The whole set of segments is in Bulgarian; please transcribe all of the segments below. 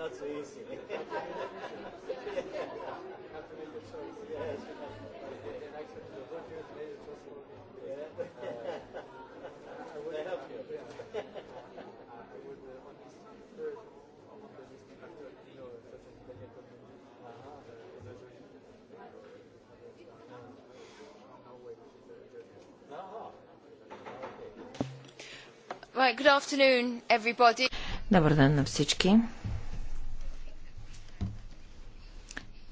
Not so easy. I would uh, on this third, on you know, such as the Right, good afternoon, everybody. Добър ден на всички.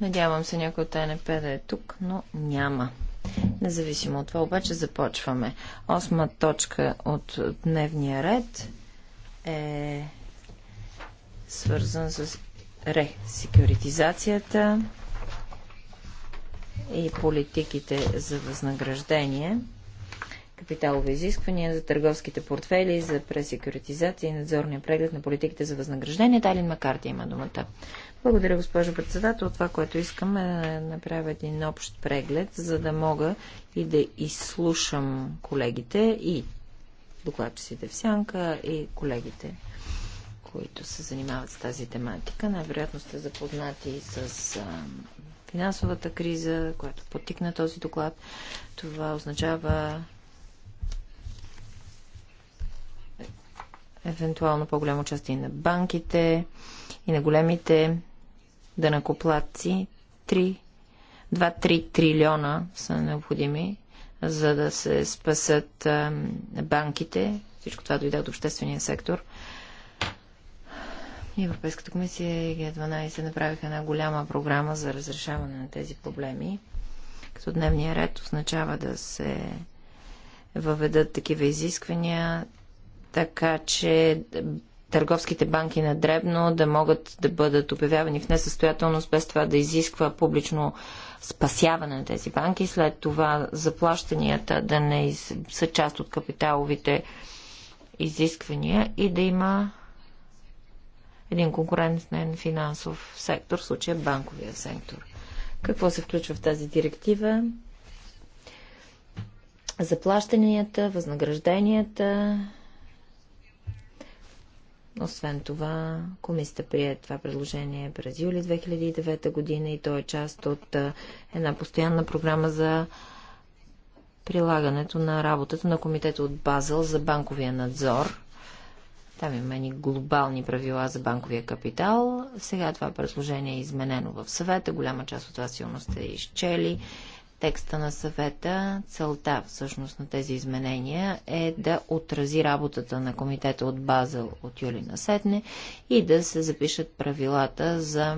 Надявам се някой от АНП да е тук, но няма. Независимо от това, обаче започваме. Осма точка от дневния ред е свързан с ресекюритизацията и политиките за възнаграждение, капиталови изисквания за търговските портфели, за пресекюритизация и надзорния преглед на политиките за възнаграждение. Талин Макарти има думата. Благодаря, госпожо председател. Това, което искам е да направя един общ преглед, за да мога и да изслушам колегите и докладчиците в сянка и колегите, които се занимават с тази тематика. Най-вероятно сте запознати с а, финансовата криза, която потикна този доклад. Това означава евентуално по-голямо участие и на банките, и на големите дънакоплатци 2-3 трилиона са необходими, за да се спасят а, банките. Всичко това дойде от обществения сектор. Европейската комисия и Г12 направиха една голяма програма за разрешаване на тези проблеми. Като дневния ред означава да се въведат такива изисквания, така че търговските банки на дребно да могат да бъдат обявявани в несъстоятелност, без това да изисква публично спасяване на тези банки, след това заплащанията да не из... са част от капиталовите изисквания и да има един конкурентен финансов сектор, в случая банковия сектор. Какво се включва в тази директива? Заплащанията, възнагражденията, освен това, комисията прие това предложение през юли 2009 година и то е част от една постоянна програма за прилагането на работата на комитета от Базел за банковия надзор. Там има и глобални правила за банковия капитал. Сега това предложение е изменено в съвета. Голяма част от вас силно сте изчели текста на съвета, целта всъщност на тези изменения е да отрази работата на комитета от Базел от юли на седне и да се запишат правилата за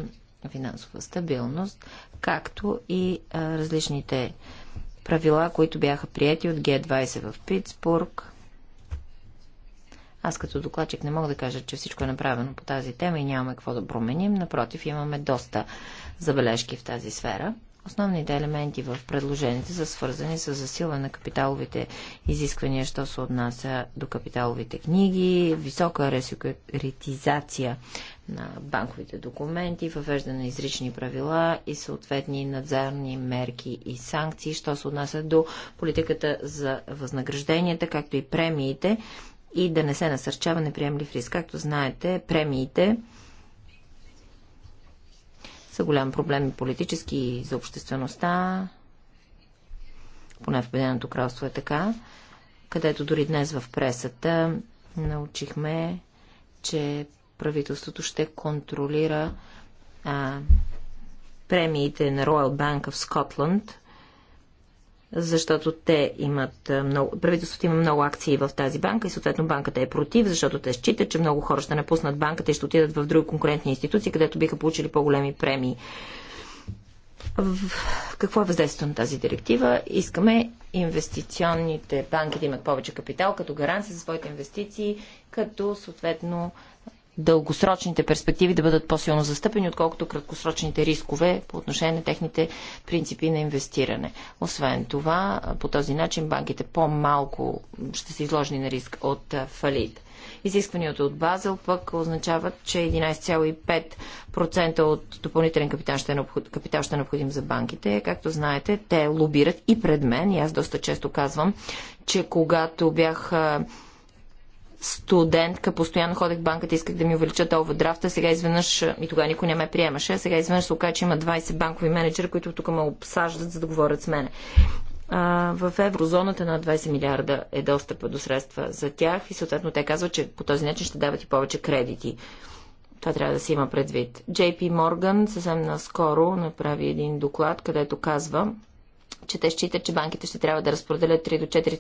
финансова стабилност, както и а, различните правила, които бяха прияти от Г20 в Питсбург. Аз като докладчик не мога да кажа, че всичко е направено по тази тема и нямаме какво да променим. Напротив, имаме доста забележки в тази сфера. Основните елементи в предложените са свързани с засилване на капиталовите изисквания, що се отнася до капиталовите книги, висока ресекретизация на банковите документи, въвеждане на изрични правила и съответни надзорни мерки и санкции, що се отнася до политиката за възнагражденията, както и премиите и да не се насърчава неприемлив риск. Както знаете, премиите са голям проблем и политически и за обществеността, поне в Беденото кралство е така, където дори днес в пресата научихме, че правителството ще контролира а, премиите на Royal Bank в Скотланд защото те имат много, правителството има много акции в тази банка и съответно банката е против, защото те считат, че много хора ще напуснат банката и ще отидат в други конкурентни институции, където биха получили по-големи премии. Какво е въздействието на тази директива? Искаме инвестиционните банки да имат повече капитал като гаранция за своите инвестиции, като съответно дългосрочните перспективи да бъдат по-силно застъпени, отколкото краткосрочните рискове по отношение на техните принципи на инвестиране. Освен това, по този начин банките по-малко ще са изложени на риск от фалит. Изискванията от Базел пък означават, че 11,5% от допълнителен капитал ще, е необход... капитал ще е необходим за банките. Както знаете, те лобират и пред мен, и аз доста често казвам, че когато бях студентка, постоянно ходех в банката, исках да ми увеличат драфта. сега изведнъж, и тогава никой не ме приемаше, а сега изведнъж се окаже, че има 20 банкови менеджера, които тук ме обсаждат, за да говорят с мене. А, в еврозоната на 20 милиарда е достъпа до средства за тях и съответно те казват, че по този начин ще дават и повече кредити. Това трябва да се има предвид. JP Morgan съвсем наскоро направи един доклад, където казва, че те считат, че банките ще трябва да разпределят 3 до 4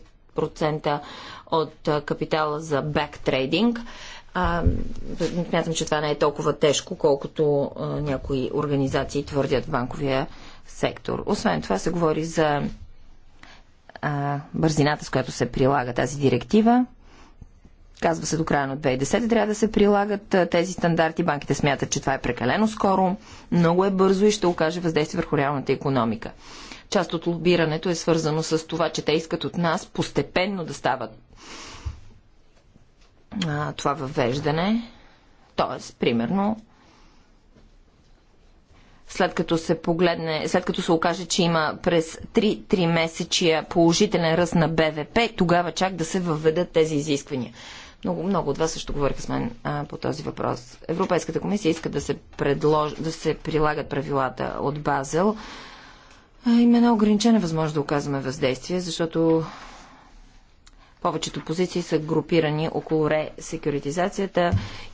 10% от капитала за бектрейдинг. Смятам, че това не е толкова тежко, колкото някои организации твърдят в банковия сектор. Освен това се говори за бързината, с която се прилага тази директива казва се до края на 2010, трябва да се прилагат тези стандарти. Банките смятат, че това е прекалено скоро, много е бързо и ще окаже въздействие върху реалната економика. Част от лобирането е свързано с това, че те искат от нас постепенно да стават а, това въвеждане. Тоест, примерно, след като се погледне, след като се окаже, че има през 3-3 месечия положителен ръст на БВП, тогава чак да се въведат тези изисквания. Много, много от вас също говориха с мен а, по този въпрос. Европейската комисия иска да се, предлож... да се прилагат правилата от Базел. А, има една ограничена възможност да оказваме въздействие, защото повечето позиции са групирани около ресекюритизацията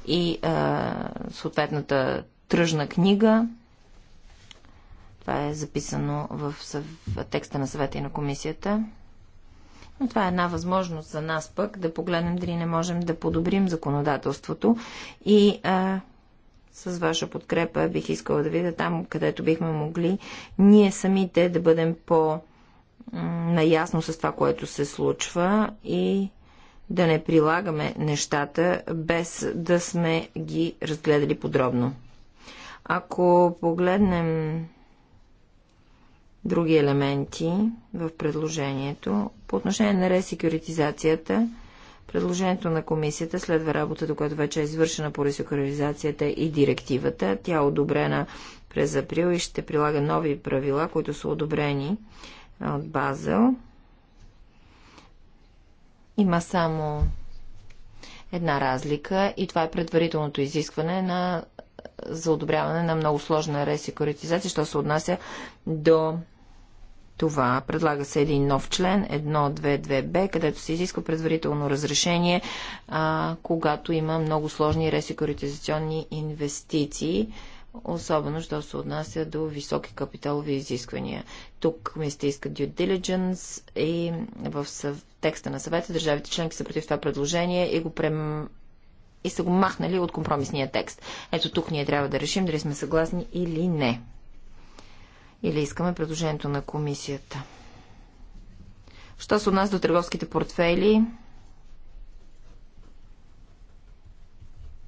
и а, съответната тръжна книга. Това е записано в съв... текста на съвета и на комисията. Но това е една възможност за нас пък да погледнем дали не можем да подобрим законодателството и а, с ваша подкрепа бих искала да видя там, където бихме могли ние самите да бъдем по наясно с това, което се случва и да не прилагаме нещата без да сме ги разгледали подробно. Ако погледнем други елементи в предложението, по отношение на ресекюритизацията, предложението на комисията следва работата, която вече е извършена по ресекюритизацията и директивата. Тя е одобрена през април и ще прилага нови правила, които са одобрени от Базел. Има само една разлика и това е предварителното изискване на, за одобряване на много сложна ресекуритизация, що се отнася до това. Предлага се един нов член, 1.2.2b, където се изисква предварително разрешение, а, когато има много сложни ресекуритизационни инвестиции, особено, що се отнася до високи капиталови изисквания. Тук ми се иска due diligence и в съв... текста на съвета държавите членки са против това предложение и го прем и са го махнали от компромисния текст. Ето тук ние трябва да решим дали сме съгласни или не или искаме предложението на комисията. Що се нас до търговските портфейли?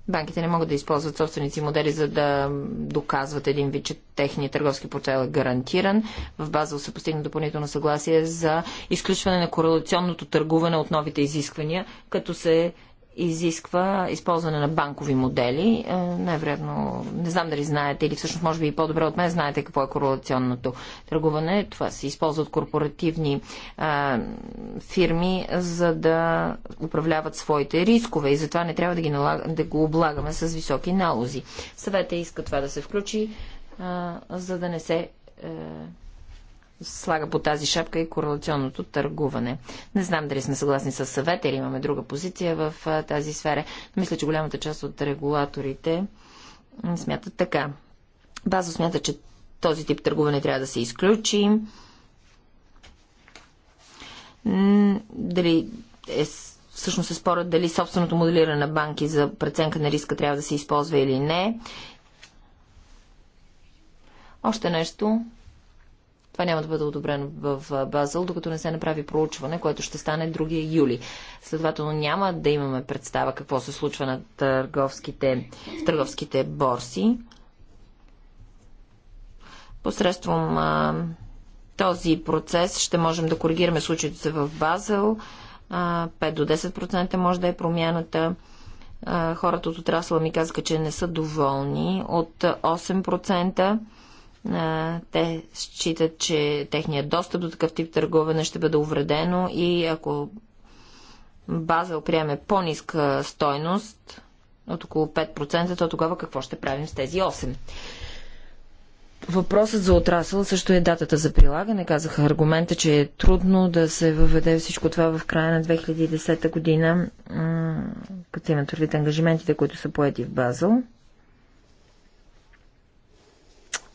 Банките не могат да използват собственици модели, за да доказват един вид, че техният търговски портфел е гарантиран. В Базел се постигна допълнително съгласие за изключване на корелационното търгуване от новите изисквания, като се изисква използване на банкови модели. Е, най-вероятно, не знам дали знаете или всъщност може би и по-добре от мен знаете какво е корелационното търгуване. Това се използва от корпоративни а, е, фирми, за да управляват своите рискове и затова не трябва да, ги налага, да го облагаме с високи налози. Съвета иска това да се включи, а, е, за да не се а, слага по тази шапка и корелационното търгуване. Не знам дали сме съгласни с съвета или имаме друга позиция в тази сфера. Мисля, че голямата част от регулаторите смятат така. Базо смята, че този тип търгуване трябва да се изключи. Дали е, всъщност се спорят дали собственото моделиране на банки за преценка на риска трябва да се използва или не. Още нещо това няма да бъде одобрено в Базел, докато не се направи проучване, което ще стане 2 юли. Следователно няма да имаме представа какво се случва на търговските, в търговските борси. Посредством а, този процес ще можем да коригираме случаите се в Базел. 5 до 10% може да е промяната. Хората от отрасла ми казаха, че не са доволни от 8% те считат, че техният достъп до такъв тип търговане ще бъде увредено и ако Базел приеме по-ниска стойност от около 5%, то тогава какво ще правим с тези 8%? Въпросът за отрасъл също е датата за прилагане. Казаха аргумента, че е трудно да се въведе всичко това в края на 2010 година, като имат предвид ангажиментите, които са поети в Базел.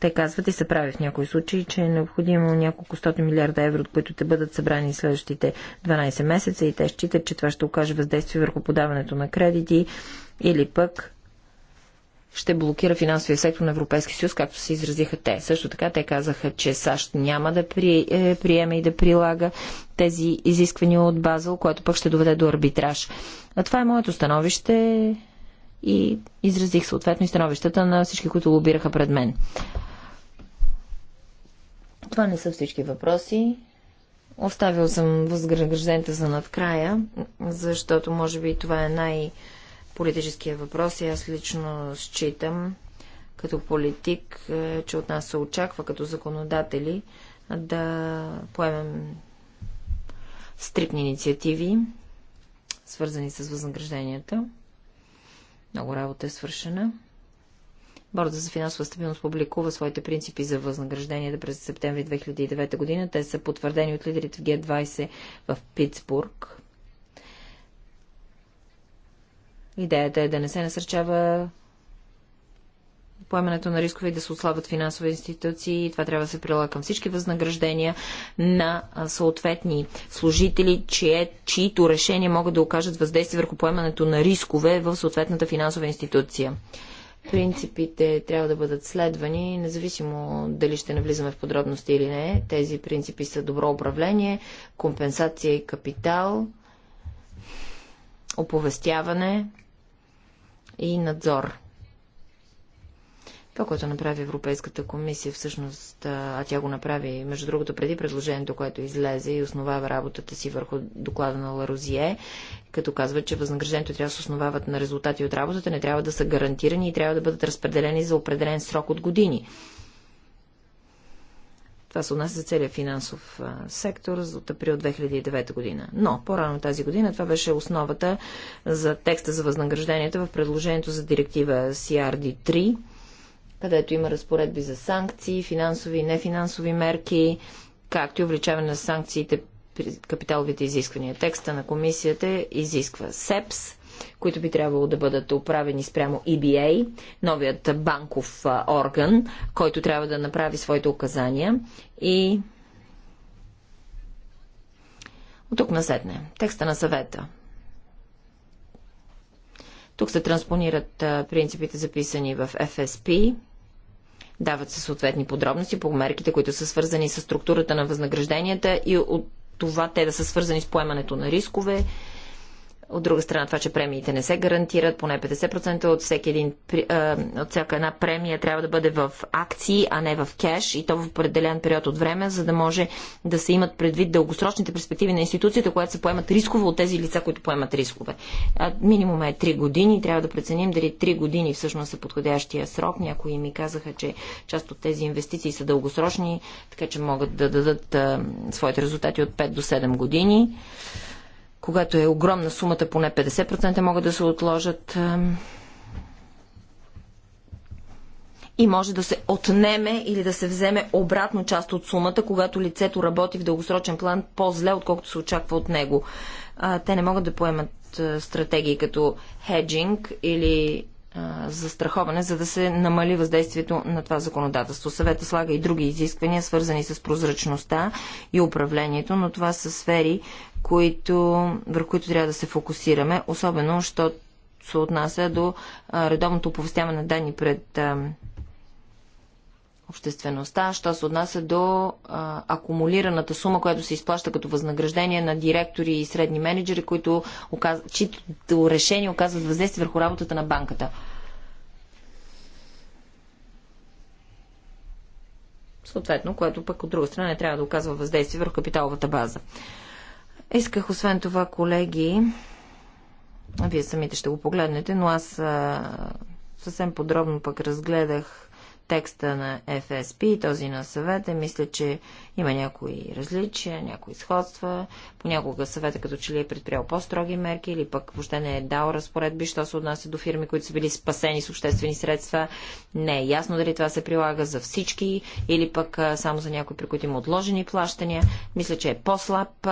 Те казват и се прави в някои случаи, че е необходимо няколко стоти милиарда евро, от които те бъдат събрани следващите 12 месеца и те считат, че това ще окаже въздействие върху подаването на кредити или пък ще блокира финансовия сектор на Европейския съюз, както се изразиха те. Също така те казаха, че САЩ няма да при, е, приеме и да прилага тези изисквания от Базел, което пък ще доведе до арбитраж. А това е моето становище и изразих съответно и становищата на всички, които лобираха пред мен. Това не са всички въпроси. Оставил съм възграждението за надкрая, защото може би това е най-политическия въпрос и аз лично считам като политик, е, че от нас се очаква като законодатели да поемем стрипни инициативи, свързани с възнагражденията. Много работа е свършена. Борда за финансова стабилност публикува своите принципи за възнагражденията през септември 2009 година. Те са потвърдени от лидерите в Г20 в Питсбург. Идеята е да не се насърчава поемането на рискове и да се отслабват финансови институции. Това трябва да се прилага към всички възнаграждения на съответни служители, чие, чието решения могат да окажат въздействие върху поемането на рискове в съответната финансова институция принципите трябва да бъдат следвани, независимо дали ще навлизаме в подробности или не. Тези принципи са добро управление, компенсация и капитал, оповестяване и надзор. Това, което направи Европейската комисия, всъщност, а тя го направи, между другото, преди предложението, което излезе и основава работата си върху доклада на Ларозие, като казва, че възнаграждението трябва да се основават на резултати от работата, не трябва да са гарантирани и трябва да бъдат разпределени за определен срок от години. Това се отнася за целият финансов сектор от април 2009 година. Но по-рано тази година това беше основата за текста за възнагражденията в предложението за директива CRD 3 където има разпоредби за санкции, финансови и нефинансови мерки, както и увеличаване на санкциите при капиталовите изисквания. Текста на комисията изисква СЕПС, които би трябвало да бъдат управени спрямо EBA, новият банков орган, който трябва да направи своите указания и от тук насетне. Текста на съвета. Тук се транспонират принципите записани в FSP, Дават се съответни подробности по мерките, които са свързани с структурата на възнагражденията и от това те да са свързани с поемането на рискове от друга страна това, че премиите не се гарантират, поне 50% от, всеки един, от всяка една премия трябва да бъде в акции, а не в кеш и то в определен период от време, за да може да се имат предвид дългосрочните перспективи на институцията, която се поемат рискове от тези лица, които поемат рискове. А, минимум е 3 години, трябва да преценим дали 3 години всъщност са подходящия срок. Някои ми казаха, че част от тези инвестиции са дългосрочни, така че могат да дадат а, своите резултати от 5 до 7 години когато е огромна сумата, поне 50% могат да се отложат и може да се отнеме или да се вземе обратно част от сумата, когато лицето работи в дългосрочен план по-зле, отколкото се очаква от него. те не могат да поемат стратегии като хеджинг или за страховане, за да се намали въздействието на това законодателство. Съвета слага и други изисквания, свързани с прозрачността и управлението, но това са сфери, които, върху които трябва да се фокусираме, особено, що се отнася до редовното оповестяване на данни пред обществеността, що се отнася до а, акумулираната сума, която се изплаща като възнаграждение на директори и средни менеджери, които оказ... чието решение оказват въздействие върху работата на банката. Съответно, което пък от друга страна не трябва да оказва въздействие върху капиталовата база. Исках освен това, колеги, вие самите ще го погледнете, но аз а, съвсем подробно пък разгледах текста на ФСП и този на съвета, мисля, че има някои различия, някои сходства. Понякога съвета като че ли е предприял по-строги мерки или пък въобще не е дал разпоредби, що се отнася до фирми, които са били спасени с обществени средства. Не е ясно дали това се прилага за всички или пък само за някои, при които има отложени плащания. Мисля, че е по-слаб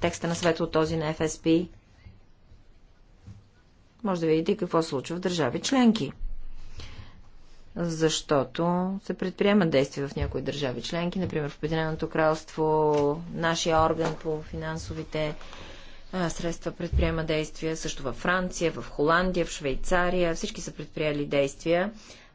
текста на света от този на ФСП. Може да видите какво случва в държави членки защото се предприемат действия в някои държави членки, например в Обединеното кралство, нашия орган по финансовите средства предприема действия, също във Франция, в Холандия, в Швейцария, всички са предприели действия.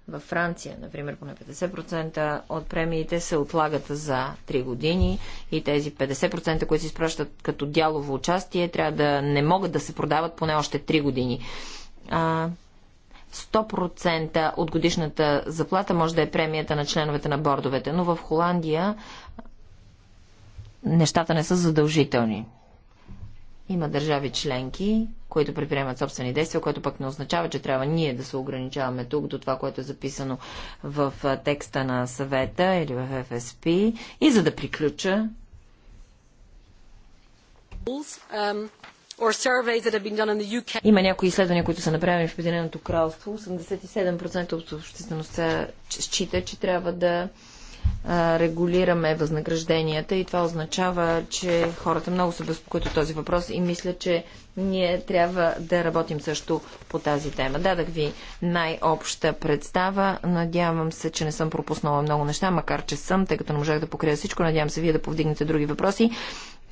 Във Франция, например, поне 50% от премиите се отлагат за 3 години и тези 50%, които се изпращат като дялово участие, трябва да не могат да се продават поне още 3 години. А, 100% от годишната заплата може да е премията на членовете на бордовете, но в Холандия нещата не са задължителни. Има държави членки, които предприемат собствени действия, което пък не означава, че трябва ние да се ограничаваме тук до това, което е записано в текста на съвета или в ФСП. И за да приключа. Има някои изследвания, които са направени в Обединеното кралство. 87% от обществеността счита, че трябва да регулираме възнагражденията и това означава, че хората много се безпокоят от този въпрос и мисля, че ние трябва да работим също по тази тема. Дадах ви най-обща представа. Надявам се, че не съм пропуснала много неща, макар че съм, тъй като не можах да покрия всичко. Надявам се вие да повдигнете други въпроси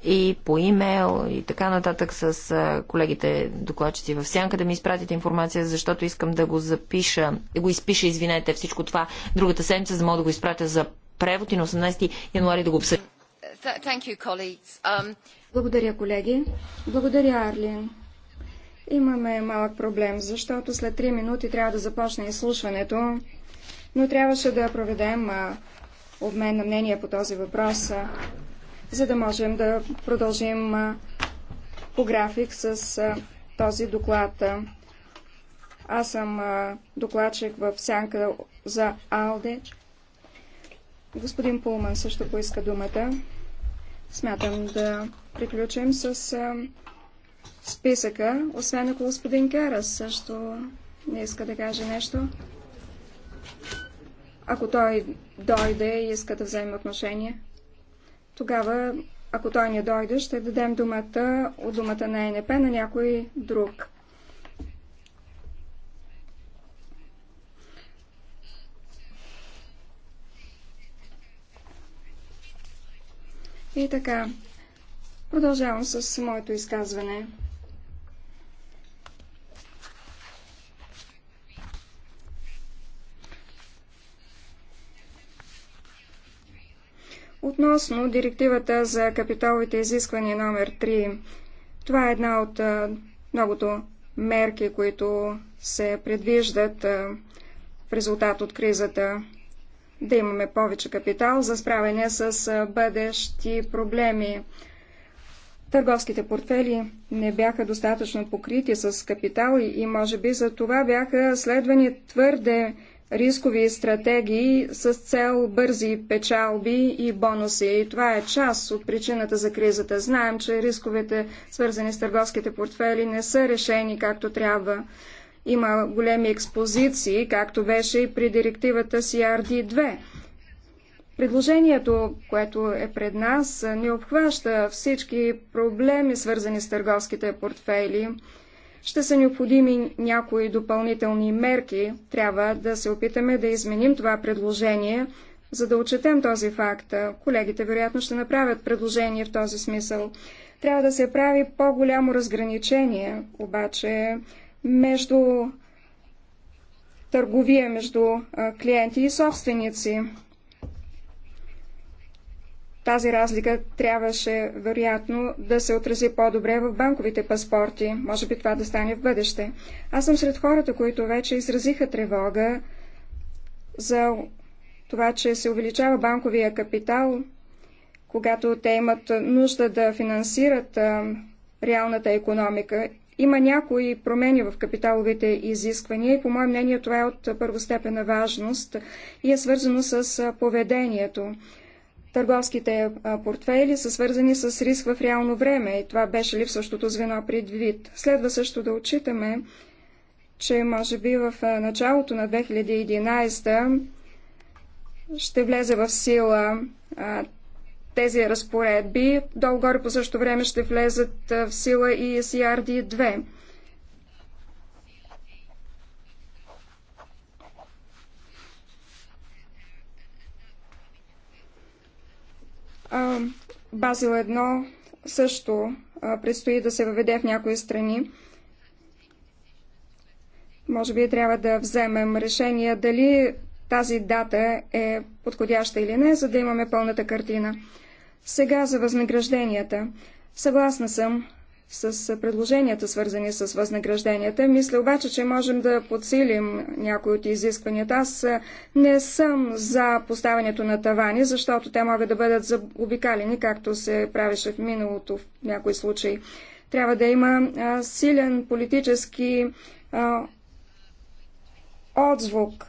и по имейл и така нататък с колегите докладчици в Сянка да ми изпратите информация, защото искам да го запиша, да го изпиша, извинете, всичко това другата седмица, за да мога да го изпратя за превод и на 18 януари да го обсъдим. Um, Благодаря, колеги. Благодаря, Арлин. Имаме малък проблем, защото след 3 минути трябва да започне изслушването, но трябваше да проведем обмен на мнение по този въпрос за да можем да продължим по график с този доклад. Аз съм докладчик в сянка за АЛДЕ. Господин Пулман също поиска думата. Смятам да приключим с списъка, освен ако господин Карас също не иска да каже нещо. Ако той дойде и иска да вземе отношение тогава, ако той не дойде, ще дадем думата от думата на ЕНП на някой друг. И така, продължавам с моето изказване. Относно директивата за капиталовите изисквания номер 3, това е една от многото мерки, които се предвиждат в резултат от кризата. Да имаме повече капитал за справяне с бъдещи проблеми. Търговските портфели не бяха достатъчно покрити с капитал и, може би за това бяха следвани твърде рискови стратегии с цел бързи печалби и бонуси. И това е част от причината за кризата. Знаем, че рисковете, свързани с търговските портфели, не са решени както трябва. Има големи експозиции, както беше и при директивата CRD-2. Предложението, което е пред нас, не обхваща всички проблеми, свързани с търговските портфели. Ще са необходими някои допълнителни мерки. Трябва да се опитаме да изменим това предложение, за да отчетем този факт. Колегите вероятно ще направят предложение в този смисъл. Трябва да се прави по-голямо разграничение, обаче, между търговия между клиенти и собственици. Тази разлика трябваше, вероятно, да се отрази по-добре в банковите паспорти. Може би това да стане в бъдеще. Аз съм сред хората, които вече изразиха тревога за това, че се увеличава банковия капитал, когато те имат нужда да финансират а, реалната економика. Има някои промени в капиталовите изисквания и по мое мнение това е от първостепена важност и е свързано с поведението. Търговските портфели са свързани с риск в реално време и това беше ли в същото звено предвид. Следва също да отчитаме, че може би в началото на 2011 ще влезе в сила тези разпоредби. Долу-горе по същото време ще влезат в сила и e CRD-2. Базил 1 също предстои да се въведе в някои страни. Може би трябва да вземем решение дали тази дата е подходяща или не, за да имаме пълната картина. Сега за възнагражденията. Съгласна съм с предложенията, свързани с възнагражденията. Мисля обаче, че можем да подсилим някои от изискванията. Аз не съм за поставянето на тавани, защото те могат да бъдат заобикалени, както се правеше в миналото в някои случаи. Трябва да има силен политически отзвук.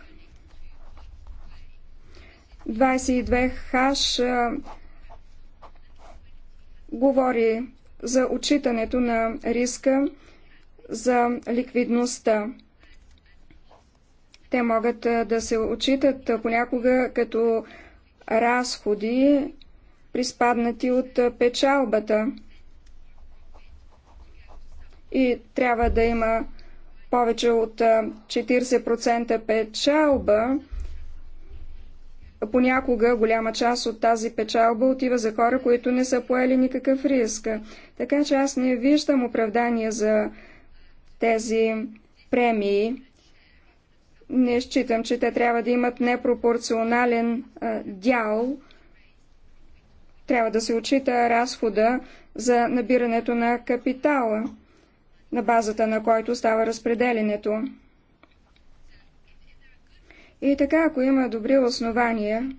22 хаш говори за отчитането на риска за ликвидността. Те могат да се отчитат понякога като разходи, приспаднати от печалбата. И трябва да има повече от 40% печалба, Понякога голяма част от тази печалба отива за хора, които не са поели никакъв риск. Така че аз не виждам оправдание за тези премии. Не считам, че те трябва да имат непропорционален а, дял. Трябва да се отчита разхода за набирането на капитала, на базата на който става разпределенето. И така, ако има добри основания,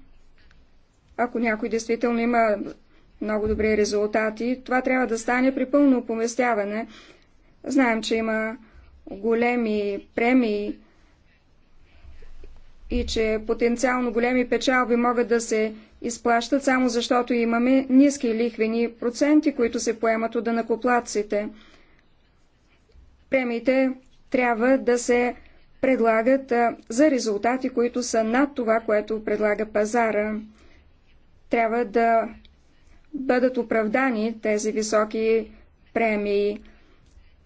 ако някой действително има много добри резултати, това трябва да стане при пълно оповестяване. Знаем, че има големи премии и че потенциално големи печалби могат да се изплащат само защото имаме ниски лихвени проценти, които се поемат от данакоплаците. Премиите трябва да се предлагат за резултати, които са над това, което предлага пазара. Трябва да бъдат оправдани тези високи премии.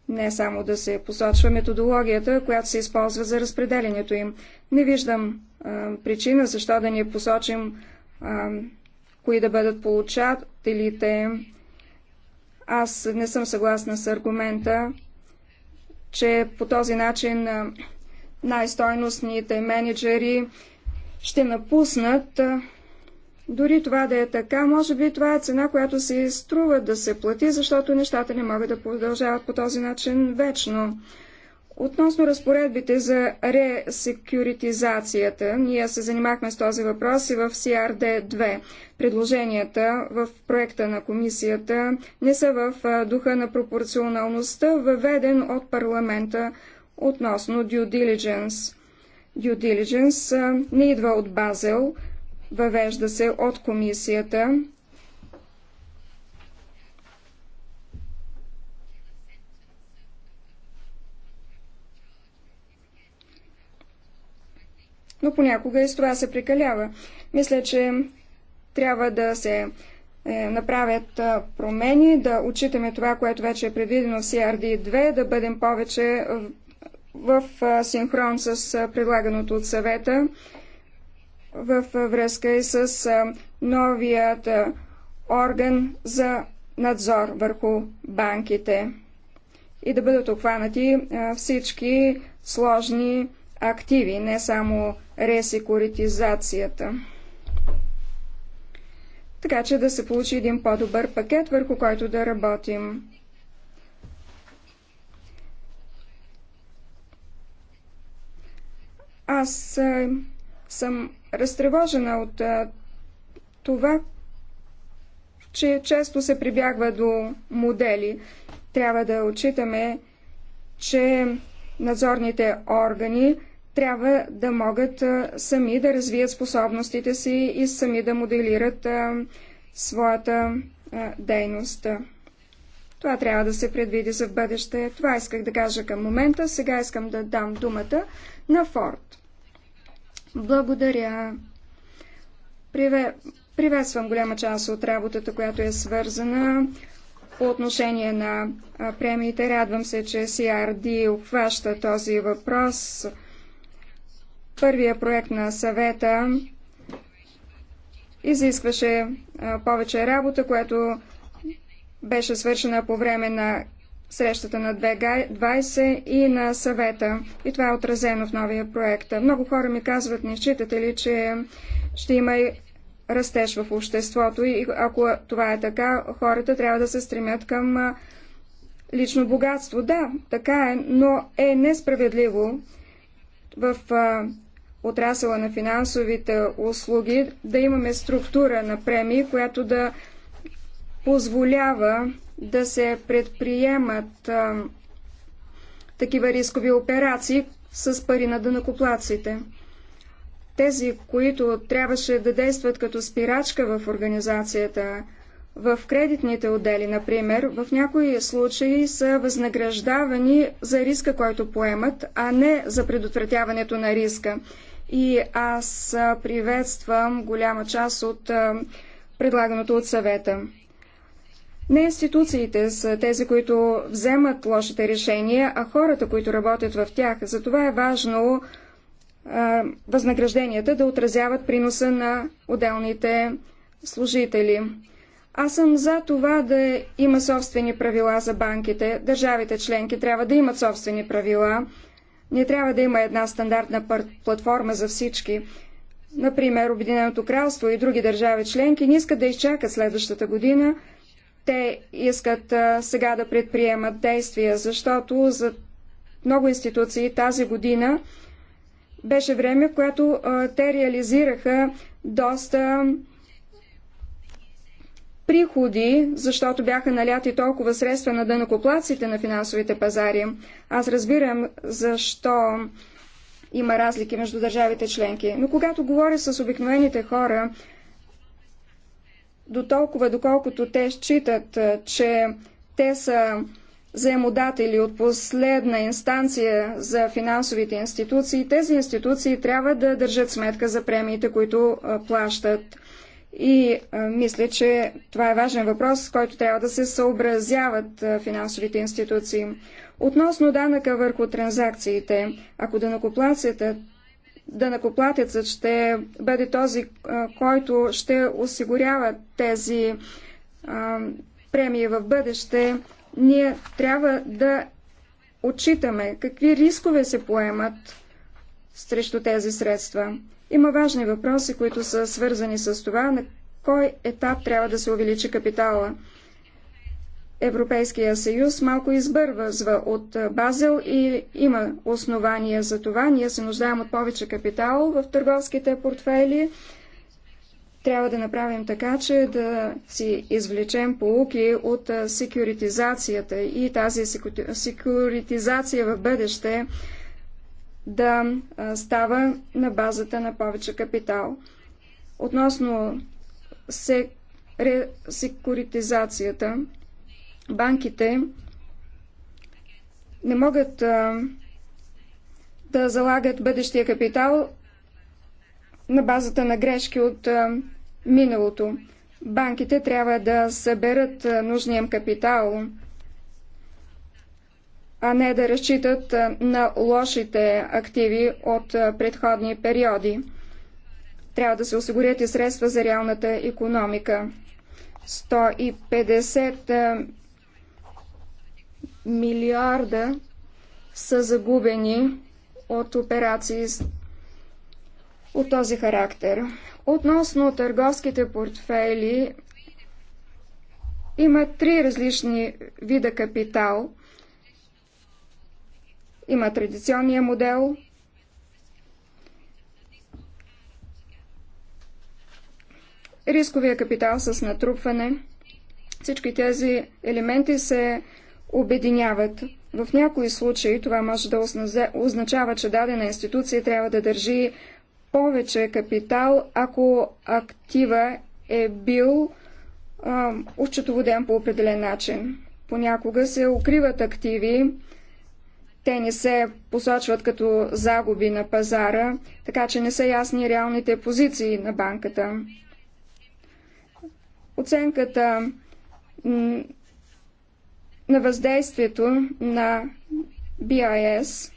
Не само да се посочва методологията, която се използва за разпределението им. Не виждам а, причина защо да ни посочим а, кои да бъдат получателите. Аз не съм съгласна с аргумента, че по този начин най-стойностните менеджери ще напуснат. Дори това да е така, може би това е цена, която се изтрува да се плати, защото нещата не могат да продължават по този начин вечно. Относно разпоредбите за ресекюритизацията, ние се занимахме с този въпрос и в CRD-2. Предложенията в проекта на комисията не са в духа на пропорционалността, въведен от парламента относно due diligence. Due diligence не идва от Базел, въвежда се от комисията. Но понякога и с това се прекалява. Мисля, че трябва да се е, направят промени, да отчитаме това, което вече е предвидено в CRD2, да бъдем повече в синхрон с предлаганото от съвета в връзка и с новият орган за надзор върху банките и да бъдат обхванати всички сложни активи, не само ресекуритизацията. Така че да се получи един по-добър пакет, върху който да работим. Аз е, съм разтревожена от е, това, че често се прибягва до модели. Трябва да отчитаме, че надзорните органи трябва да могат е, сами да развият способностите си и сами да моделират своята дейност. Това трябва да се предвиди за бъдеще. Това исках да кажа към момента. Сега искам да дам думата на Форд. Благодаря. Приветствам голяма част от работата, която е свързана по отношение на премиите. Радвам се, че CRD обхваща този въпрос. Първия проект на съвета изискваше повече работа, което беше свършена по време на срещата на 20 и на съвета. И това е отразено в новия проект. Много хора ми казват, не считате ли, че ще има и растеж в обществото и ако това е така, хората трябва да се стремят към лично богатство. Да, така е, но е несправедливо в отрасъла на финансовите услуги да имаме структура на премии, която да позволява да се предприемат а, такива рискови операции с пари на дънакоплаците. Тези, които трябваше да действат като спирачка в организацията, в кредитните отдели, например, в някои случаи са възнаграждавани за риска, който поемат, а не за предотвратяването на риска. И аз приветствам голяма част от предлаганото от съвета. Не институциите са тези, които вземат лошите решения, а хората, които работят в тях. Затова е важно възнагражденията да отразяват приноса на отделните служители. Аз съм за това да има собствени правила за банките. Държавите членки трябва да имат собствени правила. Не трябва да има една стандартна платформа за всички. Например, Обединеното кралство и други държави членки не искат да изчакат следващата година, те искат сега да предприемат действия, защото за много институции тази година беше време, в което те реализираха доста приходи, защото бяха наляти толкова средства на дънокоплаците на финансовите пазари. Аз разбирам защо има разлики между държавите членки. Но когато говоря с обикновените хора, до толкова, доколкото те считат, че те са заемодатели от последна инстанция за финансовите институции, тези институции трябва да държат сметка за премиите, които плащат. И мисля, че това е важен въпрос, с който трябва да се съобразяват финансовите институции. Относно данъка върху транзакциите, ако данъкоплацията Данакоплатецът ще бъде този, който ще осигурява тези премии в бъдеще, ние трябва да отчитаме какви рискове се поемат срещу тези средства. Има важни въпроси, които са свързани с това, на кой етап трябва да се увеличи капитала. Европейския съюз малко избървазва от Базел и има основания за това. Ние се нуждаем от повече капитал в търговските портфели. Трябва да направим така, че да си извлечем полуки от секюритизацията и тази секюритизация в бъдеще да става на базата на повече капитал. Относно секуритизацията, банките не могат да залагат бъдещия капитал на базата на грешки от миналото. Банките трябва да съберат нужния капитал, а не да разчитат на лошите активи от предходни периоди. Трябва да се осигурят и средства за реалната економика. 150 милиарда са загубени от операции от този характер. Относно търговските портфели, има три различни вида капитал. Има традиционния модел, рисковия капитал с натрупване. Всички тези елементи се обединяват. В някои случаи това може да означава, че дадена институция трябва да държи повече капитал, ако актива е бил а, учетоводен по определен начин. Понякога се укриват активи, те не се посочват като загуби на пазара, така че не са ясни реалните позиции на банката. Оценката на въздействието на BIS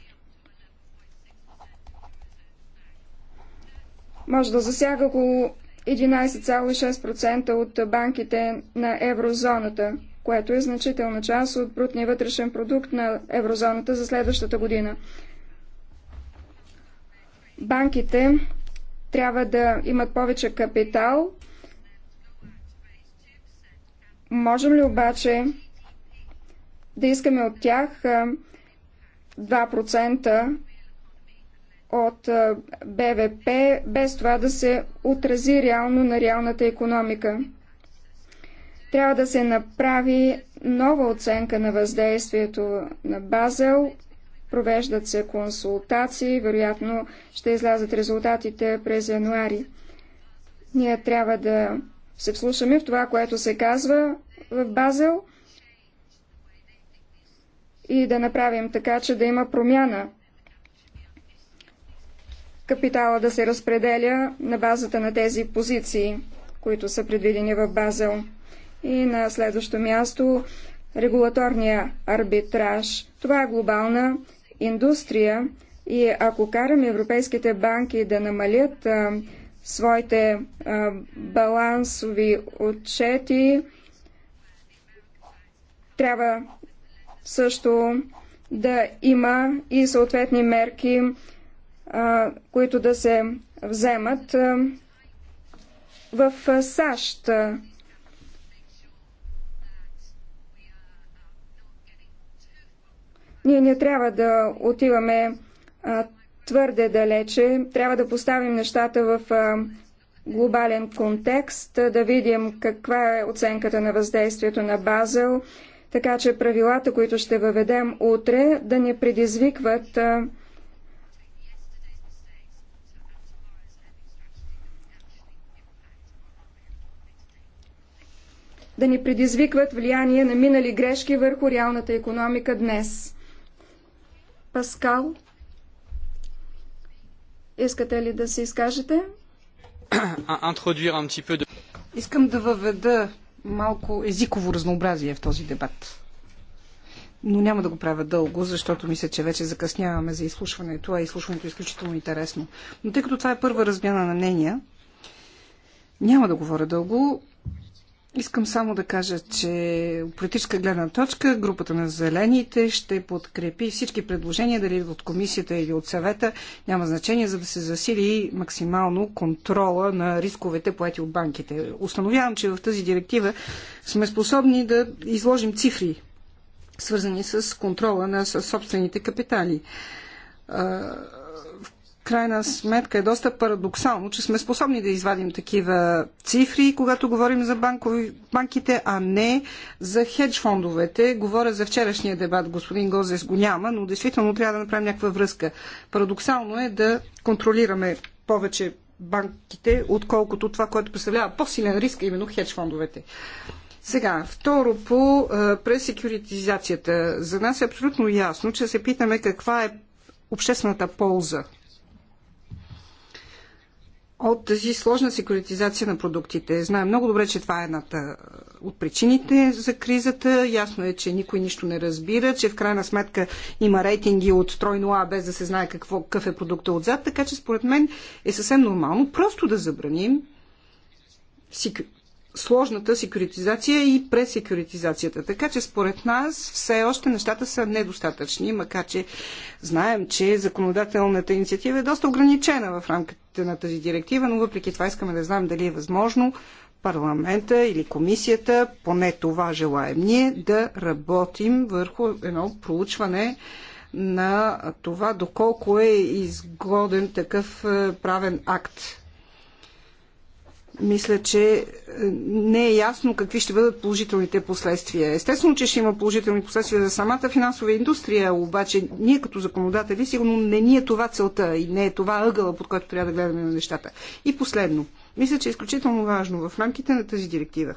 може да засяга около 11,6% от банките на еврозоната, което е значителна част от брутния вътрешен продукт на еврозоната за следващата година. Банките трябва да имат повече капитал. Можем ли обаче да искаме от тях 2% от БВП, без това да се отрази реално на реалната економика. Трябва да се направи нова оценка на въздействието на Базел. Провеждат се консултации, вероятно ще излязат резултатите през януари. Ние трябва да се вслушаме в това, което се казва в Базел – и да направим така, че да има промяна. Капитала да се разпределя на базата на тези позиции, които са предвидени в Базел. И на следващо място регулаторния арбитраж. Това е глобална индустрия и ако караме европейските банки да намалят а, своите а, балансови отчети, трябва също да има и съответни мерки, които да се вземат в САЩ. Ние не трябва да отиваме твърде далече. Трябва да поставим нещата в глобален контекст, да видим каква е оценката на въздействието на Базел така че правилата, които ще въведем утре, да не предизвикват да ни предизвикват влияние на минали грешки върху реалната економика днес. Паскал, искате ли да се изкажете? Искам да въведа малко езиково разнообразие в този дебат. Но няма да го правя дълго, защото мисля, че вече закъсняваме за изслушването, а изслушването е изключително интересно. Но тъй като това е първа размяна на мнения, няма да говоря дълго. Искам само да кажа, че от политическа гледна точка групата на зелените ще подкрепи всички предложения, дали от комисията или от съвета, няма значение, за да се засили максимално контрола на рисковете поети от банките. Установявам, че в тази директива сме способни да изложим цифри, свързани с контрола на собствените капитали крайна сметка е доста парадоксално, че сме способни да извадим такива цифри, когато говорим за банкови, банките, а не за хедж фондовете. Говоря за вчерашния дебат, господин Гозес го няма, но действително трябва да направим някаква връзка. Парадоксално е да контролираме повече банките, отколкото това, което представлява по-силен риск, именно хедж фондовете. Сега, второ по пресекюритизацията. За нас е абсолютно ясно, че се питаме каква е обществената полза от тази сложна секуритизация на продуктите. Знаем много добре, че това е едната е, от причините за кризата. Ясно е, че никой нищо не разбира, че в крайна сметка има рейтинги от тройно А, без да се знае какво, какъв е продукта отзад. Така че според мен е съвсем нормално просто да забраним сложната секюритизация и пресекюритизацията. Така че според нас все още нещата са недостатъчни, макар че знаем, че законодателната инициатива е доста ограничена в рамките на тази директива, но въпреки това искаме да знаем дали е възможно парламента или комисията, поне това желаем ние, да работим върху едно проучване на това доколко е изгоден такъв е, правен акт мисля, че е, не е ясно какви ще бъдат положителните последствия. Естествено, че ще има положителни последствия за самата финансова индустрия, обаче ние като законодатели сигурно не ни е това целта и не е това ъгъла, под който трябва да гледаме на нещата. И последно, мисля, че е изключително важно в рамките на тази директива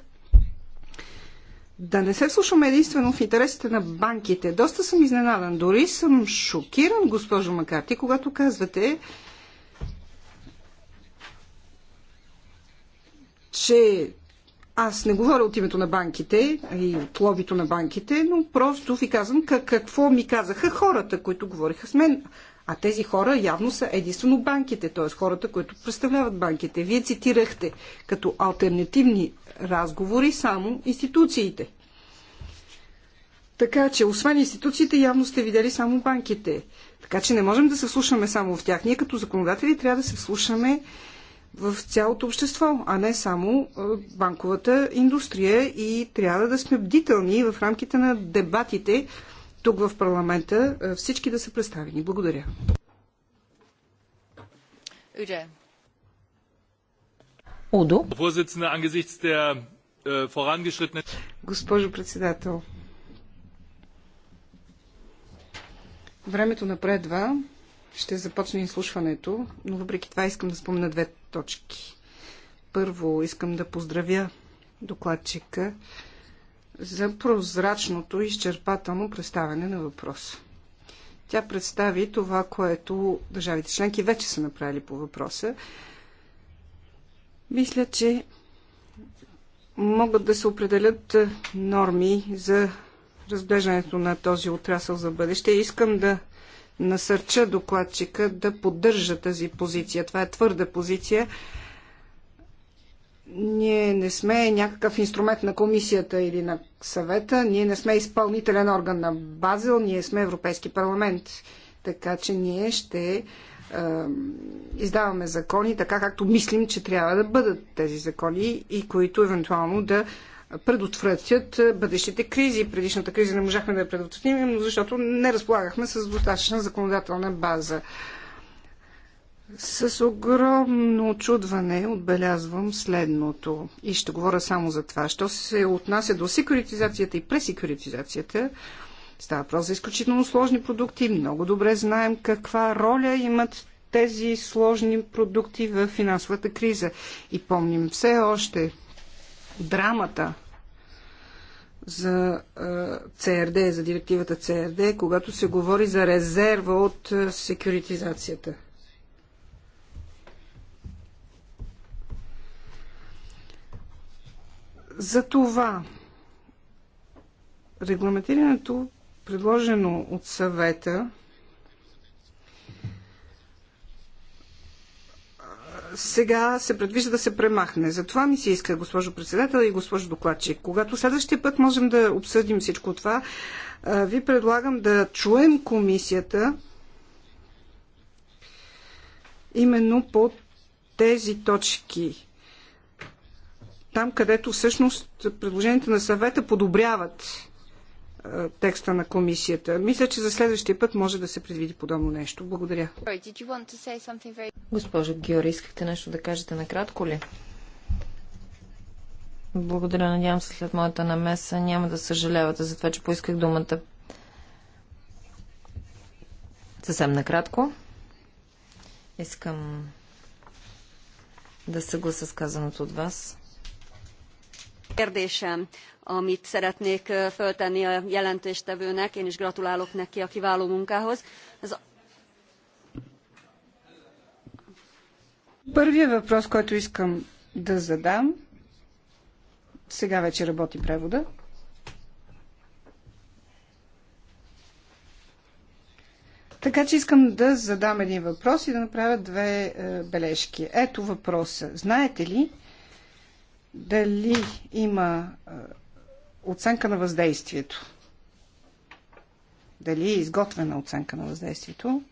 да не се слушаме единствено в интересите на банките. Доста съм изненадан, дори съм шокиран, госпожо Макарти, когато казвате, че аз не говоря от името на банките и от лобито на банките, но просто ви казвам как, какво ми казаха хората, които говориха с мен. А тези хора явно са единствено банките, т.е. хората, които представляват банките. Вие цитирахте като альтернативни разговори само институциите. Така че, освен институциите, явно сте видели само банките. Така че не можем да се слушаме само в тях. Ние като законодатели трябва да се вслушаме в цялото общество, а не само е, банковата индустрия и трябва да сме бдителни в рамките на дебатите тук в парламента е, всички да са представени. Благодаря. Удо. Äh, Госпожо председател, времето напредва ще започне изслушването, но въпреки това искам да спомена две точки. Първо, искам да поздравя докладчика за прозрачното и изчерпателно представяне на въпроса. Тя представи това, което държавите членки вече са направили по въпроса. Мисля, че могат да се определят норми за разглеждането на този отрасъл за бъдеще. Искам да насърча докладчика да поддържа тази позиция. Това е твърда позиция. Ние не сме някакъв инструмент на комисията или на съвета. Ние не сме изпълнителен орган на Базел. Ние сме Европейски парламент. Така че ние ще издаваме закони така, както мислим, че трябва да бъдат тези закони и които евентуално да предотвратят бъдещите кризи. Предишната криза не можахме да я предотвратим, но защото не разполагахме с достатъчна законодателна база. С огромно очудване отбелязвам следното и ще говоря само за това. Що се отнася до секюритизацията и пресекюритизацията, става въпрос за изключително сложни продукти. Много добре знаем каква роля имат тези сложни продукти в финансовата криза. И помним все още драмата за ЦРД, за директивата ЦРД, когато се говори за резерва от секюритизацията. За това регламентирането, предложено от съвета, сега се предвижда да се премахне. Затова ми се иска, госпожо председател и госпожо докладчик. Когато следващия път можем да обсъдим всичко това, ви предлагам да чуем комисията именно по тези точки. Там, където всъщност предложенията на съвета подобряват текста на комисията. Мисля, че за следващия път може да се предвиди подобно нещо. Благодаря. Госпожо Георги, искахте нещо да кажете накратко ли? Благодаря, надявам се след моята намеса няма да съжалявате за това, че поисках думата. Съвсем накратко. Искам да съгласа с казаното от вас amit szeretnék föltenni a jelentéstevőnek én is gratulálok neki a kiváló munkához az Първият въпрос, който искам да задам, сега вече работи превода. Така че искам да задам един въпрос и да направя две е, бележки. Ето въпроса. Знаете ли дали има е, оценка на въздействието. Дали е изготвена оценка на въздействието?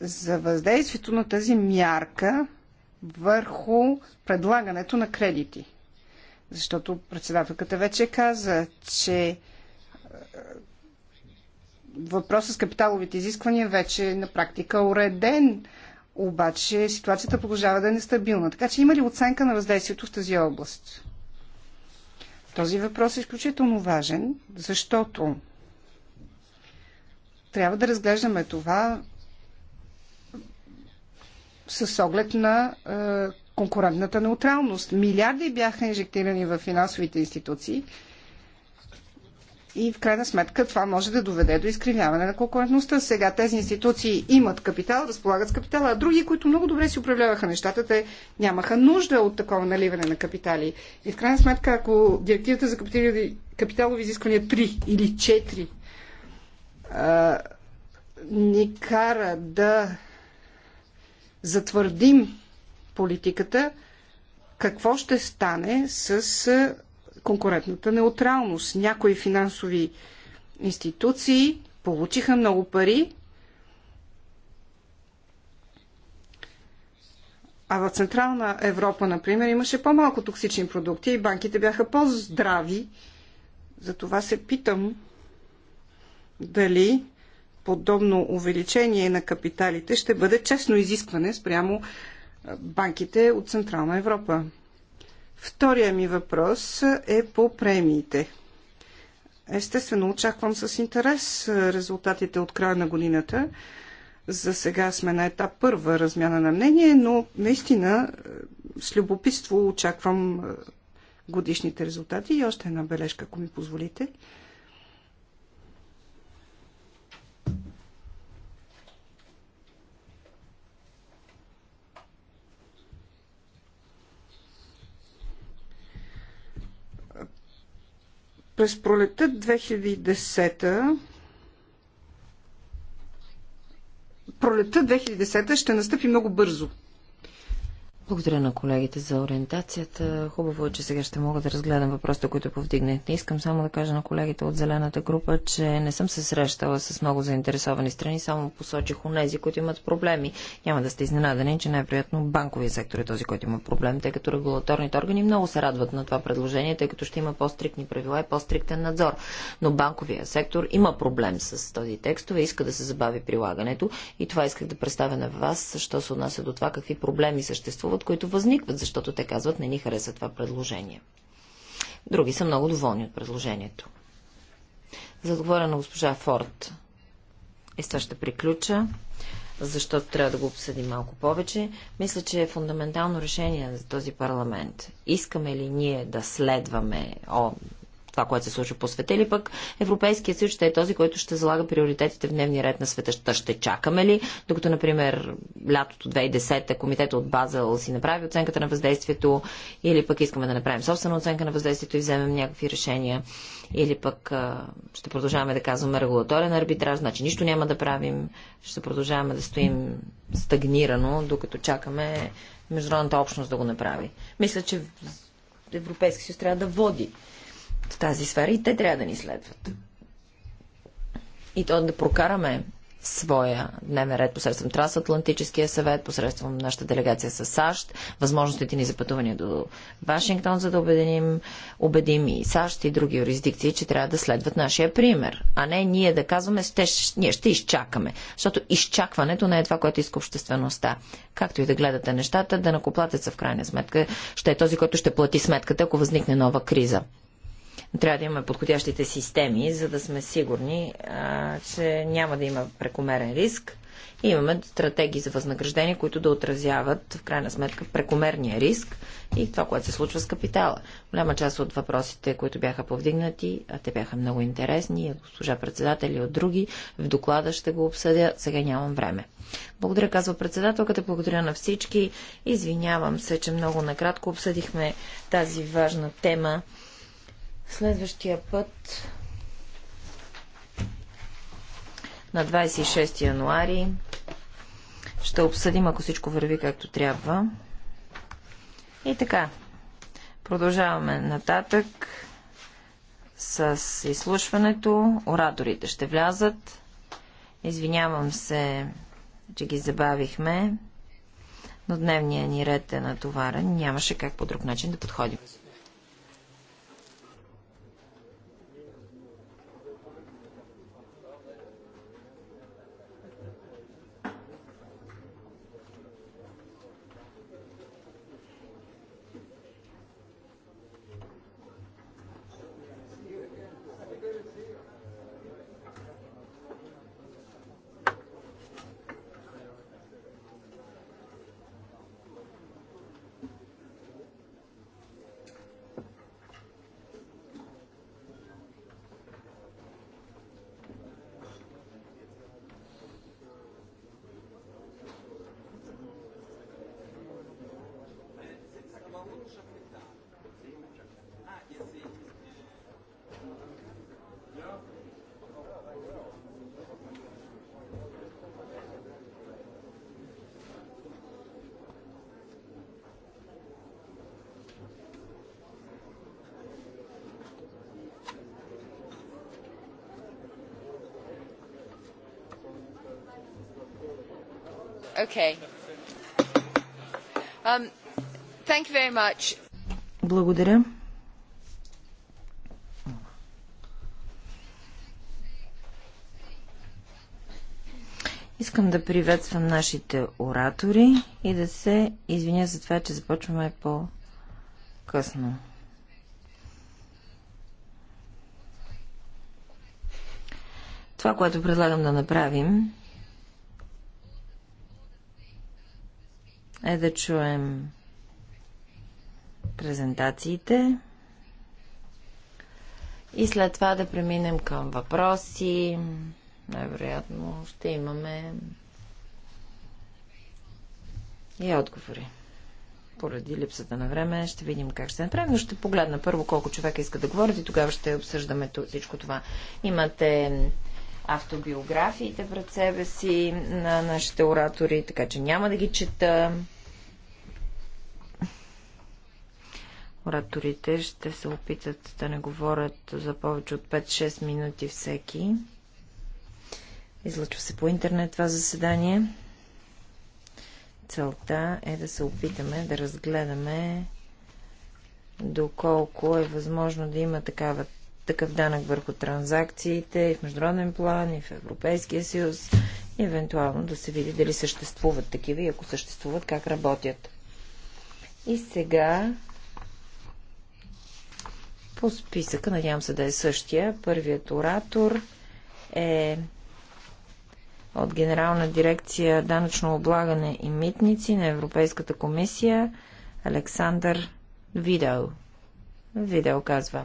За въздействието на тази мярка върху предлагането на кредити. Защото председателката вече каза, че е, въпросът с капиталовите изисквания вече е на практика уреден, обаче ситуацията продължава да е нестабилна. Така че има ли оценка на въздействието в тази област? Този въпрос е изключително важен, защото трябва да разглеждаме това с оглед на е, конкурентната неутралност. Милиарди бяха инжектирани в финансовите институции и в крайна сметка това може да доведе до изкривяване на конкурентността. Сега тези институции имат капитал, разполагат с капитала, а други, които много добре си управляваха нещата, те нямаха нужда от такова наливане на капитали. И в крайна сметка, ако директивата за капиталови, капиталови изисквания 3 или 4 ни кара да затвърдим политиката, какво ще стане с конкурентната неутралност. Някои финансови институции получиха много пари, а в Централна Европа, например, имаше по-малко токсични продукти и банките бяха по-здрави. Затова се питам дали подобно увеличение на капиталите ще бъде честно изискване спрямо банките от Централна Европа. Втория ми въпрос е по премиите. Естествено, очаквам с интерес резултатите от края на годината. За сега сме на етап първа размяна на мнение, но наистина е, с любопитство очаквам е, годишните резултати и още една бележка, ако ми позволите. През пролетът 2010 пролетът 2010 ще настъпи много бързо – благодаря на колегите за ориентацията. Хубаво е, че сега ще мога да разгледам въпросите, които повдигнахте. Искам само да кажа на колегите от Зелената група, че не съм се срещала с много заинтересовани страни, само посочих у нези, които имат проблеми. Няма да сте изненадани, че най-приятно банковия сектор е този, който има проблем, тъй като регулаторните органи много се радват на това предложение, тъй като ще има по-стрикни правила и по-стриктен надзор. Но банковия сектор има проблем с този текстове, иска да се забави прилагането и това исках да представя на вас, що се отнася до това какви проблеми съществуват от които възникват, защото те казват не ни хареса това предложение. Други са много доволни от предложението. За отговора на госпожа Форд. И с това ще приключа, защото трябва да го обсъдим малко повече. Мисля, че е фундаментално решение за този парламент. Искаме ли ние да следваме о, това, което се случва по света, или пък Европейският съюз ще е този, който ще залага приоритетите в дневния ред на света. Ще, ще чакаме ли, докато, например, лятото 2010 комитета от Базел си направи оценката на въздействието, или пък искаме да направим собствена оценка на въздействието и вземем някакви решения, или пък ще продължаваме да казваме регулаторен арбитраж, значи нищо няма да правим, ще продължаваме да стоим стагнирано, докато чакаме международната общност да го направи. Мисля, че Европейски съюз трябва да води в тази сфера и те трябва да ни следват. И то да прокараме своя дневен ред посредством Трансатлантическия съвет, посредством нашата делегация с САЩ, възможностите ни за пътуване до Вашингтон, за да убедим, убедим и САЩ и други юрисдикции, че трябва да следват нашия пример, а не ние да казваме, ще, ние ще изчакаме, защото изчакването не е това, което иска обществеността. Както и да гледате нещата, да накоплатеца в крайна сметка ще е този, който ще плати сметката, ако възникне нова криза. Трябва да имаме подходящите системи, за да сме сигурни, а, че няма да има прекомерен риск. И имаме стратегии за възнаграждение, които да отразяват в крайна сметка прекомерния риск и това, което се случва с капитала. Голяма част от въпросите, които бяха повдигнати, а те бяха много интересни, от госпожа председател и от други, в доклада ще го обсъдя, сега нямам време. Благодаря, казва председателката, благодаря на всички. Извинявам се, че много накратко обсъдихме тази важна тема. Следващия път на 26 януари ще обсъдим, ако всичко върви както трябва. И така, продължаваме нататък с изслушването. Ораторите ще влязат. Извинявам се, че ги забавихме, но дневния ни ред е натоварен. Нямаше как по друг начин да подходим. Um, Благодаря. Искам да приветствам нашите оратори и да се извиня за това, че започваме по-късно. Това, което предлагам да направим, е да чуем презентациите и след това да преминем към въпроси. Най-вероятно ще имаме и отговори. Поради липсата на време ще видим как ще направим, но ще погледна първо колко човека иска да говорят и тогава ще обсъждаме всичко това. Имате автобиографиите пред себе си на нашите оратори, така че няма да ги чета. Ораторите ще се опитат да не говорят за повече от 5-6 минути всеки. Излъчва се по интернет това заседание. Целта е да се опитаме да разгледаме доколко е възможно да има такава, такъв данък върху транзакциите и в международен план, и в Европейския съюз, и евентуално да се види дали съществуват такива и ако съществуват, как работят. И сега по списъка, надявам се да е същия, първият оратор е от Генерална дирекция Данъчно облагане и митници на Европейската комисия Александър Видел. Видел казва.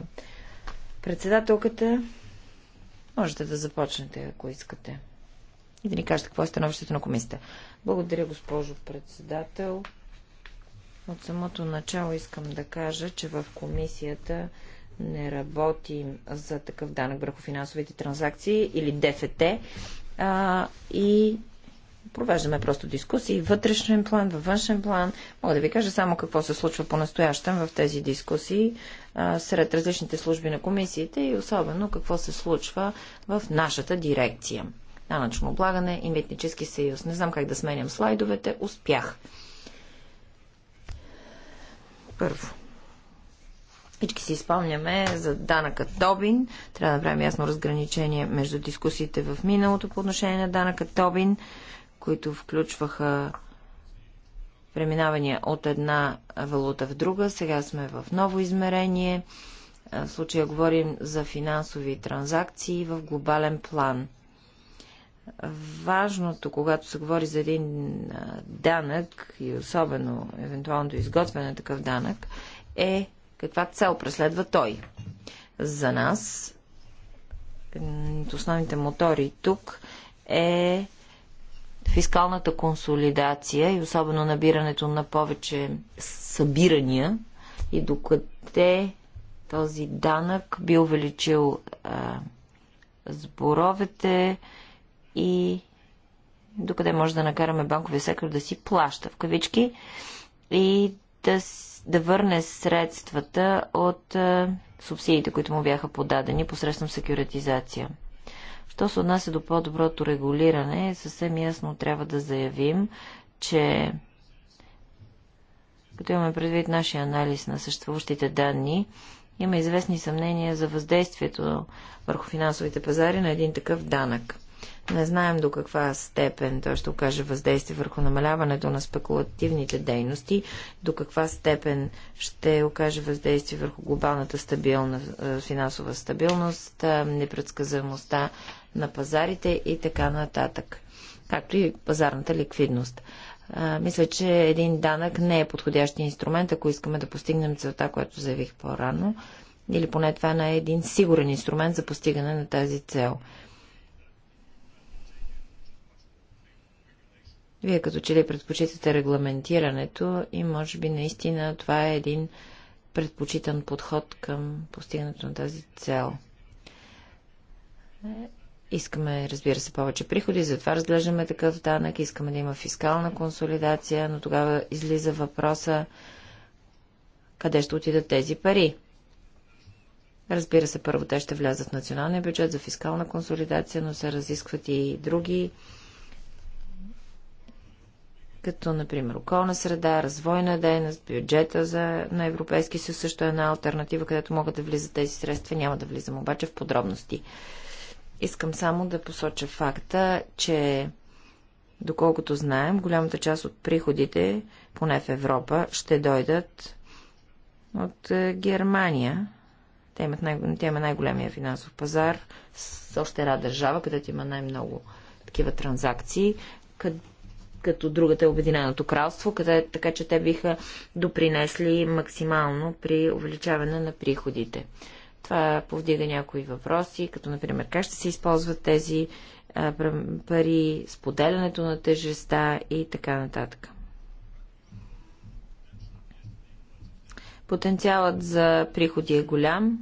Председателката, можете да започнете, ако искате. И да ни кажете какво е становището на комисията. Благодаря, госпожо председател. От самото начало искам да кажа, че в комисията не работим за такъв данък върху финансовите транзакции или ДФТ а, и провеждаме просто дискусии вътрешен план, във външен план. Мога да ви кажа само какво се случва по-настоящем в тези дискусии а, сред различните служби на комисиите и особено какво се случва в нашата дирекция. Данъчно облагане и митнически съюз. Не знам как да сменям слайдовете. Успях. Първо. Всички си спомняме за данъка Тобин. Трябва да направим ясно разграничение между дискусиите в миналото по отношение на данъка Тобин, които включваха преминавания от една валута в друга. Сега сме в ново измерение. В случая говорим за финансови транзакции в глобален план. Важното, когато се говори за един данък и особено евентуалното изготвяне на такъв данък, е каква цел преследва той? За нас от основните мотори тук е фискалната консолидация и особено набирането на повече събирания и докъде този данък би увеличил а, сборовете и докъде може да накараме банковия сектор да си плаща в кавички и да си да върне средствата от е, субсидиите, които му бяха подадени посредством секюритизация. Що се отнася до по-доброто регулиране, съвсем ясно трябва да заявим, че като имаме предвид нашия анализ на съществуващите данни, има известни съмнения за въздействието върху финансовите пазари на един такъв данък. Не знаем до каква степен той ще окаже въздействие върху намаляването на спекулативните дейности, до каква степен ще окаже въздействие върху глобалната стабилна, е, финансова стабилност, е, непредсказуемостта на пазарите и така нататък, както и пазарната ликвидност. А, е, мисля, че един данък не е подходящ инструмент, ако искаме да постигнем целта, която заявих по-рано, или поне това не е един сигурен инструмент за постигане на тази цел. Вие като че ли предпочитате регламентирането и може би наистина това е един предпочитан подход към постигането на тази цел. Е, искаме, разбира се, повече приходи, затова разглеждаме такъв данък, искаме да има фискална консолидация, но тогава излиза въпроса къде ще отидат тези пари. Разбира се, първо те ще влязат в националния бюджет за фискална консолидация, но се разискват и други като например околна среда, развойна дейност, бюджета за, на Европейски съюз също е една альтернатива, където могат да влизат тези средства. Няма да влизам обаче в подробности. Искам само да посоча факта, че доколкото знаем, голямата част от приходите, поне в Европа, ще дойдат от е, Германия. Те имат най- те има най-големия финансов пазар с още една държава, където има най-много такива транзакции, къд като другата е Обединеното кралство, къде, така че те биха допринесли максимално при увеличаване на приходите. Това повдига някои въпроси, като например как ще се използват тези а, пари, споделянето на тежеста и така нататък. Потенциалът за приходи е голям.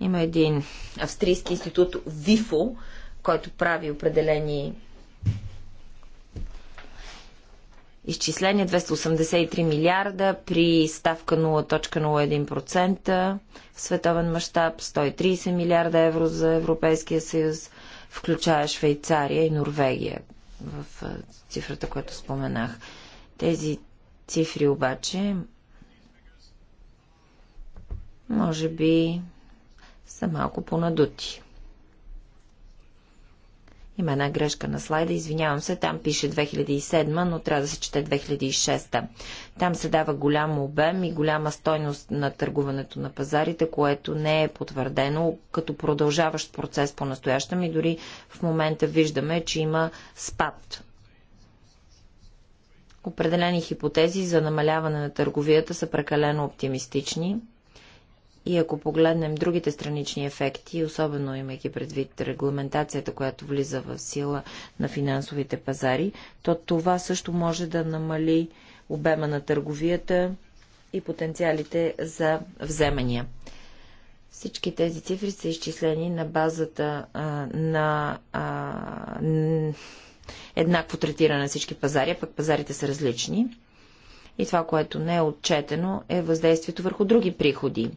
Има един австрийски институт ВИФО, който прави определени изчисление 283 милиарда при ставка 0.01% в световен мащаб, 130 милиарда евро за Европейския съюз, включая Швейцария и Норвегия в цифрата, която споменах. Тези цифри обаче може би са малко понадути. Има една грешка на слайда, извинявам се, там пише 2007, но трябва да се чете 2006. Там се дава голям обем и голяма стойност на търгуването на пазарите, което не е потвърдено като продължаващ процес по-настоящем и дори в момента виждаме, че има спад определени хипотези за намаляване на търговията са прекалено оптимистични. И ако погледнем другите странични ефекти, особено имайки предвид регламентацията, която влиза в сила на финансовите пазари, то това също може да намали обема на търговията и потенциалите за вземания. Всички тези цифри са изчислени на базата а, на а, еднакво третиране на всички пазари, пък пазарите са различни. И това, което не е отчетено, е въздействието върху други приходи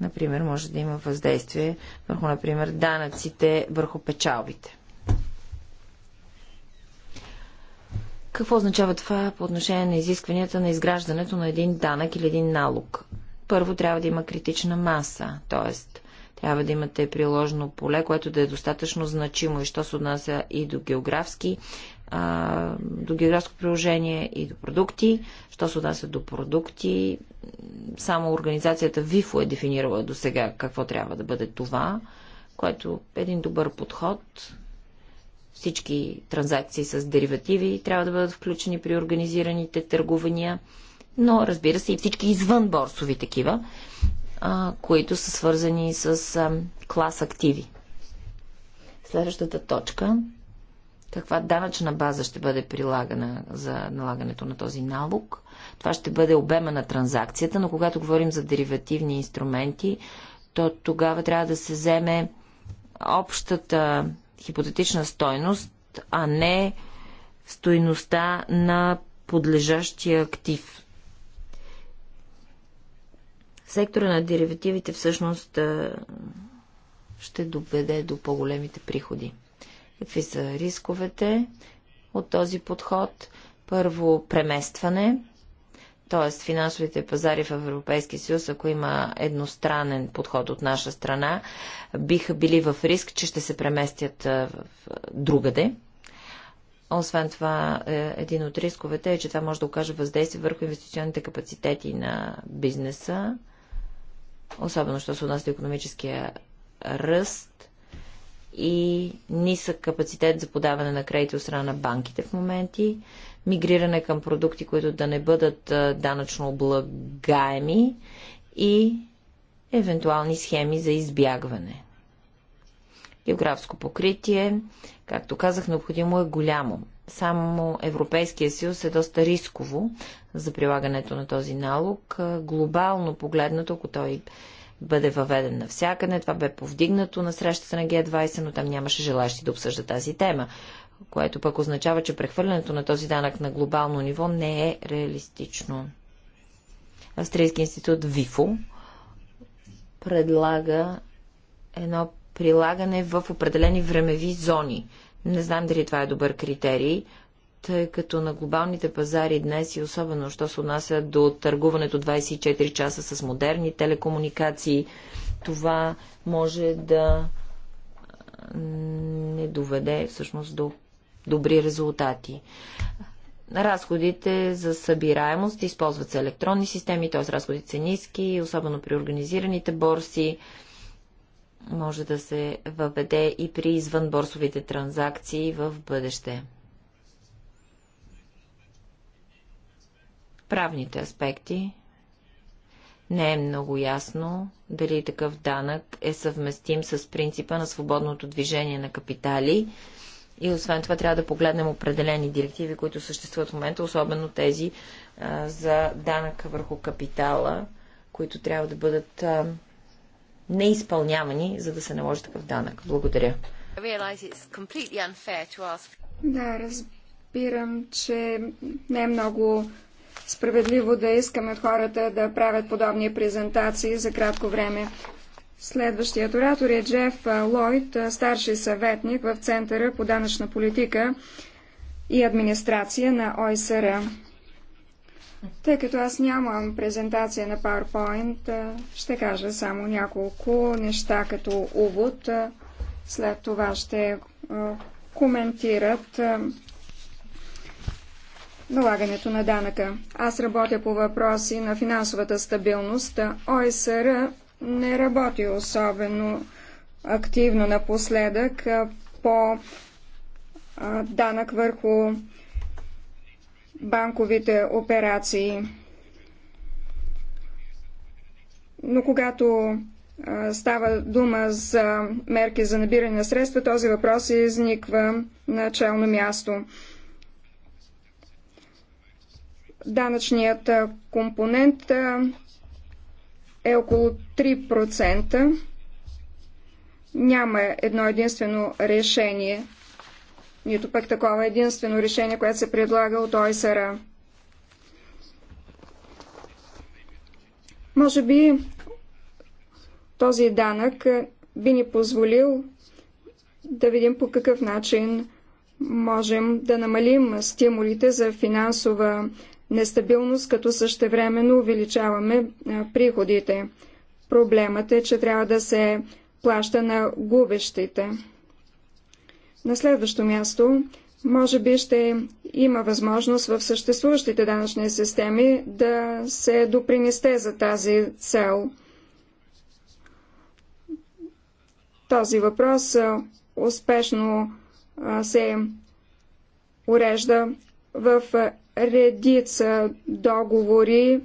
например, може да има въздействие върху, например, данъците върху печалбите. Какво означава това по отношение на изискванията на изграждането на един данък или един налог? Първо трябва да има критична маса, т.е. трябва да имате приложено поле, което да е достатъчно значимо и що се отнася и до географски а, до географско приложение и до продукти. Що се отнася до продукти, само организацията ВИФО е дефинирала до сега какво трябва да бъде това, което е един добър подход. Всички транзакции с деривативи трябва да бъдат включени при организираните търгования, но разбира се и всички извън борсови такива, а, които са свързани с а, клас активи. Следващата точка каква данъчна база ще бъде прилагана за налагането на този налог. Това ще бъде обема на транзакцията, но когато говорим за деривативни инструменти, то тогава трябва да се вземе общата хипотетична стойност, а не стойността на подлежащия актив. Сектора на деривативите всъщност ще доведе до по-големите приходи. Какви са рисковете от този подход? Първо, преместване, т.е. финансовите пазари в Европейския съюз, ако има едностранен подход от наша страна, биха били в риск, че ще се преместят в другаде. Освен това, е, един от рисковете е, че това може да окаже въздействие върху инвестиционните капацитети на бизнеса, особено що се отнася до економическия ръст и нисък капацитет за подаване на кредити от страна на банките в моменти, мигриране към продукти, които да не бъдат данъчно облагаеми и евентуални схеми за избягване. Географско покритие, както казах, необходимо е голямо. Само Европейския съюз е доста рисково за прилагането на този налог. Глобално погледнато, ако той бъде въведен навсякъде. Това бе повдигнато на срещата на Г20, но там нямаше желащи да обсъжда тази тема, което пък означава, че прехвърлянето на този данък на глобално ниво не е реалистично. Австрийски институт ВИФО предлага едно прилагане в определени времеви зони. Не знам дали това е добър критерий, тъй като на глобалните пазари днес и особено, що се отнася до търгуването 24 часа с модерни телекомуникации, това може да не доведе всъщност до добри резултати. Разходите за събираемост използват се електронни системи, т.е. разходите са ниски, особено при организираните борси. Може да се въведе и при извънборсовите транзакции в бъдеще. правните аспекти не е много ясно дали такъв данък е съвместим с принципа на свободното движение на капитали. И освен това трябва да погледнем определени директиви, които съществуват в момента, особено тези а, за данък върху капитала, които трябва да бъдат а, неизпълнявани, за да се наложи такъв данък. Благодаря. Да, разбирам, че не е много справедливо да искаме от хората да правят подобни презентации за кратко време. Следващият оратор е Джеф Лойд, старши съветник в Центъра по данъчна политика и администрация на ОСР. Тъй като аз нямам презентация на PowerPoint, ще кажа само няколко неща като увод. След това ще коментират налагането на данъка. Аз работя по въпроси на финансовата стабилност. ОСР не работи особено активно напоследък по данък върху банковите операции. Но когато става дума за мерки за набиране на средства, този въпрос изниква на челно място. Данъчният компонент е около 3%. Няма едно единствено решение, нито пък такова единствено решение, което се предлага от ОСР. Може би този данък би ни позволил да видим по какъв начин можем да намалим стимулите за финансова нестабилност, като същевременно увеличаваме приходите. Проблемът е, че трябва да се плаща на губещите. На следващо място, може би ще има възможност в съществуващите данъчни системи да се допринесте за тази цел. Този въпрос успешно се урежда в редица договори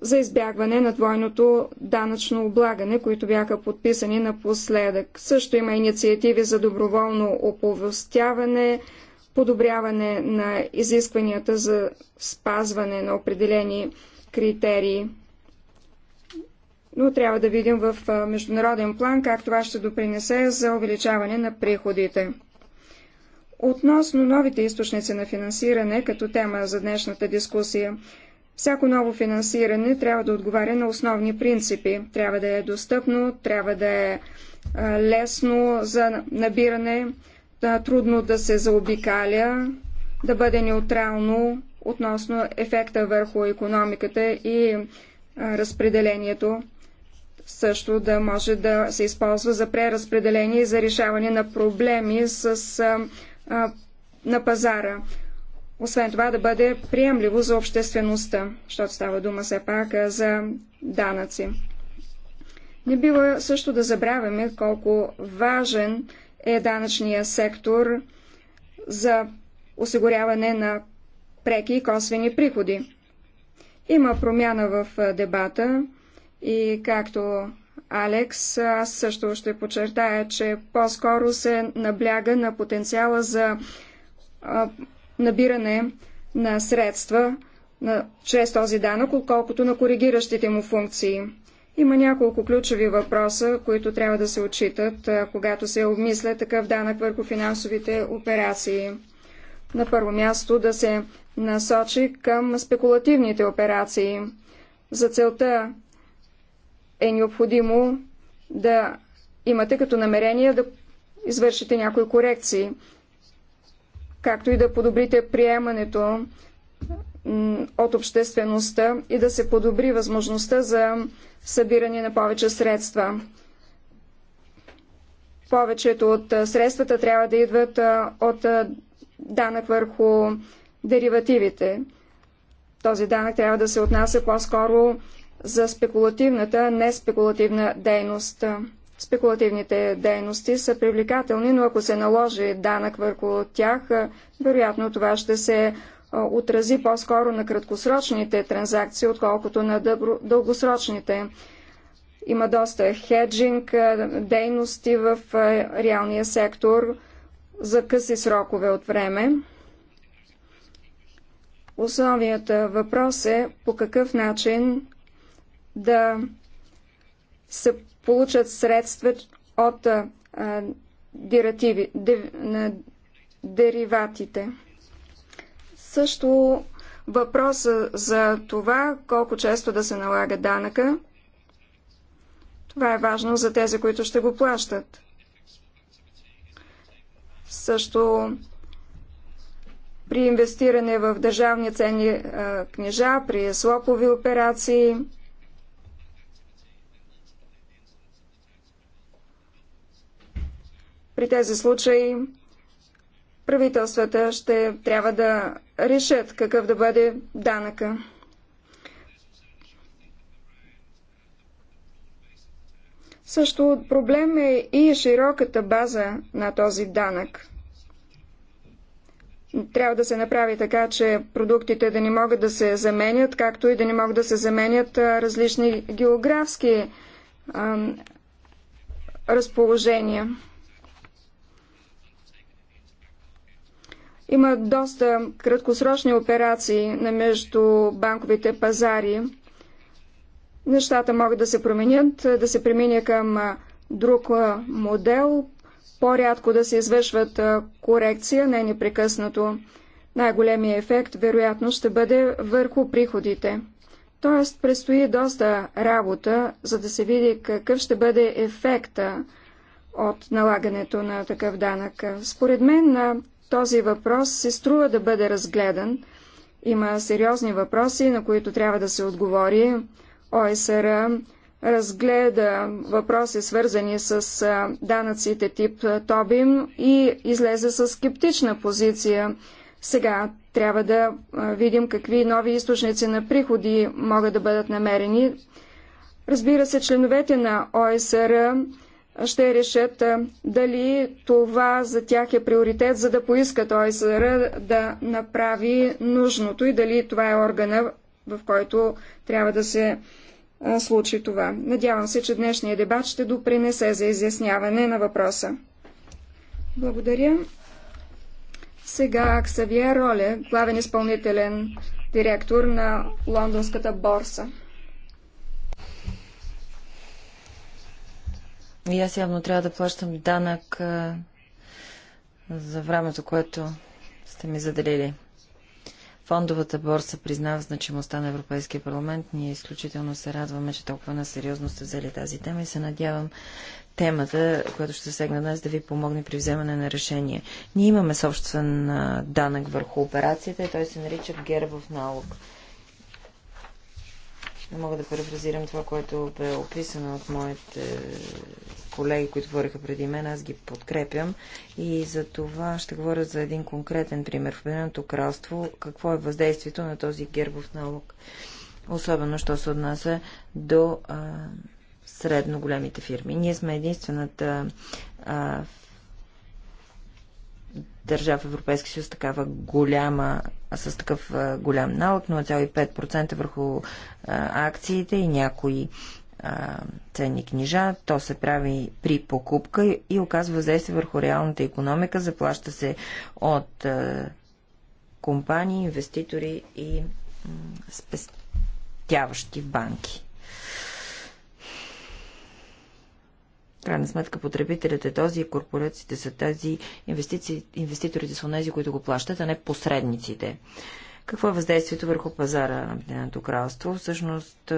за избягване на двойното данъчно облагане, които бяха подписани напоследък. Също има инициативи за доброволно оповестяване, подобряване на изискванията за спазване на определени критерии. Но трябва да видим в международен план как това ще допринесе за увеличаване на приходите. Относно новите източници на финансиране като тема за днешната дискусия, всяко ново финансиране трябва да отговаря на основни принципи. Трябва да е достъпно, трябва да е лесно за набиране, да е трудно да се заобикаля, да бъде неутрално относно ефекта върху економиката и разпределението също да може да се използва за преразпределение и за решаване на проблеми с на пазара. Освен това да бъде приемливо за обществеността, защото става дума все пак за данъци. Не бива също да забравяме колко важен е данъчния сектор за осигуряване на преки и косвени приходи. Има промяна в дебата и, както Алекс, аз също ще подчертая, че по-скоро се набляга на потенциала за а, набиране на средства на, чрез този данък, отколкото на коригиращите му функции. Има няколко ключови въпроса, които трябва да се отчитат, а, когато се обмисля такъв данък върху финансовите операции. На първо място да се насочи към спекулативните операции. За целта е необходимо да имате като намерение да извършите някои корекции, както и да подобрите приемането от обществеността и да се подобри възможността за събиране на повече средства. Повечето от средствата трябва да идват от данък върху деривативите. Този данък трябва да се отнася по-скоро за спекулативната, не спекулативна дейност. Спекулативните дейности са привлекателни, но ако се наложи данък върху тях, вероятно това ще се отрази по-скоро на краткосрочните транзакции, отколкото на дългосрочните. Има доста хеджинг, дейности в реалния сектор за къси срокове от време. Основният въпрос е по какъв начин да се получат средства от а, деративи, де, на дериватите. Също въпроса за това колко често да се налага данъка. Това е важно за тези, които ще го плащат. Също при инвестиране в държавни ценни книжа, при слопови операции – При тези случаи правителствата ще трябва да решат какъв да бъде данъка. Също проблем е и широката база на този данък. Трябва да се направи така, че продуктите да не могат да се заменят, както и да не могат да се заменят различни географски а, разположения. Има доста краткосрочни операции на между банковите пазари. Нещата могат да се променят, да се премине към друг модел, по-рядко да се извършват корекция, не непрекъснато. Най-големият ефект, вероятно, ще бъде върху приходите. Тоест, предстои доста работа, за да се види какъв ще бъде ефекта от налагането на такъв данък. Според мен, този въпрос се струва да бъде разгледан. Има сериозни въпроси, на които трябва да се отговори. ОСР е разгледа въпроси, свързани с данъците тип Тобим и излезе с скептична позиция. Сега трябва да видим какви нови източници на приходи могат да бъдат намерени. Разбира се, членовете на ОСР е ще решат дали това за тях е приоритет, за да поискат ОСР да направи нужното и дали това е органа, в който трябва да се случи това. Надявам се, че днешния дебат ще допринесе за изясняване на въпроса. Благодаря. Сега Ксавия Роле, главен изпълнителен директор на Лондонската борса. И аз явно трябва да плащам данък а, за времето, което сте ми заделили. Фондовата борса признава значимостта на Европейския парламент. Ние изключително се радваме, че толкова на сериозно сте взели тази тема и се надявам темата, която ще сегна днес, да ви помогне при вземане на решение. Ние имаме собствен данък върху операцията и той се нарича гербов налог. Не мога да парафразирам това, което бе описано от моите колеги, които говориха преди мен. Аз ги подкрепям. И за това ще говоря за един конкретен пример. В Обединеното кралство какво е въздействието на този гербов налог? Особено, що се отнася до а, средно големите фирми. Ние сме единствената а, държава в Европейския съюз такава голяма, с такъв голям налог, 0,5% върху акциите и някои ценни книжа. То се прави при покупка и, оказва въздействие върху реалната економика. Заплаща се от компании, инвеститори и спестяващи банки. крайна сметка потребителят е този, корпорациите са тези, инвеститорите са тези, които го плащат, а не посредниците. Какво е въздействието върху пазара на Обединеното кралство? Всъщност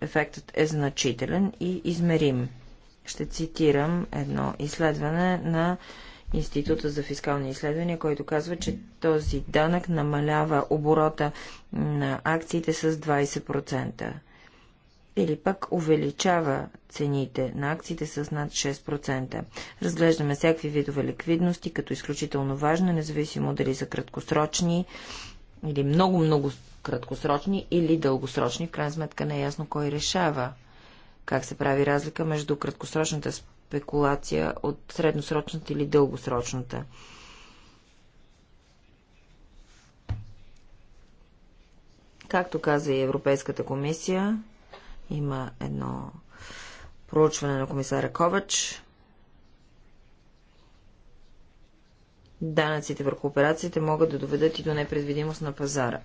ефектът е значителен и измерим. Ще цитирам едно изследване на Института за фискални изследвания, който казва, че този данък намалява оборота на акциите с 20% или пък увеличава цените на акциите с над 6%. Разглеждаме всякакви видове ликвидности като изключително важна, независимо дали са краткосрочни или много-много краткосрочни или дългосрочни. В крайна сметка не е ясно кой решава как се прави разлика между краткосрочната спекулация от средносрочната или дългосрочната. Както каза и Европейската комисия, има едно проучване на комисаря Ковач. Данъците върху операциите могат да доведат и до непредвидимост на пазара.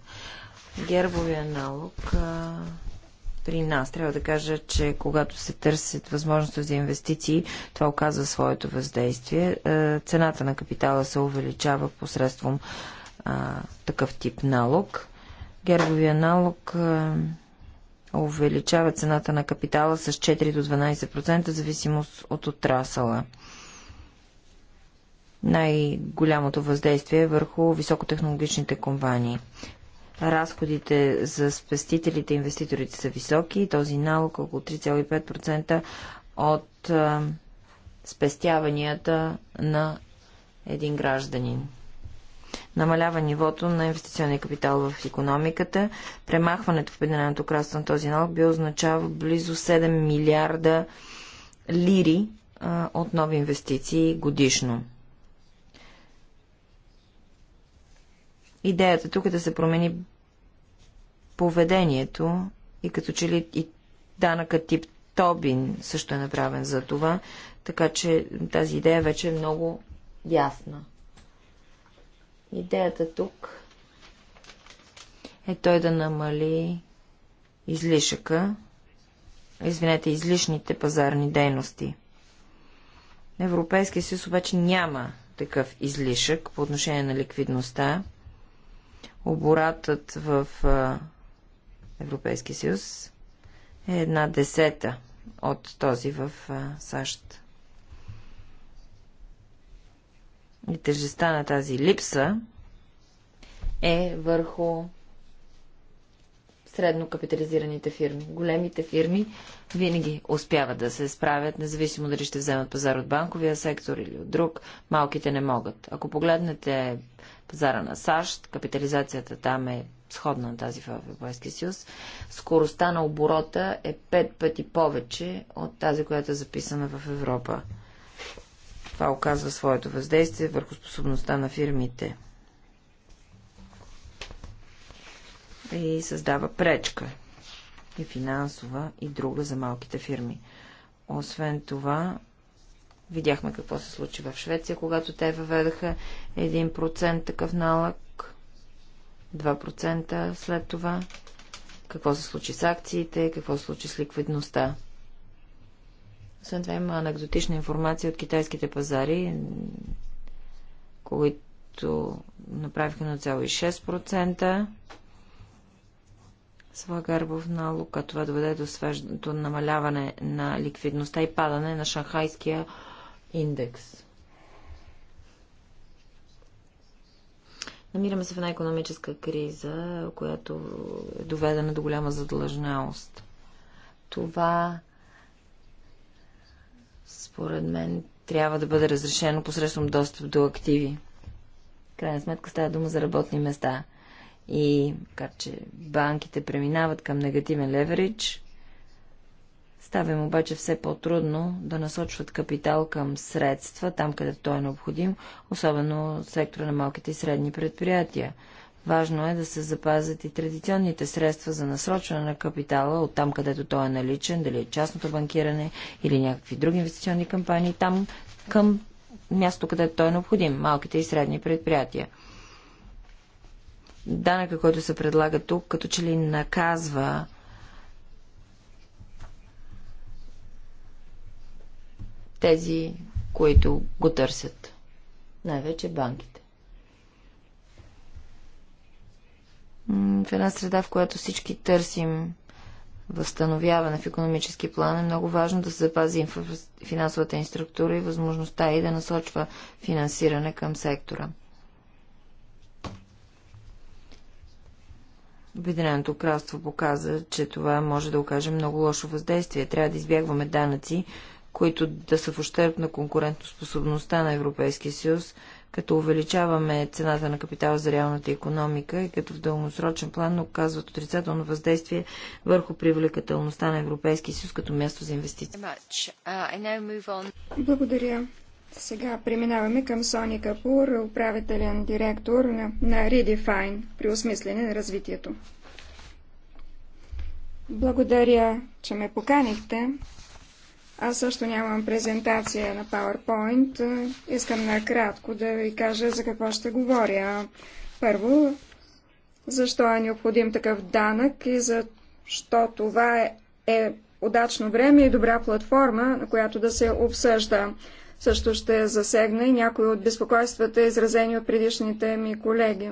Гербовия налог а, при нас. Трябва да кажа, че когато се търсят възможности за инвестиции, това оказва своето въздействие. А, цената на капитала се увеличава посредством а, такъв тип налог. Гербовия налог а, увеличава цената на капитала с 4 до 12% зависимост от отрасъла. Най-голямото въздействие е върху високотехнологичните компании. Разходите за спестителите и инвеститорите са високи. Този налог е около 3,5% от спестяванията на един гражданин намалява нивото на инвестиционния капитал в економиката. Премахването в Обединеното кралство на този налог би означава близо 7 милиарда лири а, от нови инвестиции годишно. Идеята тук е да се промени поведението и като че ли и данъка тип Тобин също е направен за това, така че тази идея вече е много ясна. Идеята тук е той да намали излишъка, извинете, излишните пазарни дейности. Европейския съюз обаче няма такъв излишък по отношение на ликвидността. Оборатът в Европейския съюз е една десета от този в САЩ. и тежестта на тази липса е върху средно капитализираните фирми. Големите фирми винаги успяват да се справят, независимо дали ще вземат пазар от банковия сектор или от друг, малките не могат. Ако погледнете пазара на САЩ, капитализацията там е сходна на тази в Европейския съюз, скоростта на оборота е пет пъти повече от тази, която е записана в Европа. Това оказва своето въздействие върху способността на фирмите и създава пречка и финансова, и друга за малките фирми. Освен това, видяхме какво се случи в Швеция, когато те въведаха 1% такъв налък, 2% след това, какво се случи с акциите, какво се случи с ликвидността. Освен това има анекдотична информация от китайските пазари, които направиха 0,6% свагарбов налог, а това доведе до, свеж... до намаляване на ликвидността и падане на шанхайския индекс. Намираме се в една економическа криза, която е доведена до голяма задлъжнялост. Това според мен, трябва да бъде разрешено посредством достъп до активи. Крайна сметка става дума за работни места. И макар, че банките преминават към негативен леверидж, става им обаче все по-трудно да насочват капитал към средства, там където той е необходим, особено сектора на малките и средни предприятия. Важно е да се запазят и традиционните средства за насрочване на капитала от там, където той е наличен, дали е частното банкиране или някакви други инвестиционни кампании, там към място, където той е необходим, малките и средни предприятия. Данъка, който се предлага тук, като че ли наказва тези, които го търсят. Най-вече банките. в една среда, в която всички търсим възстановяване в економически план, е много важно да се запази финансовата инструктура и възможността и да насочва финансиране към сектора. Обединеното кралство показа, че това може да окаже много лошо въздействие. Трябва да избягваме данъци, които да са в на конкурентоспособността на Европейския съюз като увеличаваме цената на капитала за реалната економика и като в дългосрочен план оказват отрицателно въздействие върху привлекателността на Европейския съюз като място за инвестиции. Uh, Благодаря. Сега преминаваме към Сони Капур, управителен директор на, на Redefine при осмислене на развитието. Благодаря, че ме поканихте аз също нямам презентация на PowerPoint. Е, искам накратко да ви кажа за какво ще говоря. Първо, защо е необходим такъв данък и защо това е, е, удачно време и добра платформа, на която да се обсъжда. Също ще засегна и някои от безпокойствата, изразени от предишните ми колеги.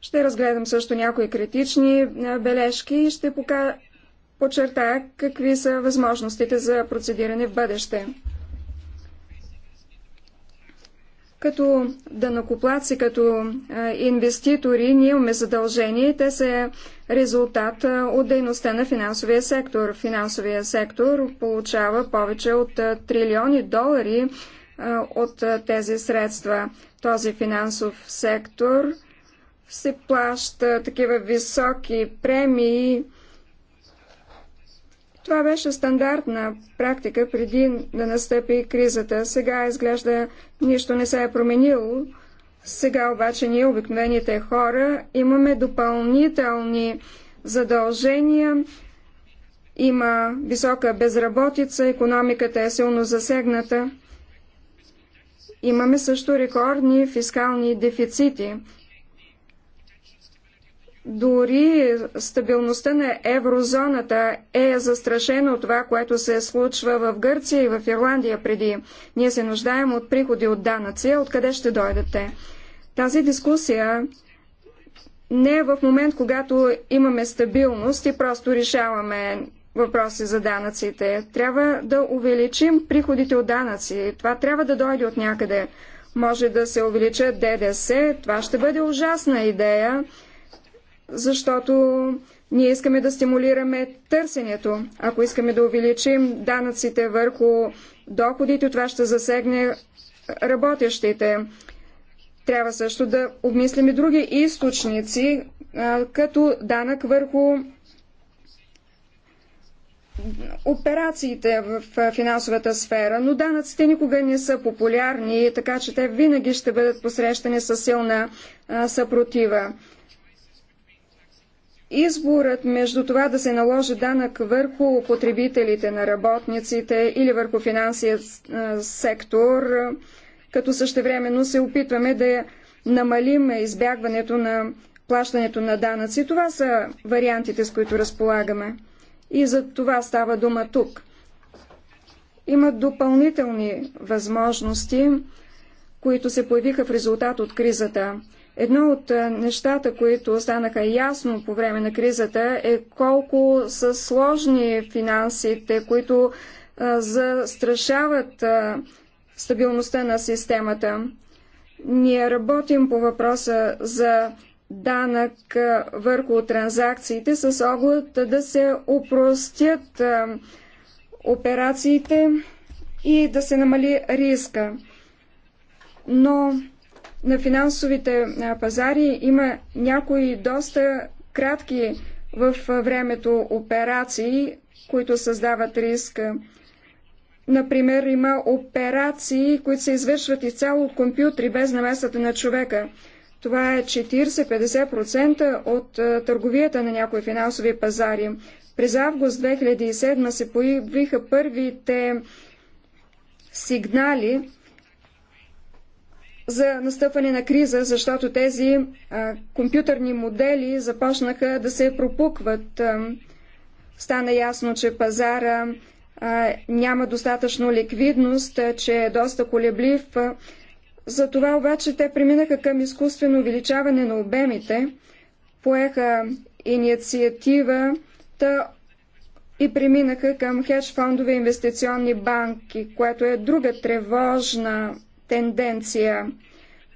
Ще разгледам също някои критични бележки и ще покажа подчертая какви са възможностите за процедиране в бъдеще. Като данокоплаци, като инвеститори, ние имаме задължение. Те са резултат от дейността на финансовия сектор. Финансовия сектор получава повече от трилиони долари от тези средства. Този финансов сектор се плаща такива високи премии това беше стандартна практика преди да настъпи кризата. Сега изглежда нищо не се е променило. Сега обаче ние, обикновените хора, имаме допълнителни задължения. Има висока безработица, економиката е силно засегната. Имаме също рекордни фискални дефицити. Дори стабилността на еврозоната е застрашена от това, което се случва в Гърция и в Ирландия преди. Ние се нуждаем от приходи от данъци, откъде ще дойдат те. Тази дискусия не е в момент, когато имаме стабилност и просто решаваме въпроси за данъците. Трябва да увеличим приходите от данъци. Това трябва да дойде от някъде. Може да се увеличат ДДС. Това ще бъде ужасна идея защото ние искаме да стимулираме търсенето. Ако искаме да увеличим данъците върху доходите, това ще засегне работещите. Трябва също да обмислим и други източници, като данък върху операциите в финансовата сфера, но данъците никога не са популярни, така че те винаги ще бъдат посрещани с силна съпротива. Изборът между това да се наложи данък върху потребителите на работниците или върху финансия сектор, като същевременно се опитваме да намалим избягването на плащането на данъци. Това са вариантите, с които разполагаме. И за това става дума тук. Има допълнителни възможности, които се появиха в резултат от кризата. Едно от нещата, които станаха ясно по време на кризата е колко са сложни финансите, които застрашават стабилността на системата. Ние работим по въпроса за данък върху транзакциите с оглед да се упростят операциите и да се намали риска. Но на финансовите пазари има някои доста кратки в времето операции, които създават риск. Например, има операции, които се извършват изцяло от компютри, без намесата на човека. Това е 40-50% от търговията на някои финансови пазари. През август 2007 се появиха първите сигнали за настъпване на криза, защото тези а, компютърни модели започнаха да се пропукват. А, стана ясно, че пазара а, няма достатъчно ликвидност, а, че е доста колеблив. А, за това обаче те преминаха към изкуствено увеличаване на обемите, поеха та и преминаха към хедж фондове инвестиционни банки, което е друга тревожна тенденция.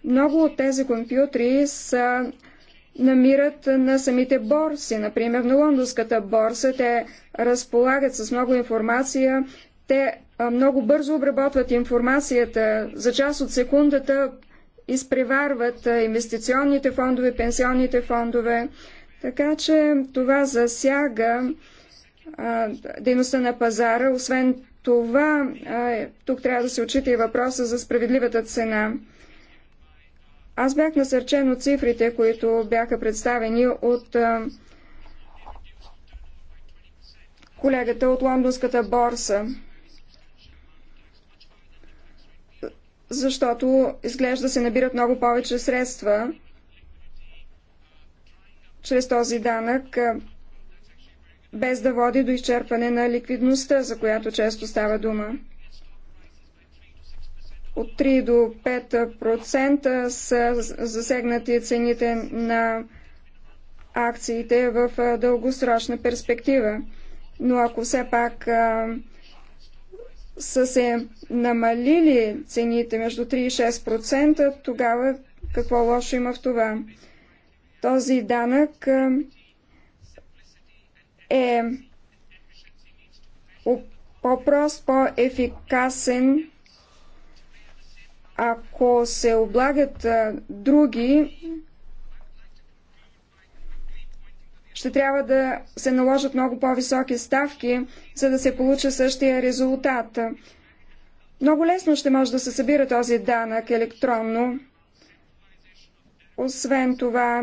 Много от тези компютри са намират на самите борси. Например, на лондонската борса те разполагат с много информация, те много бързо обработват информацията, за част от секундата изпреварват инвестиционните фондове, пенсионните фондове. Така че това засяга а, дейността на пазара. Освен това е, тук трябва да се отчита и въпроса за справедливата цена. Аз бях насърчен от цифрите, които бяха представени от колегата от лондонската борса. Защото изглежда се набират много повече средства чрез този данък без да води до изчерпане на ликвидността, за която често става дума. От 3 до 5% са засегнати цените на акциите в дългосрочна перспектива. Но ако все пак са се намалили цените между 3 и 6%, тогава какво лошо има в това? Този данък а, е по-прост, по-ефикасен, ако се облагат други, ще трябва да се наложат много по-високи ставки, за да се получи същия резултат. Много лесно ще може да се събира този данък електронно. Освен това,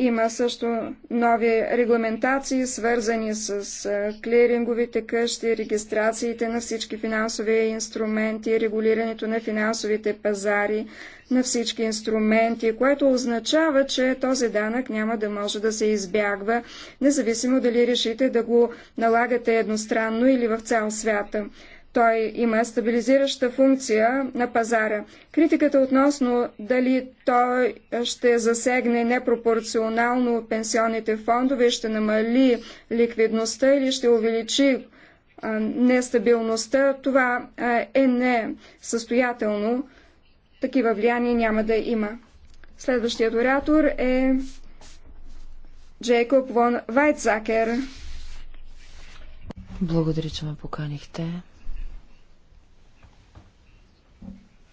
има също нови регламентации, свързани с клиринговите къщи, регистрациите на всички финансови инструменти, регулирането на финансовите пазари, на всички инструменти, което означава, че този данък няма да може да се избягва, независимо дали решите да го налагате едностранно или в цял свят. Той има стабилизираща функция на пазара. Критиката относно дали той ще засегне непропорционално пенсионните фондове, ще намали ликвидността или ще увеличи нестабилността, това е несъстоятелно. Такива влияния няма да има. Следващият оратор е Джейкоб Вон Вайтзакер. Благодаря, че ме поканихте.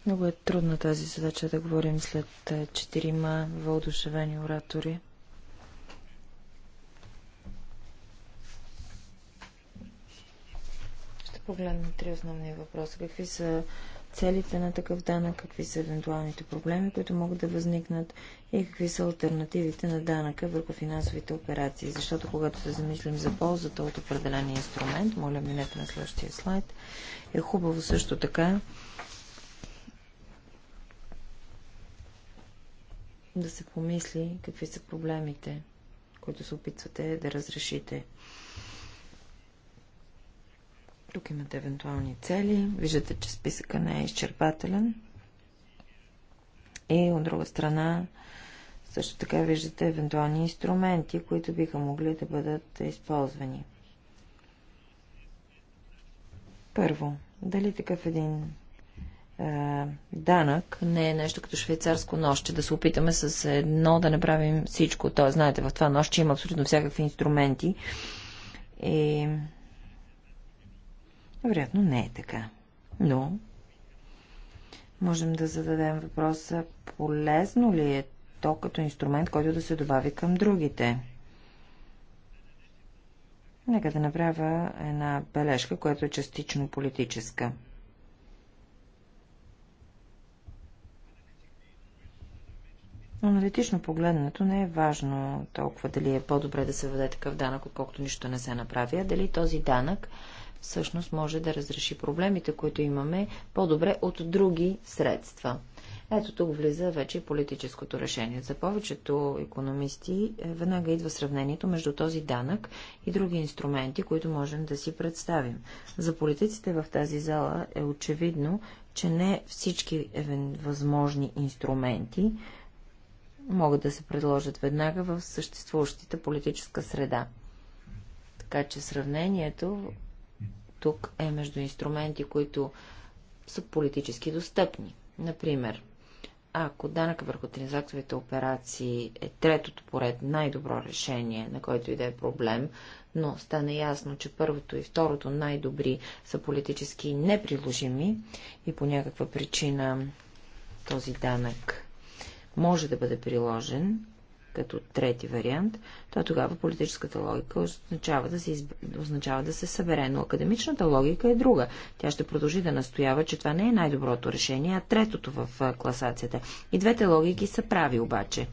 Много е трудна тази задача да говорим след е, четирима въодушевени оратори. Ще погледнем три основни въпроса. Какви са целите на такъв данък, какви са евентуалните проблеми, които могат да възникнат и какви са альтернативите на данъка върху финансовите операции. Защото когато се замислим за ползата от определен инструмент, моля минете на следващия слайд, е хубаво също така да се помисли какви са проблемите, които се опитвате да разрешите. Тук имате евентуални цели. Виждате, че списъка не е изчерпателен. И от друга страна, също така виждате евентуални инструменти, които биха могли да бъдат използвани. Първо, дали такъв един е, данък не е нещо като швейцарско нощче, да се опитаме с едно да направим всичко. Тоест, знаете, в това нощче има абсолютно всякакви инструменти. И... Вероятно не е така. Но можем да зададем въпроса, полезно ли е то като инструмент, който да се добави към другите. Нека да направя една бележка, която е частично политическа. Но аналитично погледнато не е важно толкова дали е по-добре да се въде такъв данък, отколкото нищо не се направи, а дали този данък всъщност може да разреши проблемите, които имаме по-добре от други средства. Ето тук влиза вече политическото решение. За повечето економисти е, веднага идва сравнението между този данък и други инструменти, които можем да си представим. За политиците в тази зала е очевидно, че не всички възможни инструменти могат да се предложат веднага в съществуващата политическа среда. Така че сравнението тук е между инструменти, които са политически достъпни. Например, ако данък върху транзакциовите операции е третото поред най-добро решение, на който и да е проблем, но стана ясно, че първото и второто най-добри са политически неприложими и по някаква причина този данък може да бъде приложен като трети вариант, то тогава политическата логика означава да, се изб... означава да се събере. Но академичната логика е друга. Тя ще продължи да настоява, че това не е най-доброто решение, а третото в класацията. И двете логики са прави обаче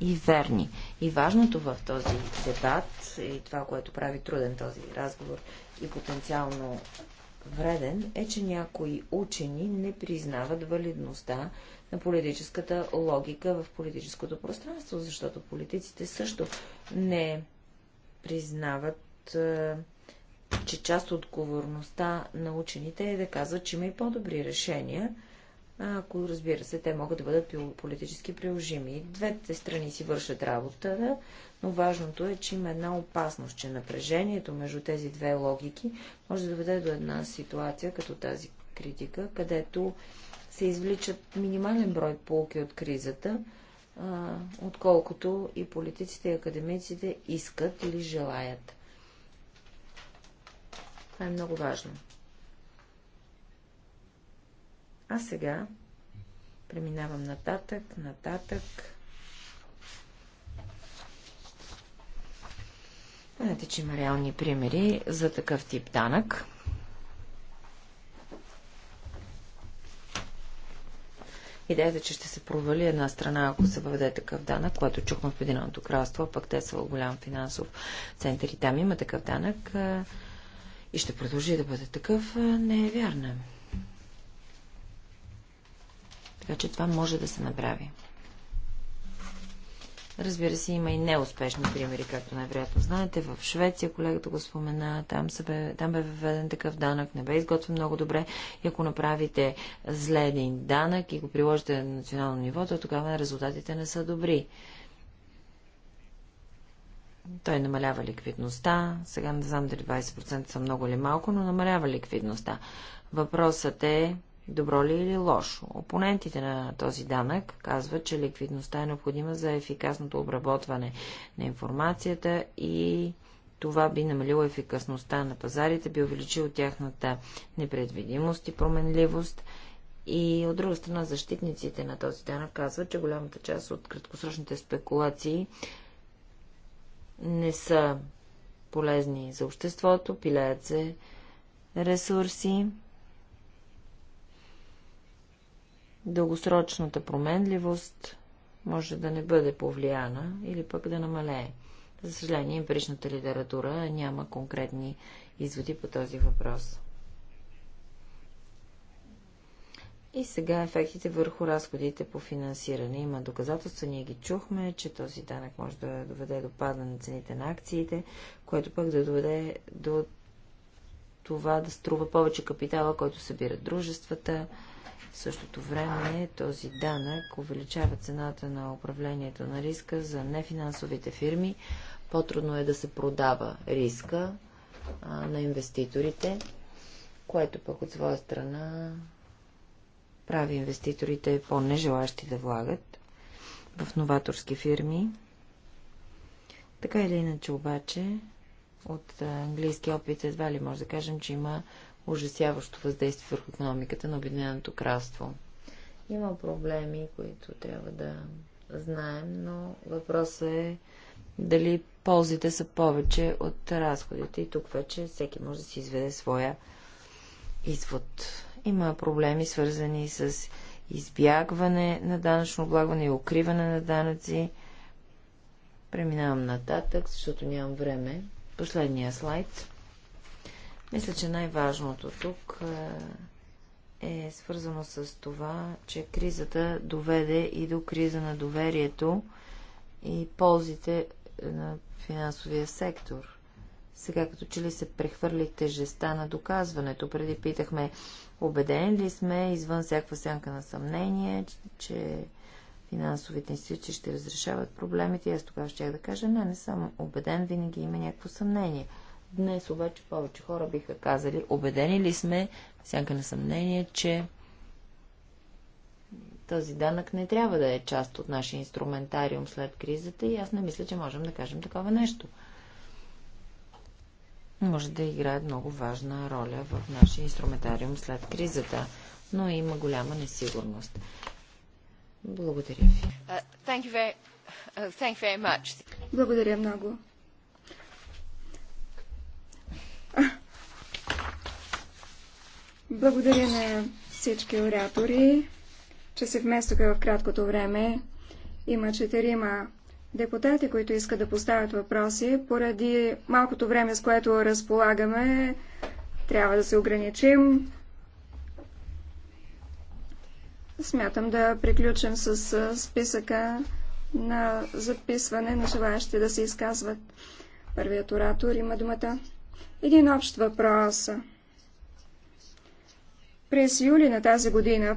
и верни. И важното в този дебат и това, което прави труден този разговор и потенциално вреден, е, че някои учени не признават валидността на политическата логика в политическото пространство, защото политиците също не признават, че част от отговорността на учените е да казват, че има и по-добри решения, ако, разбира се, те могат да бъдат политически приложими. Двете страни си вършат работа, но важното е, че има една опасност, че напрежението между тези две логики може да доведе до една ситуация, като тази критика, където се извличат минимален брой полки от кризата, а, отколкото и политиците и академиците искат или желаят. Това е много важно. А сега преминавам нататък, нататък. Знаете, че има реални примери за такъв тип данък. Идеята, че ще се провали една страна, ако се въведе такъв данък, което чухме в Единеното кралство, пък те са голям финансов център и там има такъв данък и ще продължи да бъде такъв, не е вярна. Така че това може да се направи. Разбира се, има и неуспешни примери, както най-вероятно знаете. В Швеция, колегата го спомена, там, се бе, там бе въведен такъв данък, не бе изготвен много добре. И ако направите зле един данък и го приложите на национално ниво, то тогава резултатите не са добри. Той намалява ликвидността. Сега не знам дали 20% са много или малко, но намалява ликвидността. Въпросът е Добро ли или лошо? Опонентите на този данък казват, че ликвидността е необходима за ефикасното обработване на информацията и това би намалило ефикасността на пазарите, би увеличило тяхната непредвидимост и променливост. И от друга страна, защитниците на този данък казват, че голямата част от краткосрочните спекулации не са полезни за обществото, пилеят се ресурси дългосрочната променливост може да не бъде повлияна или пък да намалее. За съжаление, импричната литература няма конкретни изводи по този въпрос. И сега ефектите върху разходите по финансиране. Има доказателства, ние ги чухме, че този данък може да доведе до падане на цените на акциите, което пък да доведе до това да струва повече капитала, който събират дружествата. В същото време този данък увеличава цената на управлението на риска за нефинансовите фирми. По-трудно е да се продава риска а, на инвеститорите, което пък от своя страна прави инвеститорите по-нежелащи да влагат в новаторски фирми. Така или иначе обаче, от английски опит едва ли може да кажем, че има ужасяващо въздействие върху економиката на Обединеното кралство. Има проблеми, които трябва да знаем, но въпросът е дали ползите са повече от разходите. И тук вече всеки може да си изведе своя извод. Има проблеми, свързани с избягване на данъчно облагване и укриване на данъци. Преминавам нататък, защото нямам време. Последния слайд. Мисля, че най-важното тук е, е свързано с това, че кризата доведе и до криза на доверието и ползите на финансовия сектор. Сега като че ли се прехвърли тежеста на доказването. Преди питахме, убедени ли сме, извън всякаква сянка на съмнение, че финансовите институции ще разрешават проблемите. аз тогава ще да кажа, не, не съм убеден, винаги има някакво съмнение – Днес обаче повече хора биха казали, убедени ли сме, всяка на съмнение, че този данък не трябва да е част от нашия инструментариум след кризата и аз не мисля, че можем да кажем такова нещо. Може да играе много важна роля в нашия инструментариум след кризата, но има голяма несигурност. Благодаря ви. Uh, uh, Благодаря много. Благодаря на всички оратори, че се вместоха в краткото време. Има четирима депутати, които искат да поставят въпроси. Поради малкото време, с което разполагаме, трябва да се ограничим. Смятам да приключим с списъка на записване на желаящите да се изказват. Първият оратор има думата. Един общ въпрос. През юли на тази година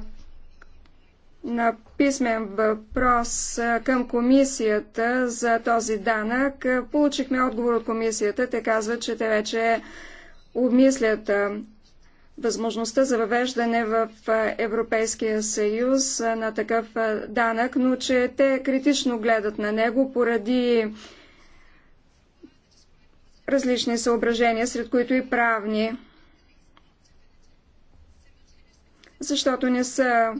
на писмен въпрос към комисията за този данък. Получихме отговор от комисията. Те казват, че те вече обмислят възможността за въвеждане в Европейския съюз на такъв данък, но че те критично гледат на него поради различни съображения, сред които и правни, защото не са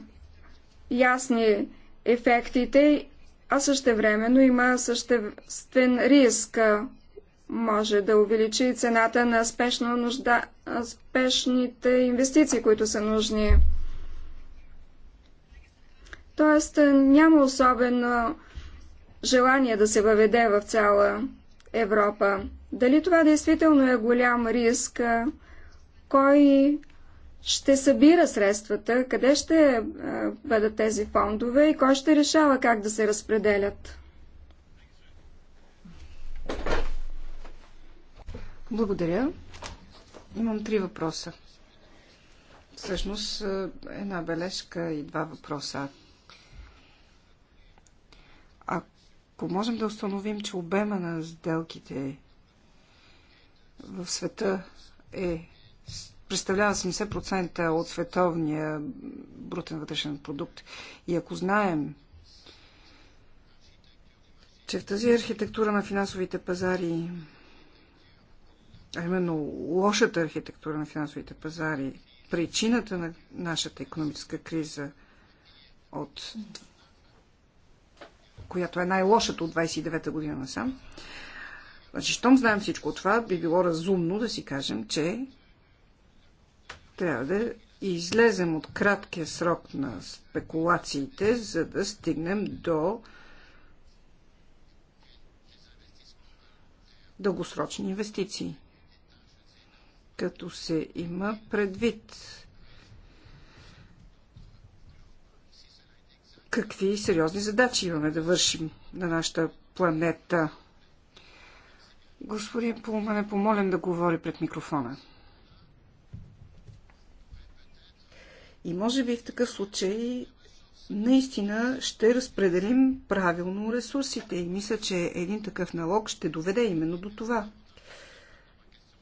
ясни ефектите, а също времено има съществен риск. Може да увеличи цената на спешно нужда, спешните инвестиции, които са нужни. Тоест няма особено желание да се въведе в цяла Европа. Дали това действително е голям риск? Кой ще събира средствата? Къде ще бъдат тези фондове и кой ще решава как да се разпределят? Благодаря. Имам три въпроса. Всъщност една бележка и два въпроса. Ако можем да установим, че обема на сделките в света е представлява 70% от световния брутен вътрешен продукт. И ако знаем, че в тази архитектура на финансовите пазари, а именно лошата архитектура на финансовите пазари, причината на нашата економическа криза, от, която е най-лошата от 29-та година насам, Значи, щом знаем всичко това, би било разумно да си кажем, че трябва да излезем от краткия срок на спекулациите, за да стигнем до дългосрочни инвестиции. Като се има предвид какви сериозни задачи имаме да вършим на нашата планета – Господин Пулман е помолен да говори пред микрофона. И може би в такъв случай наистина ще разпределим правилно ресурсите. И мисля, че един такъв налог ще доведе именно до това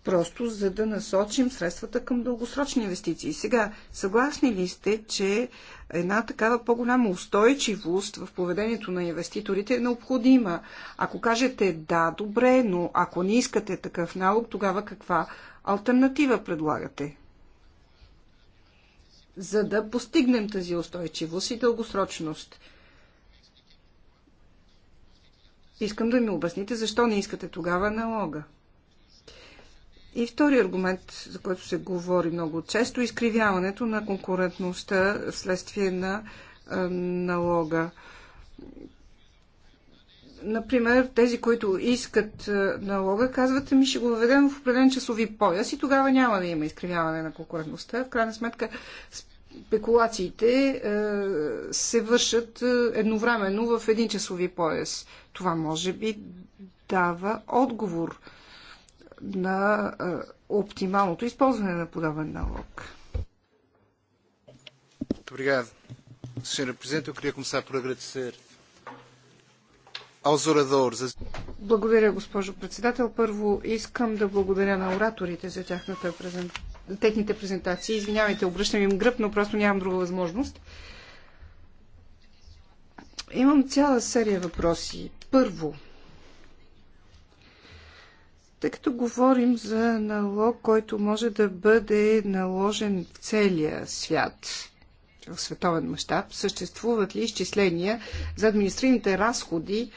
просто за да насочим средствата към дългосрочни инвестиции. Сега, съгласни ли сте, че една такава по-голяма устойчивост в поведението на инвеститорите е необходима? Ако кажете да, добре, но ако не искате такъв налог, тогава каква альтернатива предлагате? За да постигнем тази устойчивост и дългосрочност. Искам да ми обясните защо не искате тогава налога. И втори аргумент, за който се говори много често, е изкривяването на конкурентността вследствие на налога. Например, тези, които искат налога, казват, ми ще го въведем в определен часови пояс и тогава няма да има изкривяване на конкурентността. В крайна сметка, спекулациите се вършат едновременно в един часови пояс. Това може би дава отговор на е, оптималното използване на подобен налог. Obrigado. Senhora Presidente, eu queria começar por agradecer aos oradores. Благодаря, госпожо председател. Първо искам да благодаря на ораторите за тяхната презент... техните презентации. Извинявайте, обръщам им гръб, но просто нямам друга възможност. Имам цяла серия въпроси. Първо, тъй като говорим за налог, който може да бъде наложен в целия свят, в световен мащаб, съществуват ли изчисления за административните разходи,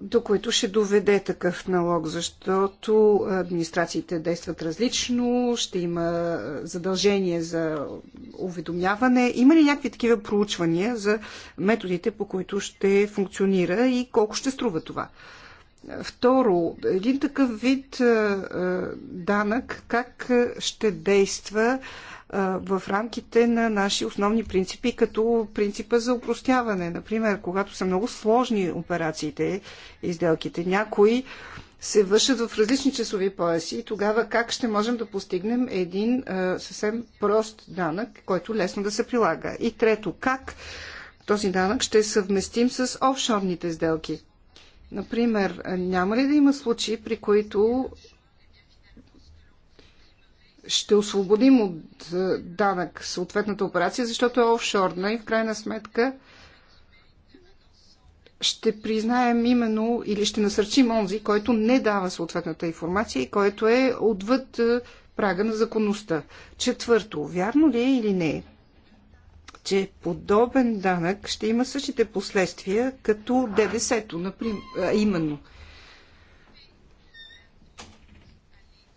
до които ще доведе такъв налог, защото администрациите действат различно, ще има задължение за уведомяване. Има ли някакви такива проучвания за методите, по които ще функционира и колко ще струва това? Второ, един такъв вид данък как ще действа в рамките на наши основни принципи, като принципа за упростяване. Например, когато са много сложни операциите и сделките, някои се вършат в различни часови пояси и тогава как ще можем да постигнем един съвсем прост данък, който лесно да се прилага. И трето, как този данък ще съвместим с офшорните сделки. Например, няма ли да има случаи, при които ще освободим от е, данък съответната операция, защото е офшорна и в крайна сметка ще признаем именно или ще насърчим онзи, който не дава съответната информация и който е отвъд е, прага на законността. Четвърто, вярно ли е или не че подобен данък ще има същите последствия като ДДС-то, а, именно.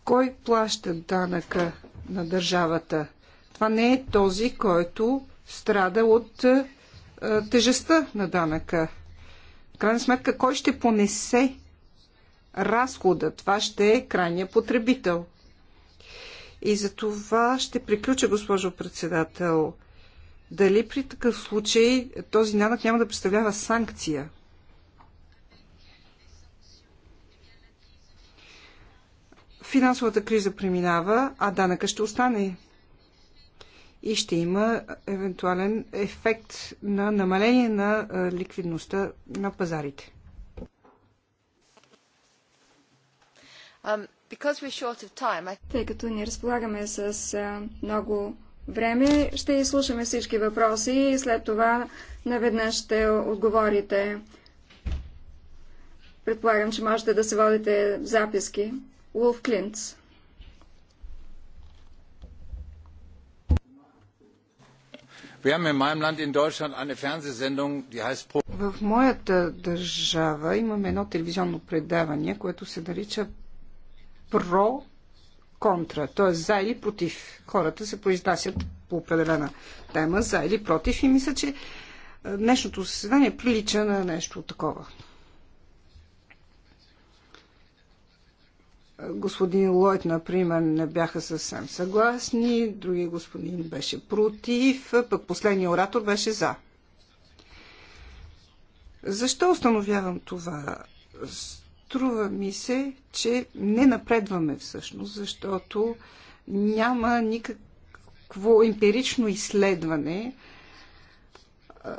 Кой плаща данъка на държавата? Това не е този, който страда от а, тежестта на данъка. В крайна сметка, кой ще понесе разхода? Това ще е крайния потребител. И за това ще приключа, госпожо председател дали при такъв случай този данък няма да представлява санкция? Финансовата криза преминава, а данъка ще остане и ще има евентуален ефект на намаление на ликвидността на пазарите. Um, Тъй като ни разполагаме с много време. Ще изслушаме всички въпроси и след това наведнъж ще отговорите. Предполагам, че можете да се водите записки. Улф Клинц. В моята държава имаме едно телевизионно предаване, което се нарича Про контра, т.е. за или против. Хората се произнасят по определена тема за или против и мисля, че е, днешното съседание прилича на нещо такова. Господин Лойд, например, не бяха съвсем съгласни, другия господин беше против, пък последния оратор беше за. Защо установявам това? Струва ми се, че не напредваме всъщност, защото няма никакво емпирично изследване,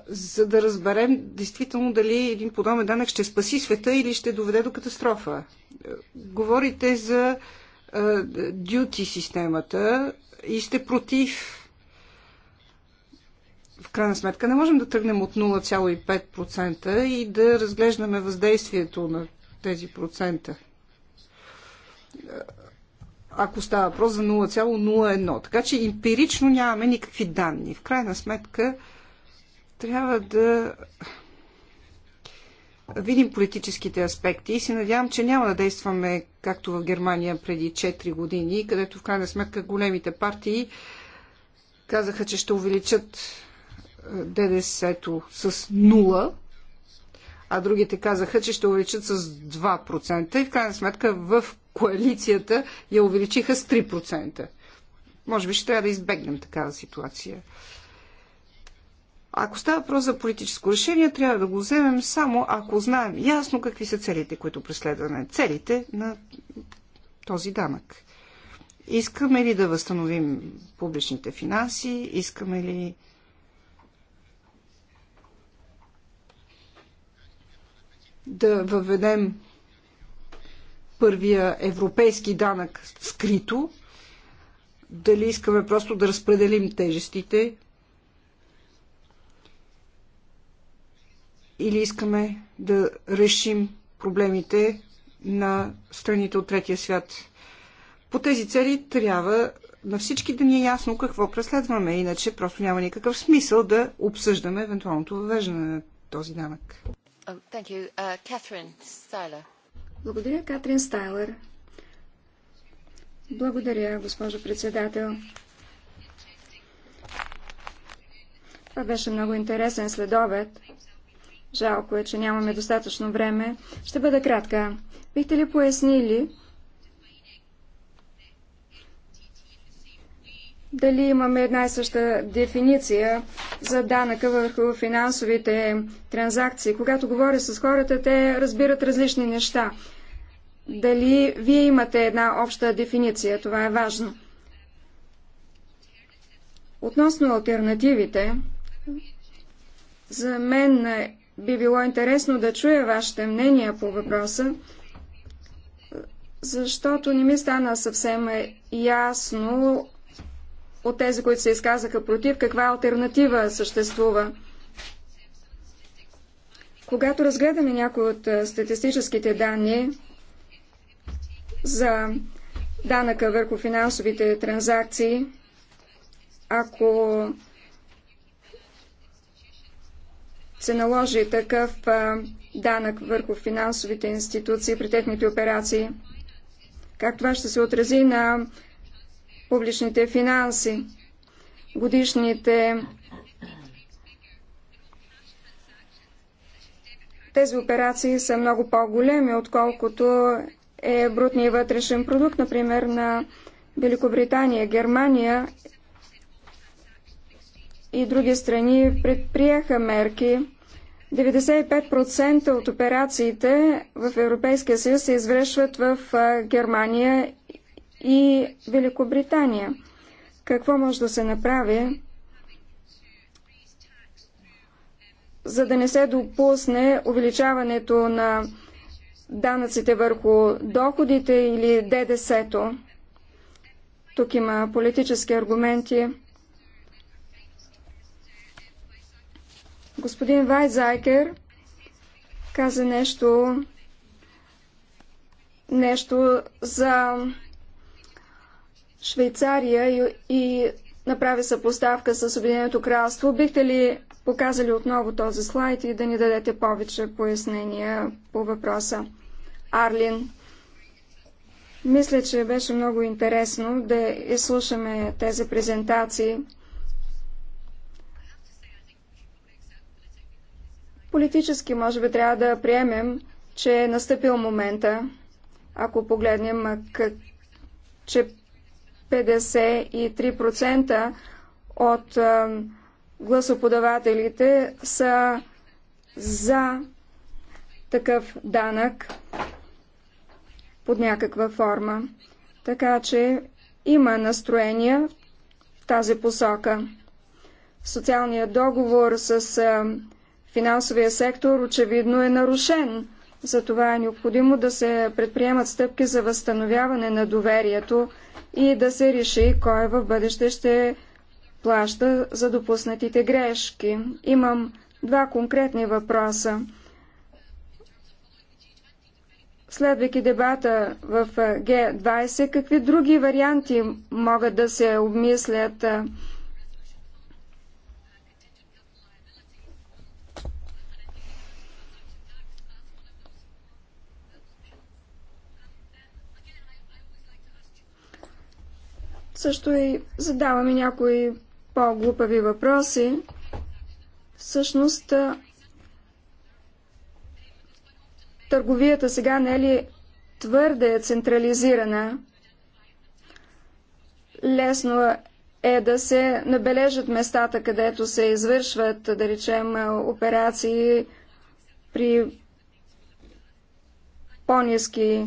за да разберем действително дали един подобен данък ще спаси света или ще доведе до катастрофа. Е, говорите за е, дюти системата и сте против. В крайна сметка не можем да тръгнем от 0,5% и да разглеждаме въздействието на тези процента. Ако става въпрос за 0,01. Така че емпирично нямаме никакви данни. В крайна сметка трябва да видим политическите аспекти и се надявам, че няма да действаме както в Германия преди 4 години, където в крайна сметка големите партии казаха, че ще увеличат ДДС-то с 0 а другите казаха, че ще увеличат с 2%. И в крайна сметка в коалицията я увеличиха с 3%. Може би ще трябва да избегнем такава ситуация. Ако става въпрос за политическо решение, трябва да го вземем само ако знаем ясно какви са целите, които преследваме. Целите на този данък. Искаме ли да възстановим публичните финанси? Искаме ли да въведем първия европейски данък скрито, дали искаме просто да разпределим тежестите или искаме да решим проблемите на страните от третия свят. По тези цели трябва на всички да ни е ясно какво преследваме, иначе просто няма никакъв смисъл да обсъждаме евентуалното въвеждане на този данък. Oh, uh, Благодаря, Катрин Стайлер. Благодаря, госпожо председател. Това беше много интересен следобед. Жалко е, че нямаме достатъчно време. Ще бъда кратка. Бихте ли пояснили дали имаме една и съща дефиниция за данъка върху финансовите транзакции. Когато говоря с хората, те разбират различни неща. Дали вие имате една обща дефиниция, това е важно. Относно альтернативите, за мен би било интересно да чуя вашите мнения по въпроса, защото не ми стана съвсем ясно от тези, които се изказаха против, каква альтернатива съществува. Когато разгледаме някои от статистическите данни за данъка върху финансовите транзакции, ако се наложи такъв данък върху финансовите институции при техните операции, как това ще се отрази на публичните финанси. Годишните тези операции са много по-големи, отколкото е брутния вътрешен продукт, например, на Великобритания, Германия и други страни предприеха мерки. 95% от операциите в Европейския съюз се извършват в Германия и Великобритания. Какво може да се направи, за да не се допусне увеличаването на данъците върху доходите или ДДС-то? Тук има политически аргументи. Господин Вайзайкер каза нещо, нещо за Швейцария и, и направи съпоставка с Обединеното кралство. Бихте ли показали отново този слайд и да ни дадете повече пояснения по въпроса? Арлин. Мисля, че беше много интересно да изслушаме тези презентации. Политически, може би, трябва да приемем, че е настъпил момента, ако погледнем как, че 53% от гласоподавателите са за такъв данък под някаква форма. Така че има настроения в тази посока. Социалният договор с финансовия сектор очевидно е нарушен. Затова е необходимо да се предприемат стъпки за възстановяване на доверието и да се реши кой в бъдеще ще плаща за допуснатите грешки. Имам два конкретни въпроса. Следвайки дебата в Г20, какви други варианти могат да се обмислят? Също и задаваме някои по-глупави въпроси. Всъщност, търговията сега не е ли твърде централизирана? Лесно е да се набележат местата, където се извършват, да речем, операции при по-низки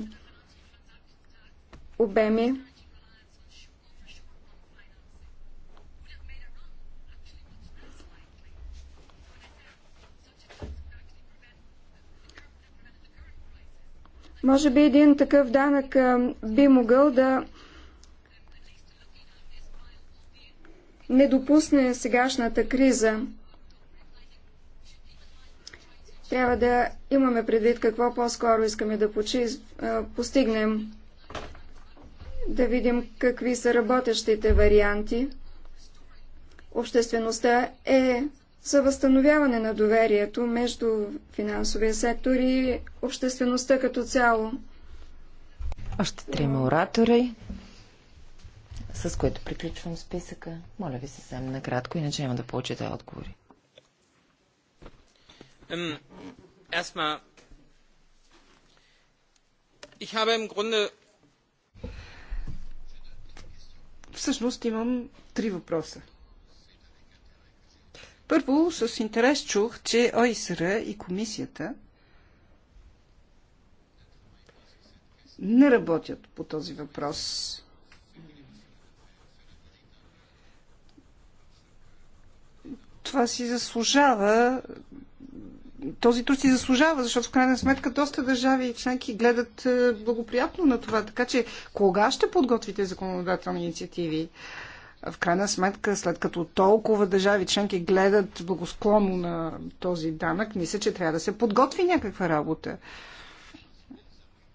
обеми. Може би един такъв данък би могъл да не допусне сегашната криза. Трябва да имаме предвид какво по-скоро искаме да постигнем, да видим какви са работещите варианти. Обществеността е за възстановяване на доверието между финансовия сектор и обществеността като цяло. Още трима оратори, с които приключвам списъка. Моля ви се съвсем накратко, иначе няма да получите отговори. Erstmal, ich habe im Grunde Всъщност имам три въпроса. Първо, с интерес чух, че ОИСР и комисията не работят по този въпрос. Това си заслужава. Този труд си заслужава, защото в крайна сметка доста държави и членки гледат е, благоприятно на това. Така че кога ще подготвите законодателни инициативи? в крайна сметка, след като толкова държави членки гледат благосклонно на този данък, мисля, че трябва да се подготви някаква работа,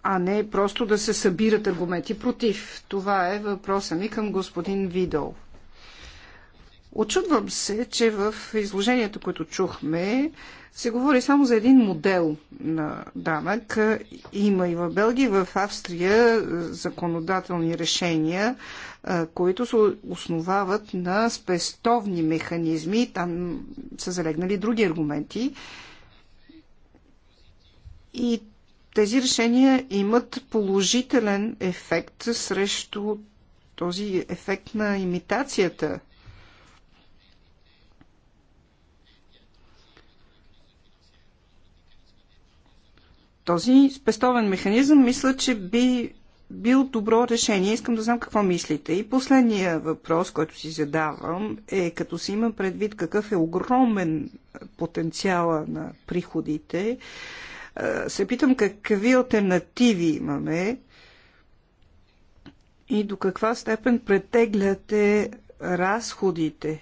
а не просто да се събират аргументи против. Това е въпроса ми към господин Видол. Очудвам се, че в изложението, което чухме, се говори само за един модел на данък. Има и в Белгия, и в Австрия законодателни решения, които се основават на спестовни механизми. Там са залегнали други аргументи. И тези решения имат положителен ефект срещу този ефект на имитацията Този спестовен механизъм мисля, че би бил добро решение. Искам да знам какво мислите. И последния въпрос, който си задавам е, като си има предвид какъв е огромен потенциала на приходите, се питам какви альтернативи имаме и до каква степен претегляте разходите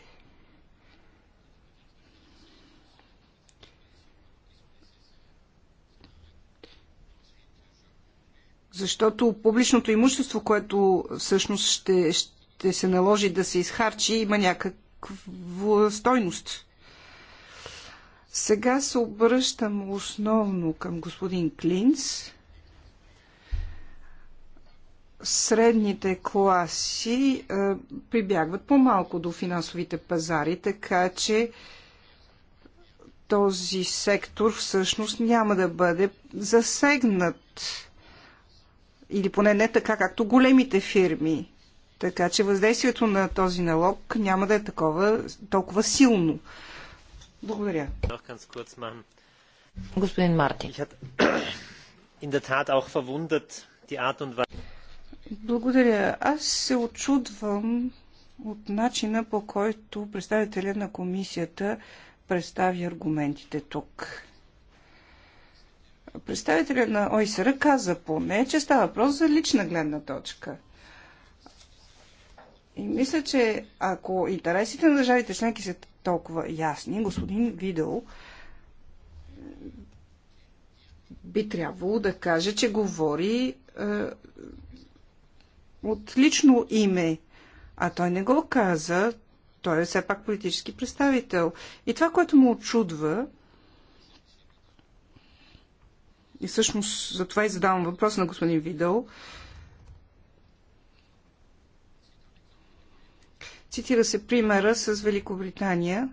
Защото публичното имущество, което всъщност ще, ще се наложи да се изхарчи, има някаква стойност. Сега се обръщам основно към господин Клинц. Средните класи е, прибягват по-малко до финансовите пазари, така че този сектор всъщност няма да бъде засегнат или поне не така, както големите фирми. Така че въздействието на този налог няма да е такова толкова силно. Благодаря. Господин Мартин. Благодаря. Аз се очудвам от начина по който представителя на комисията представи аргументите тук. Представителя на ОИСР каза поне, че става въпрос за лична гледна точка. И мисля, че ако интересите на държавите членки са толкова ясни, господин Видел би трябвало да каже, че говори е, от лично име. А той не го каза. Той е все пак политически представител. И това, което му очудва, и всъщност за това и задавам въпрос на господин Видъл. Цитира се примера с Великобритания.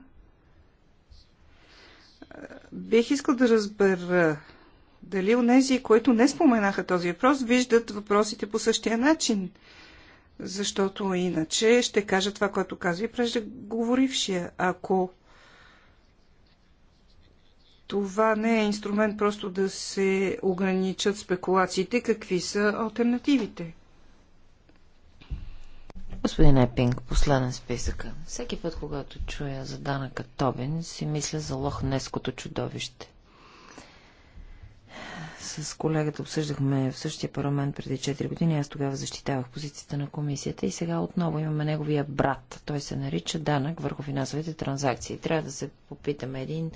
Бих искал да разбера дали онези, които не споменаха този въпрос, виждат въпросите по същия начин. Защото иначе ще кажа това, което казва и преждеговорившия. Ако това не е инструмент просто да се ограничат спекулациите. Какви са альтернативите? Господин Епинг, последен списък. Всеки път, когато чуя за данъка Тобин, си мисля за лохнеското чудовище. С колегата обсъждахме в същия парламент преди 4 години. Аз тогава защитавах позицията на комисията и сега отново имаме неговия брат. Той се нарича данък върху финансовите транзакции. Трябва да се попитаме един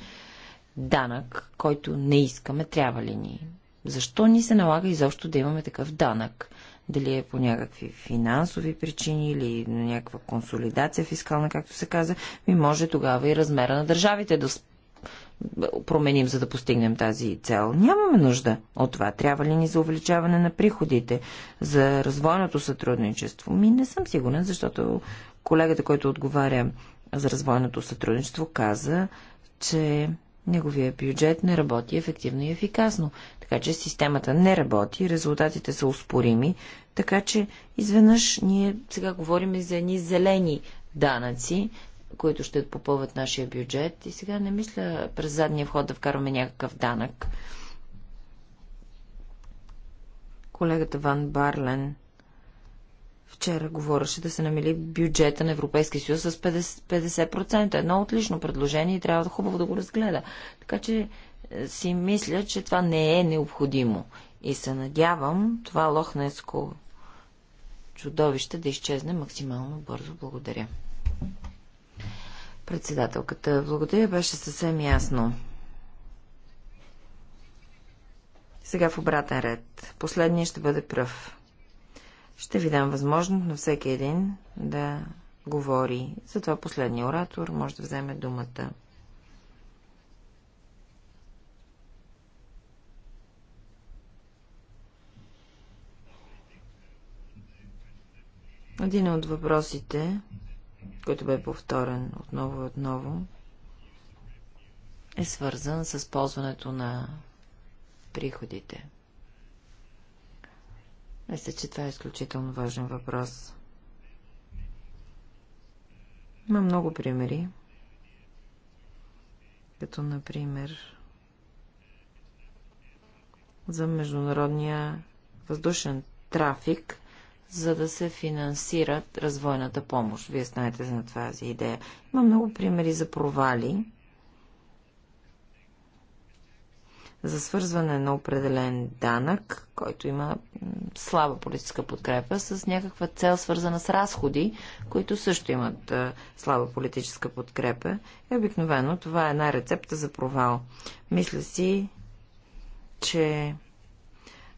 данък, който не искаме, трябва ли ни? Защо ни се налага изобщо да имаме такъв данък? Дали е по някакви финансови причини или някаква консолидация фискална, както се каза, ми може тогава и размера на държавите да променим, за да постигнем тази цел. Нямаме нужда от това. Трябва ли ни за увеличаване на приходите, за развойното сътрудничество? Ми не съм сигурен, защото колегата, който отговаря за развойното сътрудничество, каза, че Неговия бюджет не работи ефективно и ефикасно, така че системата не работи, резултатите са успорими, така че изведнъж ние сега говорим за едни зелени данъци, които ще попълват нашия бюджет и сега не мисля през задния вход да вкарваме някакъв данък. Колегата Ван Барлен Вчера говореше да се намали бюджета на Европейския съюз с 50%. 50%. Едно отлично предложение и трябва да хубаво да го разгледа. Така че е, си мисля, че това не е необходимо. И се надявам това лохнеско чудовище да изчезне максимално бързо. Благодаря. Председателката, благодаря, беше съвсем ясно. Сега в обратен ред. Последният ще бъде пръв. Ще ви дам възможност на всеки един да говори. Затова последния оратор може да вземе думата. Един от въпросите, който бе повторен отново и отново, е свързан с ползването на приходите – мисля, че това е изключително важен въпрос. Има много примери. Като, например, за международния въздушен трафик, за да се финансират развойната помощ. Вие знаете за тази идея. Има много примери за провали за свързване на определен данък, който има слаба политическа подкрепа, с някаква цел свързана с разходи, които също имат слаба политическа подкрепа. И обикновено това е една рецепта за провал. Мисля си, че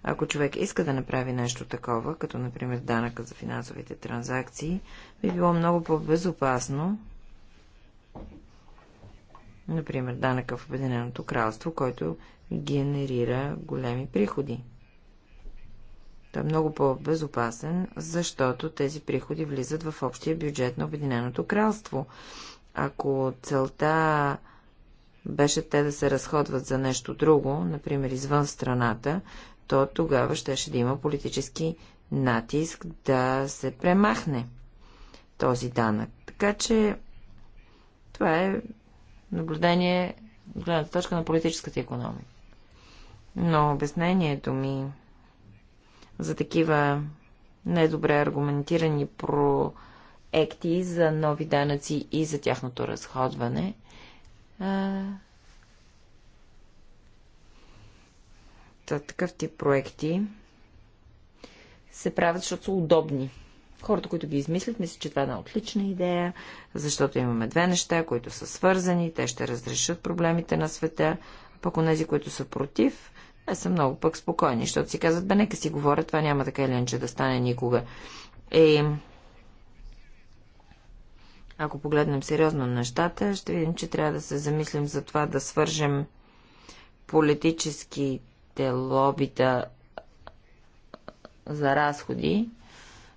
ако човек иска да направи нещо такова, като например данъка за финансовите транзакции, би било много по-безопасно Например, данъка в Обединеното кралство, който генерира големи приходи. Той е много по-безопасен, защото тези приходи влизат в общия бюджет на Обединеното кралство. Ако целта беше те да се разходват за нещо друго, например извън страната, то тогава щеше да има политически натиск да се премахне този данък. Така че това е наблюдение от гледната точка на политическата економика. Но обяснението ми за такива недобре аргументирани проекти за нови данъци и за тяхното разходване такъв тип проекти се правят, защото са удобни. Хората, които ги измислят, мислят, че това е една отлична идея, защото имаме две неща, които са свързани, те ще разрешат проблемите на света, пък онези, които са против, те са много пък спокойни, защото си казват, бе, нека си говоря, това няма така или иначе да стане никога. Е, ако погледнем сериозно нещата, ще видим, че трябва да се замислим за това да свържем политическите лобита за разходи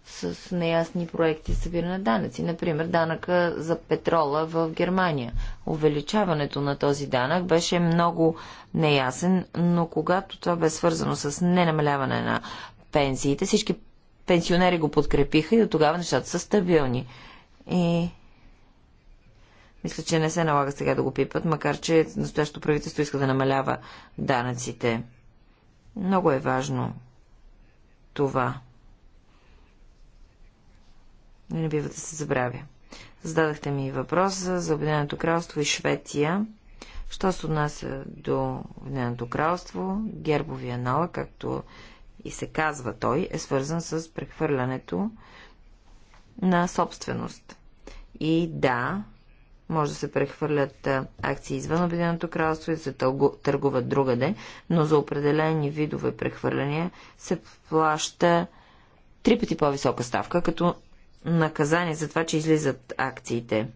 с неясни проекти събиране на данъци. Например, данъка за петрола в Германия. Увеличаването на този данък беше много неясен, но когато това бе свързано с ненамаляване на пенсиите, всички пенсионери го подкрепиха и от тогава нещата са стабилни. И мисля, че не се налага сега да го пипат, макар че настоящото правителство иска да намалява данъците. Много е важно това не бива да се забравя. Зададахте ми въпроса за Обединеното кралство и Швеция. Що се отнася до Обединеното кралство, гербовия нала, както и се казва той, е свързан с прехвърлянето на собственост. И да, може да се прехвърлят акции извън Обединеното кралство и да се търгуват другаде, но за определени видове прехвърляния се плаща три пъти по-висока ставка, като наказание за това, че излизат акциите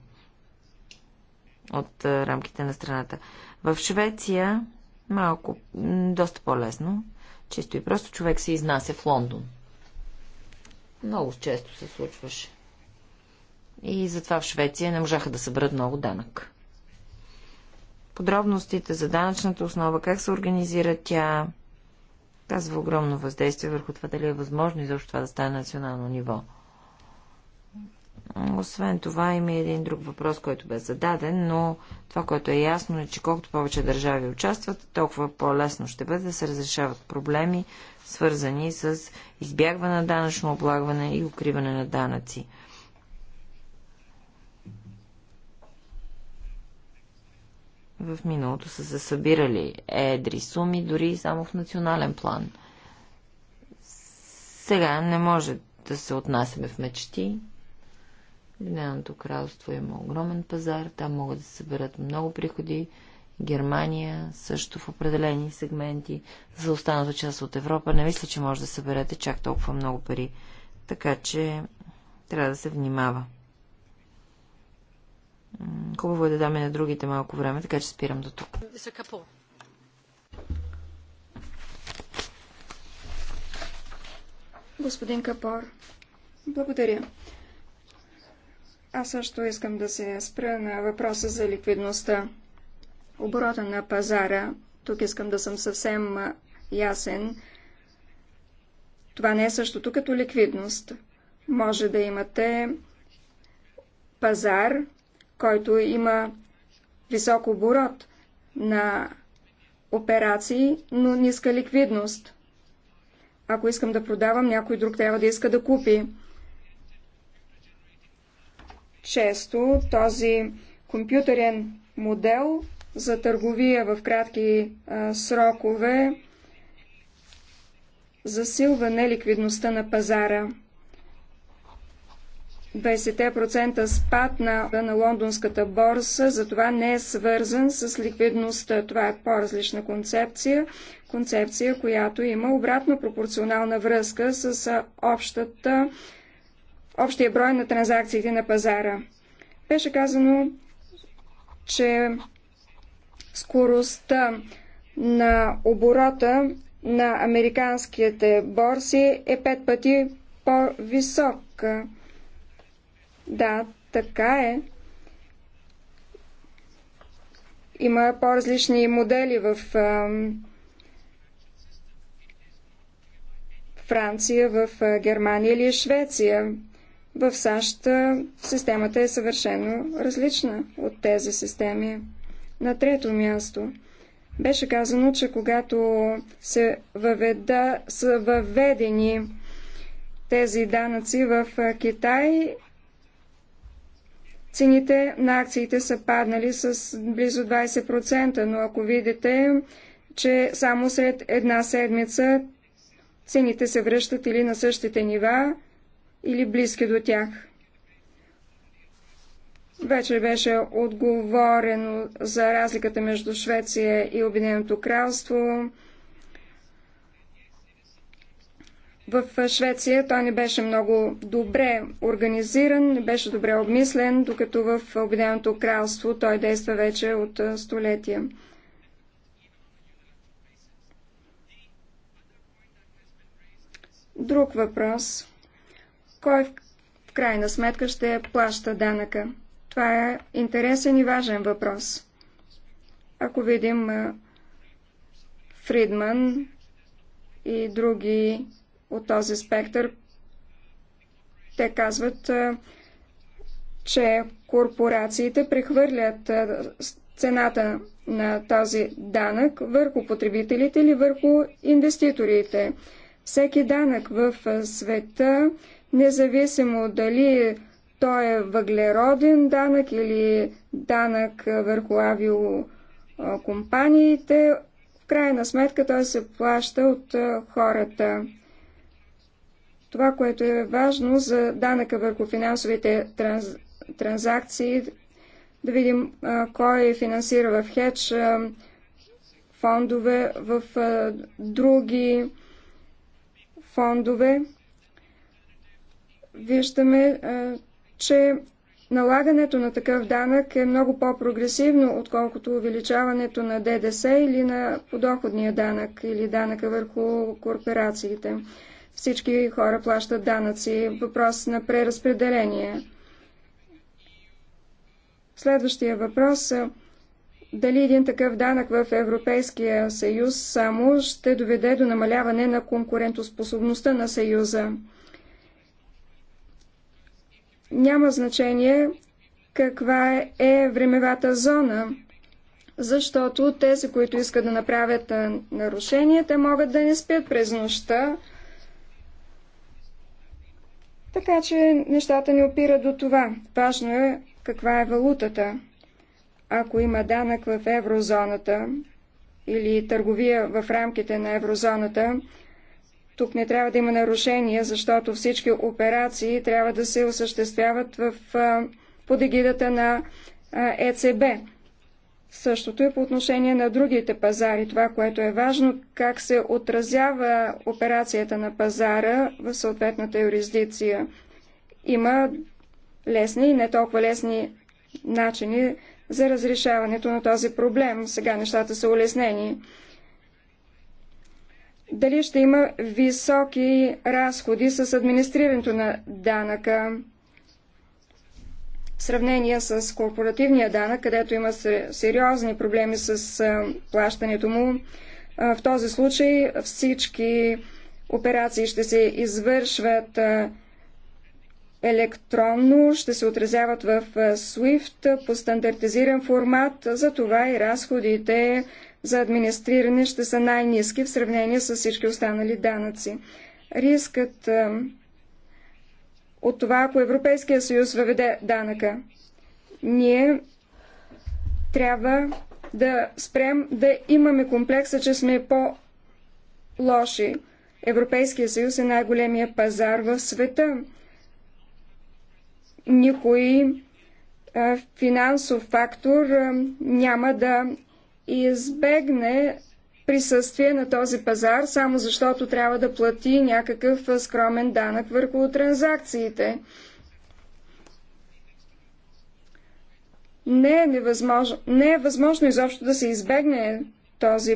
от рамките на страната. В Швеция малко, доста по-лесно. Чисто и просто човек се изнася в Лондон. Много често се случваше. И затова в Швеция не можаха да съберат много данък. Подробностите за данъчната основа, как се организира тя, казва огромно въздействие върху това дали е възможно изобщо това да стане на национално ниво. Освен това има един друг въпрос, който бе зададен, но това, което е ясно е, че колкото повече държави участват, толкова по-лесно ще бъде да се разрешават проблеми, свързани с избягване на данъчно облагване и укриване на данъци. В миналото са се събирали едри суми, дори само в национален план. Сега не може да се отнасяме в мечти, Обединеното кралство има огромен пазар, там могат да се съберат много приходи. Германия също в определени сегменти. За останалата част от Европа не мисля, че може да съберете чак толкова много пари. Така че трябва да се внимава. Хубаво е да даме на другите малко време, така че спирам до тук. Господин Капор, благодаря. Аз също искам да се спра на въпроса за ликвидността. Оборота на пазара, тук искам да съм съвсем ясен, това не е същото като ликвидност. Може да имате пазар, който има висок оборот на операции, но ниска ликвидност. Ако искам да продавам, някой друг трябва да иска да купи често този компютърен модел за търговия в кратки а, срокове засилва неликвидността на пазара. 20% спад на, на лондонската борса, затова не е свързан с ликвидността. Това е по-различна концепция, концепция, която има обратно пропорционална връзка с общата общия брой на транзакциите на пазара. Беше казано, че скоростта на оборота на американските борси е пет пъти по-висока. Да, така е. Има по-различни модели в Франция, в Германия или Швеция. В САЩ системата е съвършено различна от тези системи. На трето място беше казано, че когато се въведа, са въведени тези данъци в Китай, цените на акциите са паднали с близо 20%, но ако видите, че само след една седмица цените се връщат или на същите нива, или близки до тях. Вече беше отговорено за разликата между Швеция и Обединеното кралство. В Швеция той не беше много добре организиран, не беше добре обмислен, докато в Обединеното кралство той действа вече от столетия. Друг въпрос – кой в крайна сметка ще плаща данъка? Това е интересен и важен въпрос. Ако видим Фридман и други от този спектър, те казват, че корпорациите прехвърлят цената на този данък върху потребителите или върху инвеститорите. Всеки данък в света независимо дали той е въглероден данък или данък върху авиокомпаниите, в крайна сметка той се плаща от хората. Това, което е важно за данъка върху финансовите транз... транзакции, да видим а, кой финансира в хедж а, фондове, в а, други фондове виждаме, че налагането на такъв данък е много по-прогресивно, отколкото увеличаването на ДДС или на подоходния данък или данъка върху корпорациите. Всички хора плащат данъци. Въпрос на преразпределение. Следващия въпрос е дали един такъв данък в Европейския съюз само ще доведе до намаляване на конкурентоспособността на съюза няма значение каква е времевата зона, защото тези, които искат да направят нарушения, те могат да не спят през нощта. Така че нещата не опират до това. Важно е каква е валутата. Ако има данък в еврозоната или търговия в рамките на еврозоната, тук не трябва да има нарушения, защото всички операции трябва да се осъществяват в подегидата на ЕЦБ. Същото и е по отношение на другите пазари. Това, което е важно, как се отразява операцията на пазара в съответната юрисдикция. Има лесни и не толкова лесни начини за разрешаването на този проблем. Сега нещата са улеснени дали ще има високи разходи с администрирането на данъка в сравнение с корпоративния данък, където има сериозни проблеми с плащането му. В този случай всички операции ще се извършват електронно, ще се отразяват в SWIFT по стандартизиран формат, за това и разходите за администриране ще са най-низки в сравнение с всички останали данъци. Рискът е, от това, ако Европейския съюз въведе данъка, ние трябва да спрем да имаме комплекса, че сме по-лоши. Европейския съюз е най-големия пазар в света. Никой е, финансов фактор е, няма да избегне присъствие на този пазар, само защото трябва да плати някакъв скромен данък върху транзакциите. Не е, невъзможно, не е възможно изобщо да се избегне този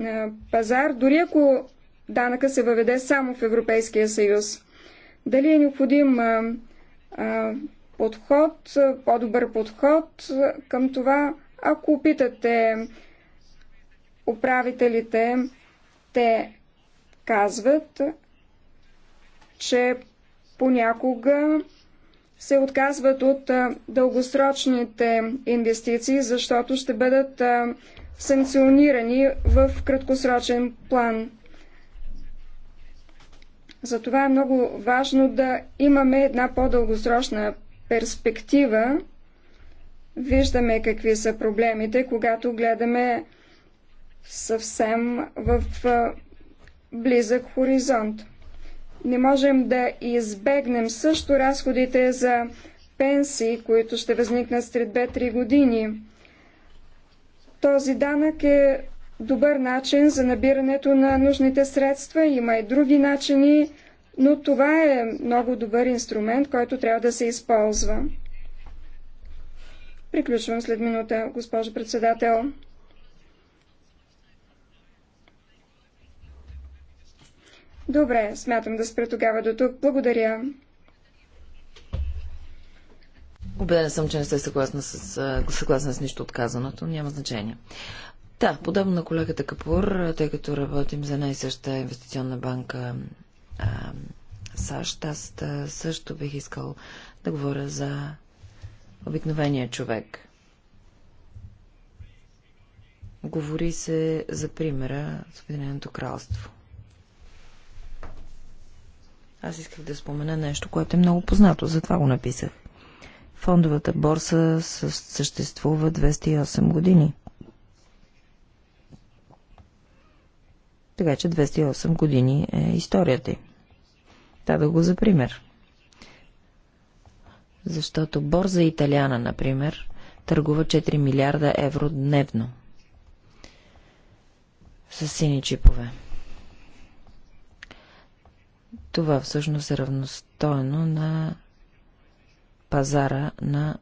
е, пазар, дори ако данъка се въведе само в Европейския съюз. Дали е необходим е, е, подход, по-добър подход към това, ако питате управителите, те казват, че понякога се отказват от дългосрочните инвестиции, защото ще бъдат санкционирани в краткосрочен план. Затова е много важно да имаме една по-дългосрочна перспектива. Виждаме какви са проблемите, когато гледаме съвсем в близък хоризонт. Не можем да избегнем също разходите за пенсии, които ще възникнат след 2-3 години. Този данък е добър начин за набирането на нужните средства. Има и други начини, но това е много добър инструмент, който трябва да се използва. Приключвам след минута, госпожо председател. Добре, смятам да спра тогава до тук. Благодаря. Обеден съм, че не сте съгласна с, съгласна с нищо отказаното. Няма значение. Да, подобно на колегата Капур, тъй като работим за най съща инвестиционна банка а, САЩ, аз също бих искал да говоря за обикновения човек. Говори се за примера с Обединеното кралство. Аз исках да спомена нещо, което е много познато, затова го написах. Фондовата борса съществува 208 години. Така че 208 години е историята Та да го за пример. Защото борза Италяна, например, търгува 4 милиарда евро дневно. С сини чипове. Това всъщност е равностойно на пазара на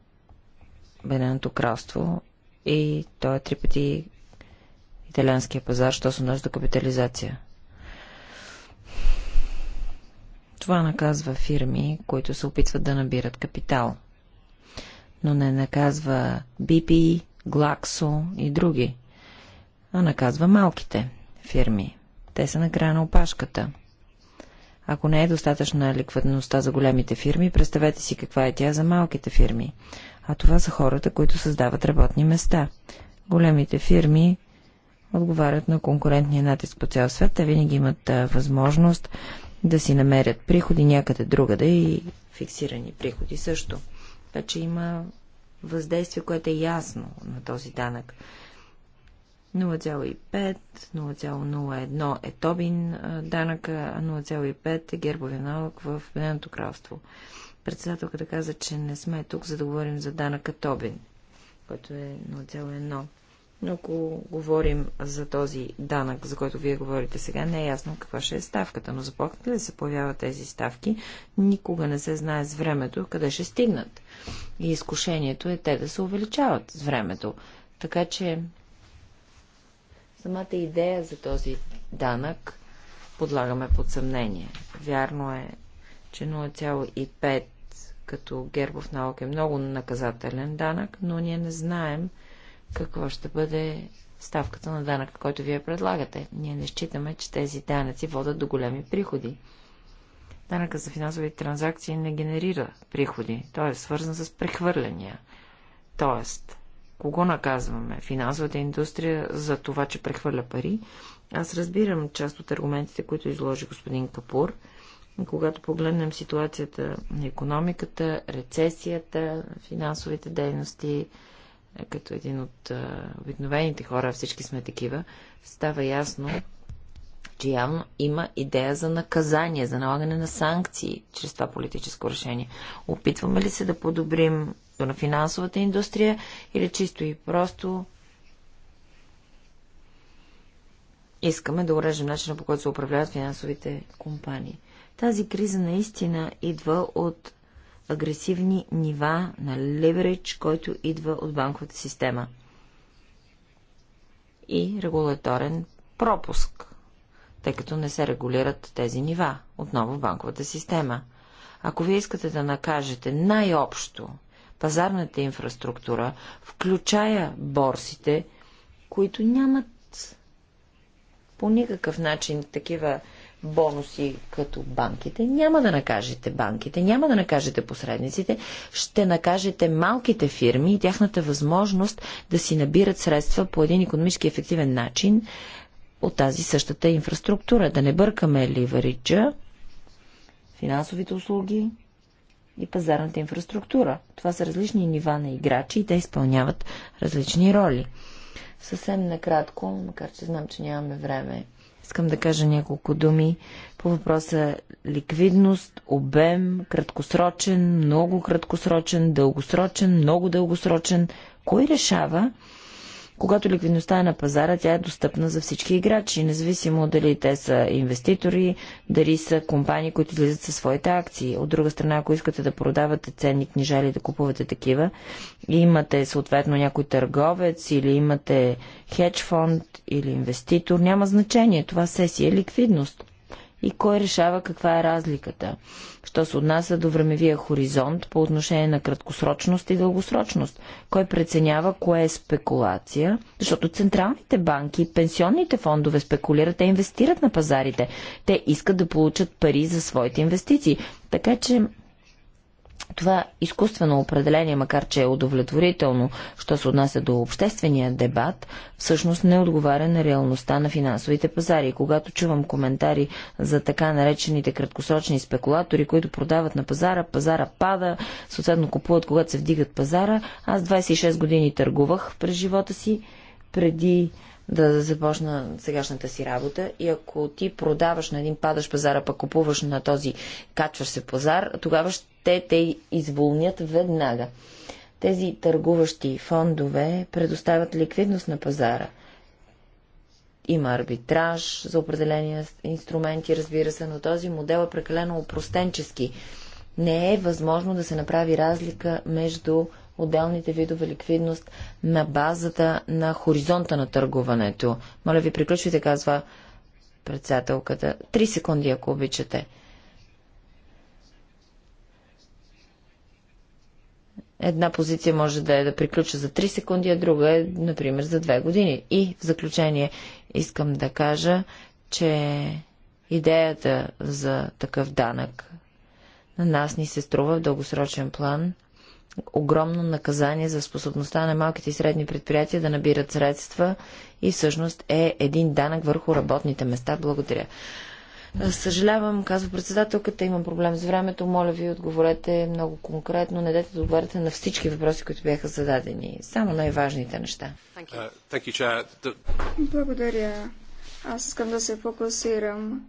Бененото кралство и той е три пъти италианския пазар, що се нужда капитализация. Това наказва фирми, които се опитват да набират капитал. Но не наказва BP, Glaxo и други, а наказва малките фирми. Те са на края на опашката – ако не е достатъчна ликвидността за големите фирми, представете си каква е тя за малките фирми. А това са хората, които създават работни места. Големите фирми отговарят на конкурентния натиск по цял свят. Те винаги имат а, възможност да си намерят приходи някъде другаде и фиксирани приходи също. Така че има въздействие, което е ясно на този данък. 0,5, 0,01 е Тобин данъка, а 0,5 е гербовия налог в Беденото кралство. Председателката каза, че не сме тук, за да говорим за данъка Тобин, който е 0,1. Но ако говорим за този данък, за който вие говорите сега, не е ясно каква ще е ставката, но започнат ли да се появяват тези ставки, никога не се знае с времето къде ще стигнат. И изкушението е те да се увеличават с времето. Така че Самата идея за този данък подлагаме под съмнение. Вярно е, че 0,5 като гербов налог е много наказателен данък, но ние не знаем какво ще бъде ставката на данъка, който вие предлагате. Ние не считаме, че тези данъци водят до големи приходи. Данъка за финансови транзакции не генерира приходи. Той е свързан с прехвърляния. Тоест, Кого наказваме? Финансовата индустрия за това, че прехвърля пари. Аз разбирам част от аргументите, които изложи господин Капур. Когато погледнем ситуацията на економиката, рецесията, финансовите дейности, е, като един от е, обикновените хора, всички сме такива, става ясно, че явно има идея за наказание, за налагане на санкции чрез това политическо решение. Опитваме ли се да подобрим на финансовата индустрия или чисто и просто искаме да урежем начина по който се управляват финансовите компании. Тази криза наистина идва от агресивни нива на леверидж, който идва от банковата система и регулаторен пропуск, тъй като не се регулират тези нива, отново в банковата система. Ако вие искате да накажете най-общо пазарната инфраструктура, включая борсите, които нямат по никакъв начин такива бонуси като банките, няма да накажете банките, няма да накажете посредниците, ще накажете малките фирми и тяхната възможност да си набират средства по един економически ефективен начин от тази същата инфраструктура. Да не бъркаме ливариджа, финансовите услуги и пазарната инфраструктура. Това са различни нива на играчи и те изпълняват различни роли. Съвсем накратко, макар че знам, че нямаме време, искам да кажа няколко думи по въпроса ликвидност, обем, краткосрочен, много краткосрочен, дългосрочен, много дългосрочен. Кой решава когато ликвидността е на пазара, тя е достъпна за всички играчи, независимо дали те са инвеститори, дали са компании, които излизат със своите акции. От друга страна, ако искате да продавате ценни книжа или да купувате такива, имате съответно някой търговец или имате хедж фонд или инвеститор, няма значение. Това сесия е ликвидност и кой решава каква е разликата, що се отнася до времевия хоризонт по отношение на краткосрочност и дългосрочност. Кой преценява кое е спекулация, защото централните банки, пенсионните фондове спекулират, те инвестират на пазарите. Те искат да получат пари за своите инвестиции. Така че това изкуствено определение, макар че е удовлетворително, що се отнася до обществения дебат, всъщност не отговаря на реалността на финансовите пазари. И Когато чувам коментари за така наречените краткосрочни спекулатори, които продават на пазара, пазара пада, съответно купуват, когато се вдигат пазара. Аз 26 години търгувах през живота си, преди да започна сегашната си работа и ако ти продаваш на един падаш пазар, а пък купуваш на този качваш се пазар, тогава ще те изволнят веднага. Тези търгуващи фондове предоставят ликвидност на пазара. Има арбитраж за определени инструменти, разбира се, но този модел е прекалено опростенчески. Не е възможно да се направи разлика между отделните видове ликвидност на базата на хоризонта на търгуването. Моля ви, приключвайте, казва председателката. Три секунди, ако обичате. Една позиция може да е да приключа за 3 секунди, а друга е, например, за 2 години. И в заключение искам да кажа, че идеята за такъв данък на нас ни се струва в дългосрочен план – огромно наказание за способността на малките и средни предприятия да набират средства и всъщност е един данък върху работните места. Благодаря. Съжалявам, казва председателката, имам проблем с времето. Моля ви, отговорете много конкретно. Не дайте да отговаряте на всички въпроси, които бяха зададени. Само най-важните неща. Uh, Благодаря. Аз искам да се фокусирам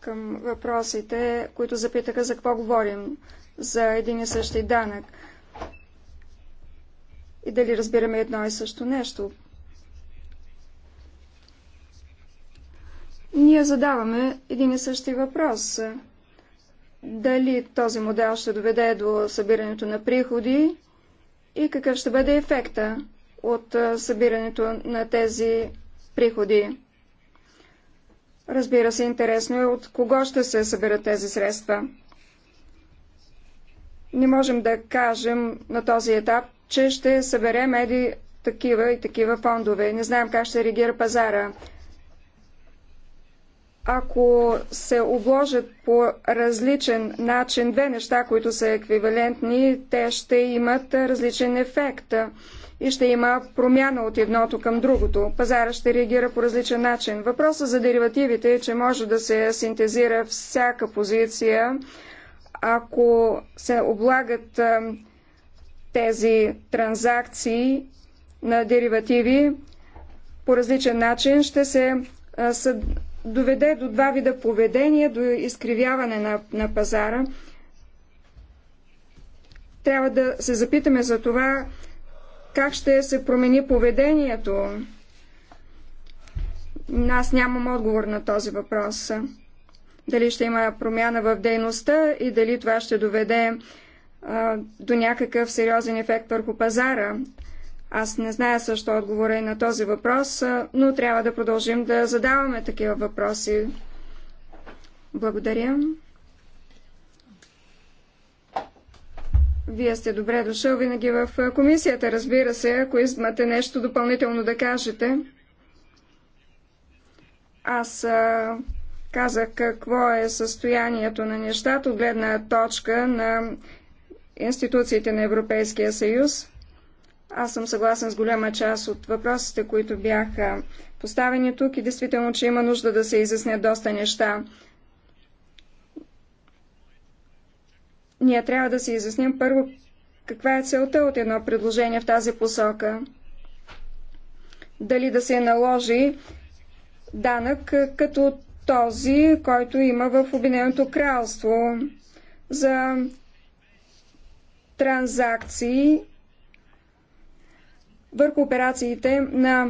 към въпросите, които запитаха за какво говорим за един и същи данък и дали разбираме едно и също нещо. Ние задаваме един и същи въпрос. Дали този модел ще доведе до събирането на приходи и какъв ще бъде ефекта от събирането на тези приходи. Разбира се, интересно е от кого ще се събират тези средства. Не можем да кажем на този етап че ще съберем еди такива и такива фондове. Не знаем как ще реагира пазара. Ако се обложат по различен начин две неща, които са еквивалентни, те ще имат различен ефект и ще има промяна от едното към другото. Пазара ще реагира по различен начин. Въпросът за деривативите е, че може да се синтезира всяка позиция, ако се облагат тези транзакции на деривативи по различен начин ще се доведе до два вида поведения до изкривяване на, на пазара. Трябва да се запитаме за това как ще се промени поведението. Аз нямам отговор на този въпрос. Дали ще има промяна в дейността и дали това ще доведе до някакъв сериозен ефект върху пазара. Аз не зная също отговора и на този въпрос, но трябва да продължим да задаваме такива въпроси. Благодаря. Вие сте добре дошъл винаги в комисията, разбира се, ако имате нещо допълнително да кажете. Аз а, казах какво е състоянието на нещата от гледна точка на институциите на Европейския съюз. Аз съм съгласен с голяма част от въпросите, които бяха поставени тук и действително, че има нужда да се изяснят доста неща. Ние трябва да се изясним първо каква е целта от едно предложение в тази посока. Дали да се наложи данък е, като този, който има в Обединеното кралство за транзакции върху операциите на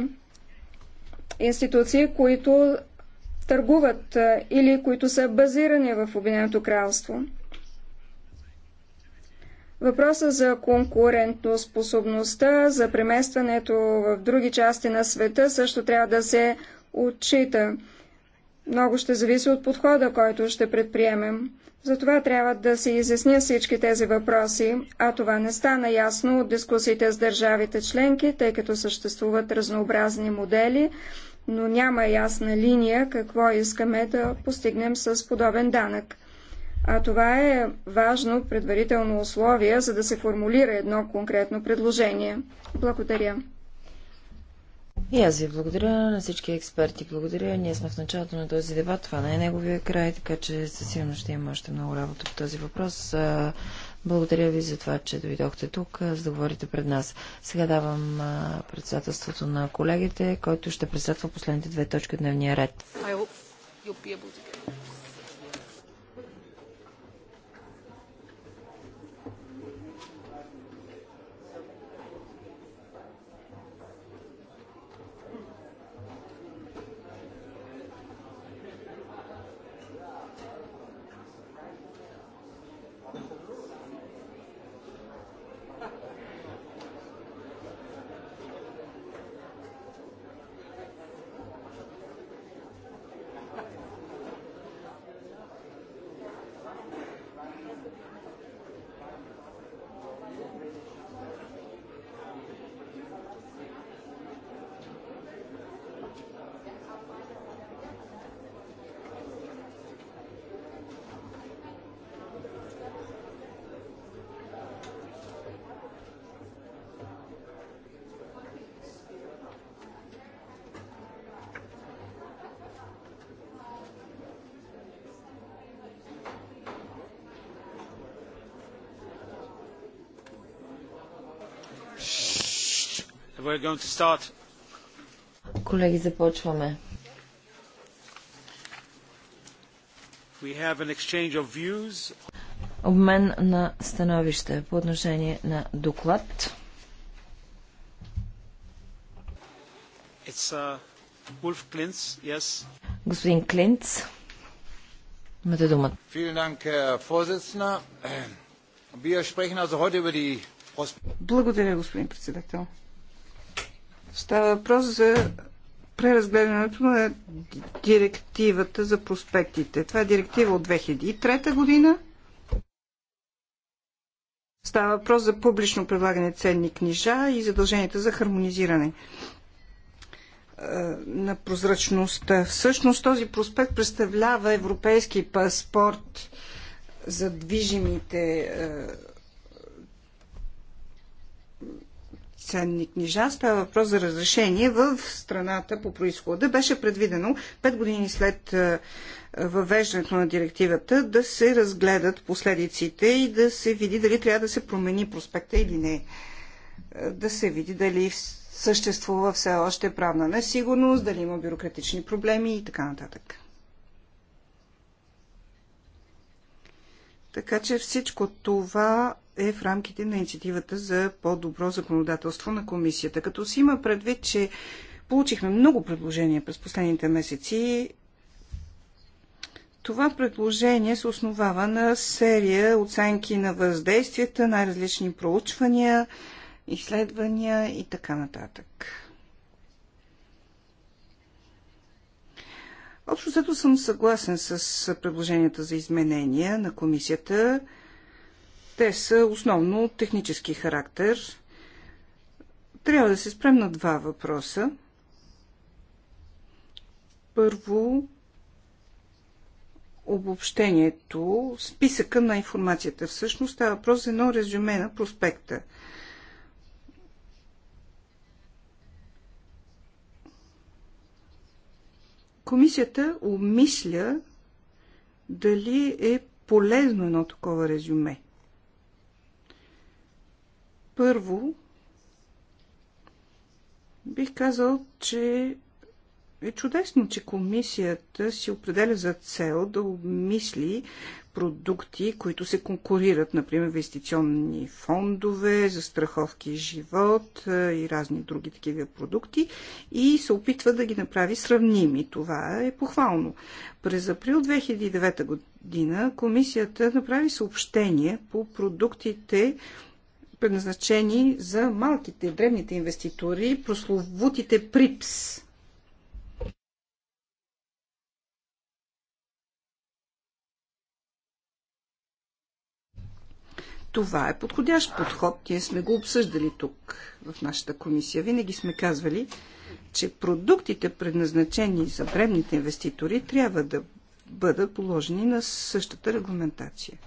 институции, които търгуват или които са базирани в Обединеното кралство. Въпроса за конкурентоспособността, за преместването в други части на света също трябва да се отчита. Много ще зависи от подхода, който ще предприемем. Затова трябва да се изясня всички тези въпроси, а това не стана ясно от дискусиите с държавите членки, тъй като съществуват разнообразни модели, но няма ясна линия какво искаме да постигнем с подобен данък. А това е важно предварително условие, за да се формулира едно конкретно предложение. Благодаря. И аз ви благодаря на всички експерти. Благодаря. Ние сме в началото на този дебат. Това не е неговия край, така че със сигурност ще има още много работа по този въпрос. Благодаря ви за това, че дойдохте тук, за да говорите пред нас. Сега давам председателството на колегите, който ще председатва последните две точки от дневния ред. I hope you'll be able to Колеги, започваме. Обмен на становище по отношение на доклад. Uh, Klintz, yes. Господин Клинц, имате думата. Благодаря, господин председател. Става въпрос за преразгледането на директивата за проспектите. Това е директива от 2003 година. Става въпрос за публично предлагане ценни книжа и задълженията за хармонизиране е, на прозрачността. Всъщност този проспект представлява европейски паспорт за движимите е, ценни книжа. Става въпрос за разрешение в страната по происхода. Беше предвидено 5 години след е, въвеждането на директивата да се разгледат последиците и да се види дали трябва да се промени проспекта или не. Е, да се види дали съществува все още правна несигурност, дали има бюрократични проблеми и така нататък. Така че всичко това е в рамките на инициативата за по-добро законодателство на комисията. Като си има предвид, че получихме много предложения през последните месеци, това предложение се основава на серия оценки на въздействията, най-различни проучвания, изследвания и така нататък. Общо зато съм съгласен с предложенията за изменения на комисията. Те са основно технически характер. Трябва да се спрем на два въпроса. Първо, обобщението, списъка на информацията. Всъщност става въпрос за едно резюме на проспекта – Комисията обмисля дали е полезно едно такова резюме. Първо, бих казал, че е чудесно, че комисията си определя за цел да обмисли продукти, които се конкурират, например инвестиционни фондове, застраховки живот и разни други такива продукти и се опитва да ги направи сравними. Това е похвално. През април 2009 година комисията направи съобщение по продуктите, предназначени за малките, древните инвеститори, прословутите ПРИПС – Това е подходящ подход. Ние сме го обсъждали тук в нашата комисия. Винаги сме казвали, че продуктите, предназначени за бремните инвеститори, трябва да бъдат положени на същата регламентация.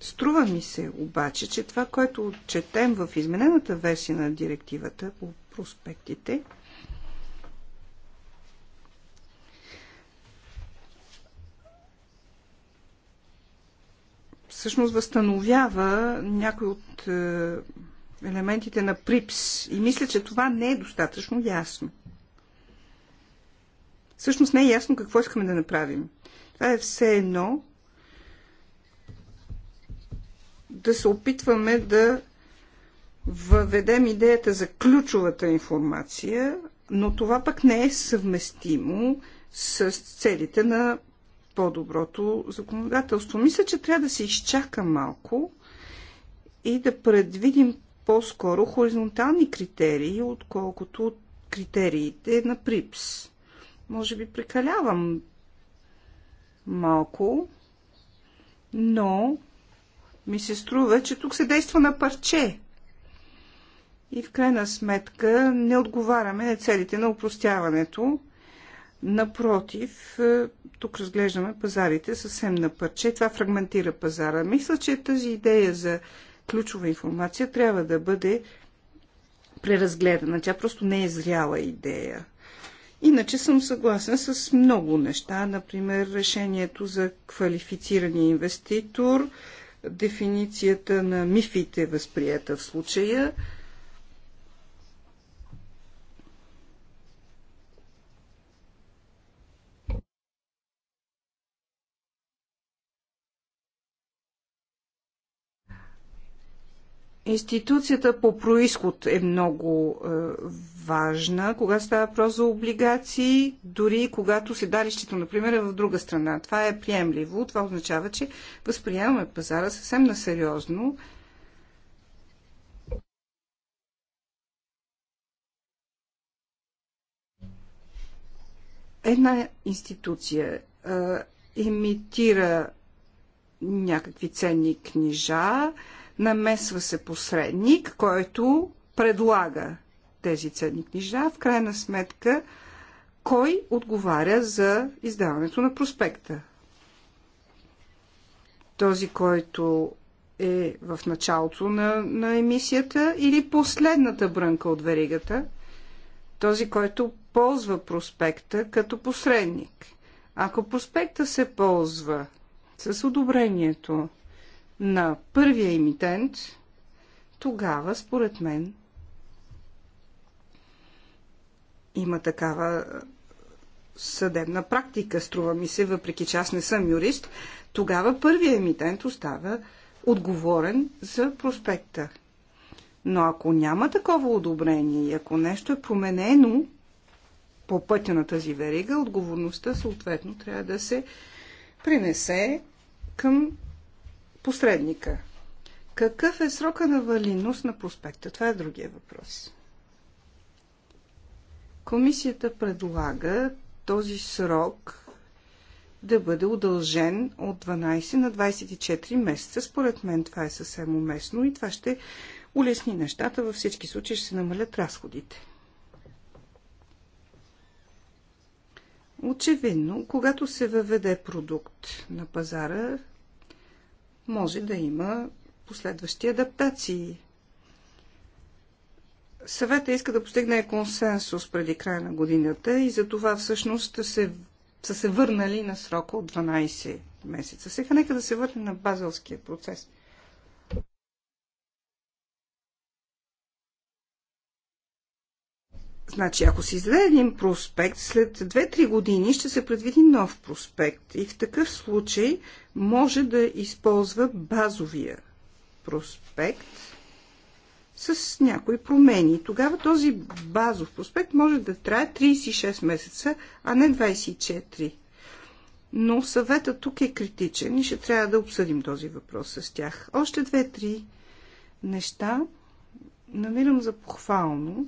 Струва ми се обаче, че това, което четем в изменената версия на директивата по проспектите, всъщност възстановява някои от е, елементите на ПРИПС и мисля, че това не е достатъчно ясно. Всъщност не е ясно какво искаме да направим. Това е все едно да се опитваме да въведем идеята за ключовата информация, но това пък не е съвместимо с целите на по-доброто законодателство. Мисля, че трябва да се изчака малко и да предвидим по-скоро хоризонтални критерии, отколкото критериите на ПРИПС. Може би прекалявам малко, но ми се струва, че тук се действа на парче. И в крайна сметка не отговаряме на целите на упростяването, Напротив, е, тук разглеждаме пазарите съвсем на парче. Това фрагментира пазара. Мисля, че тази идея за ключова информация трябва да бъде преразгледана. Тя просто не е зряла идея. Иначе съм съгласен с много неща, например решението за квалифицирания инвеститор, дефиницията на мифите, възприета в случая – Институцията по происход е много е, важна, кога става въпрос за облигации, дори когато седалището, например, е в друга страна. Това е приемливо. Това означава, че възприемаме пазара съвсем насериозно. Една институция е, емитира някакви ценни книжа, намесва се посредник, който предлага тези ценни книжа. В крайна сметка, кой отговаря за издаването на проспекта? Този, който е в началото на, на емисията или последната брънка от веригата? Този, който ползва проспекта като посредник. Ако проспекта се ползва с одобрението на първия емитент, тогава, според мен, има такава съдебна практика, струва ми се, въпреки че аз не съм юрист, тогава първият емитент остава отговорен за проспекта. Но ако няма такова одобрение и ако нещо е променено по пътя на тази верига, отговорността съответно трябва да се пренесе към Посредника. Какъв е срока на валидност на проспекта? Това е другия въпрос. Комисията предлага този срок да бъде удължен от 12 на 24 месеца. Според мен това е съвсем уместно и това ще улесни нещата. Във всички случаи ще се намалят разходите. Очевидно, когато се въведе продукт на пазара, може да има последващи адаптации. Съвета иска да постигне консенсус преди края на годината и за това всъщност се, са се върнали на срока от 12 месеца. Сега нека да се върне на базалския процес. Значи, ако си един проспект, след 2-3 години ще се предвиди нов проспект и в такъв случай може да използва базовия проспект с някои промени. Тогава този базов проспект може да трае 36 месеца, а не 24. Но съветът тук е критичен и ще трябва да обсъдим този въпрос с тях. Още две-три неща намирам за похвално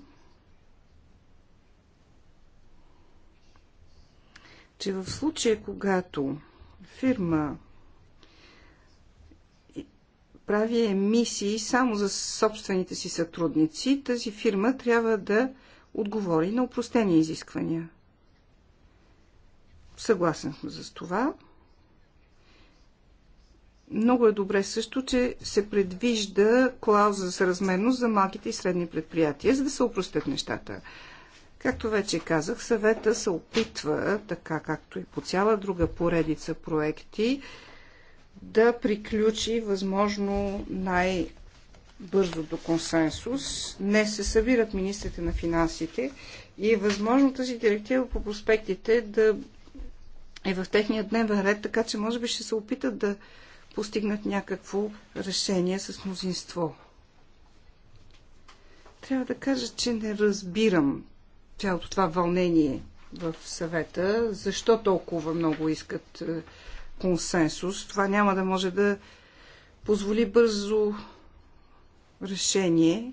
че в случая, когато фирма прави емисии само за собствените си сътрудници, тази фирма трябва да отговори на упростени изисквания. Съгласен сме с това. Много е добре също, че се предвижда клауза за съразмерност за малките и средни предприятия, за да се упростят нещата. Както вече казах, съвета се опитва, така както и по цяла друга поредица проекти, да приключи възможно най-бързо до консенсус. Не се събират министрите на финансите и е възможно тази директива по проспектите да е в техния дневен ред, така че може би ще се опитат да постигнат някакво решение с мнозинство. Трябва да кажа, че не разбирам цялото това вълнение в съвета, защо толкова много искат е, консенсус, това няма да може да позволи бързо решение.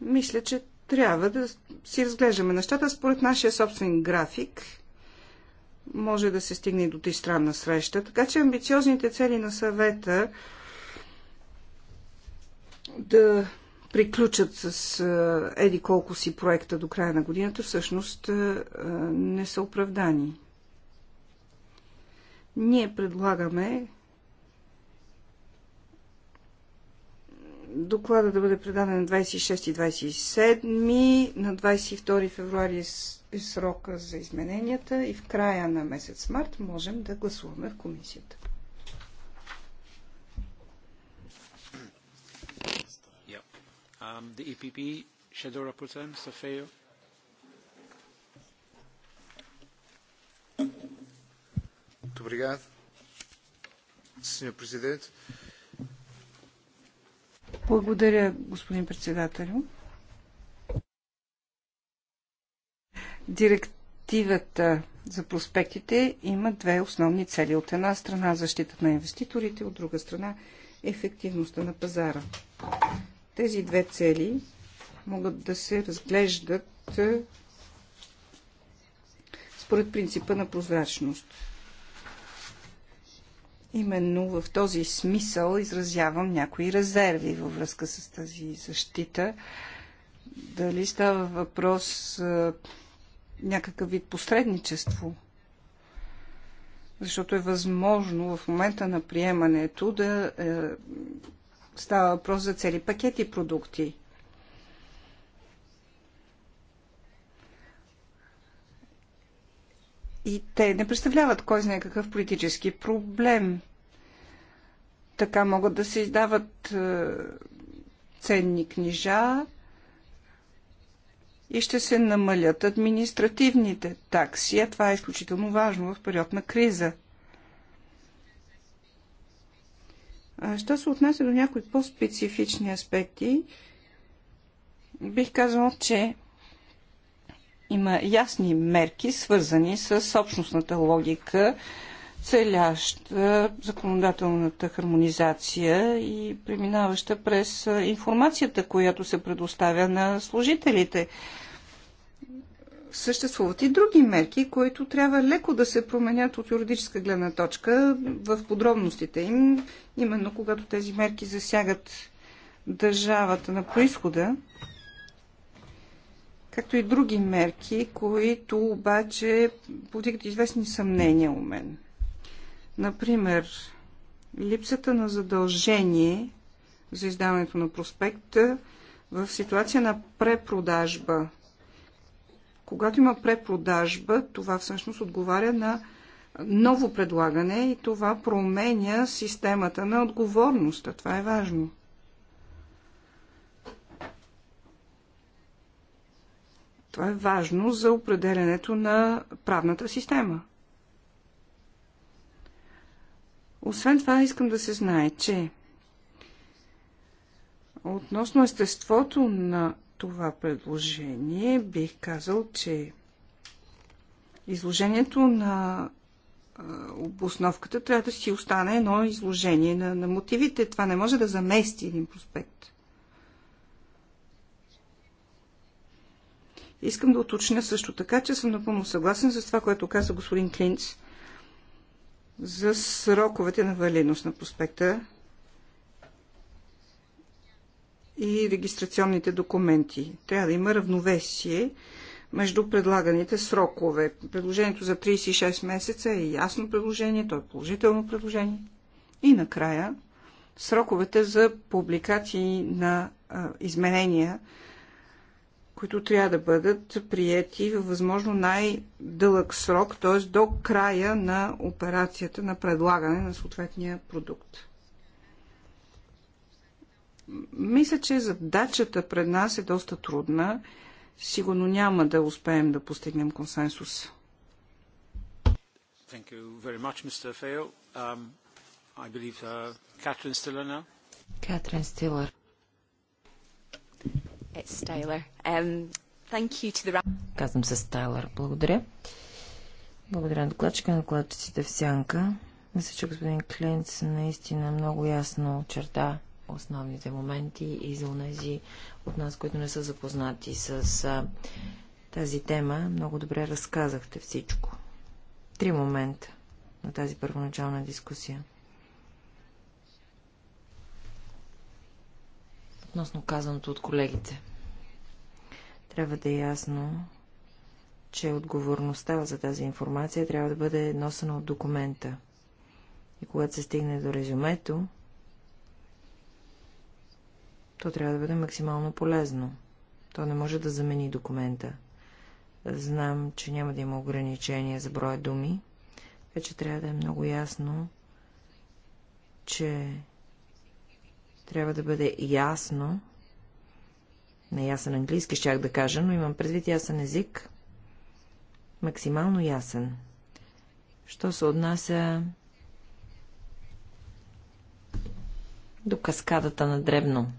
Мисля, че трябва да си разглеждаме нещата според нашия собствен график. Може да се стигне и до тристранна среща. Така че амбициозните цели на съвета да приключат с еди колко си проекта до края на годината, всъщност не са оправдани. Ние предлагаме доклада да бъде предаден на 26 и 27, на 22 февруари е, е срока за измененията и в края на месец март можем да гласуваме в комисията. Um, the EPP Shadow Rapporteur, Mr. Feo. Muito obrigado, Sr. Presidente. Благодаря, господин председателю. Директивата за проспектите има две основни цели. От една страна защита на инвеститорите, от друга страна ефективността на пазара. Тези две цели могат да се разглеждат е, според принципа на прозрачност. Именно в този смисъл изразявам някои резерви във връзка с тази защита. Дали става въпрос а, е, някакъв вид посредничество? Защото е възможно в момента на приемането да е, Става въпрос за цели пакети продукти. И те не представляват кой знае какъв политически проблем. Така могат да се издават е, ценни книжа и ще се намалят административните такси, а това е изключително важно в период на криза – Що се отнася до някои по-специфични аспекти, бих казал, че има ясни мерки, свързани с общностната логика, целяща законодателната хармонизация и преминаваща през информацията, която се предоставя на служителите съществуват и други мерки, които трябва леко да се променят от юридическа гледна точка в подробностите им, именно когато тези мерки засягат държавата на происхода, както и други мерки, които обаче подигат известни съмнения у мен. Например, липсата на задължение за издаването на проспекта в ситуация на препродажба когато има препродажба, това всъщност отговаря на ново предлагане и това променя системата на отговорността. Това е важно. Това е важно за определенето на правната система. Освен това, искам да се знае, че относно естеството на това предложение, бих казал, че изложението на обосновката трябва да си остане едно изложение на, на мотивите. Това не може да замести един проспект. Искам да уточня също така, че съм напълно съгласен с това, което каза господин Клинц за сроковете на валидност на проспекта. и регистрационните документи. Трябва да има равновесие между предлаганите срокове. Предложението за 36 месеца е ясно предложение, то е положително предложение. И накрая сроковете за публикации на а, изменения, които трябва да бъдат приети във възможно най-дълъг срок, т.е. до края на операцията на предлагане на съответния продукт. Мисля, че задачата пред нас е доста трудна. Сигурно няма да успеем да постигнем консенсус. Thank you very much, Mr. Um, I believe uh, Catherine Stiller now. Catherine Stiller. It's Um, thank you to the... Казвам се Стайлър. Благодаря. Благодаря на докладчика, на докладчиците в сянка. Мисля, че господин Клинц наистина много ясно очерта основните моменти и за унези от нас, които не са запознати с тази тема. Много добре разказахте всичко. Три момента на тази първоначална дискусия. Относно казаното от колегите. Трябва да е ясно, че отговорността за тази информация трябва да бъде носена от документа. И когато се стигне до резюмето, то трябва да бъде максимално полезно. То не може да замени документа. Знам, че няма да има ограничения за броя думи, Вече трябва да е много ясно, че трябва да бъде ясно, не ясен английски щях да кажа, но имам предвид ясен език, максимално ясен. Що се отнася до каскадата на дребно.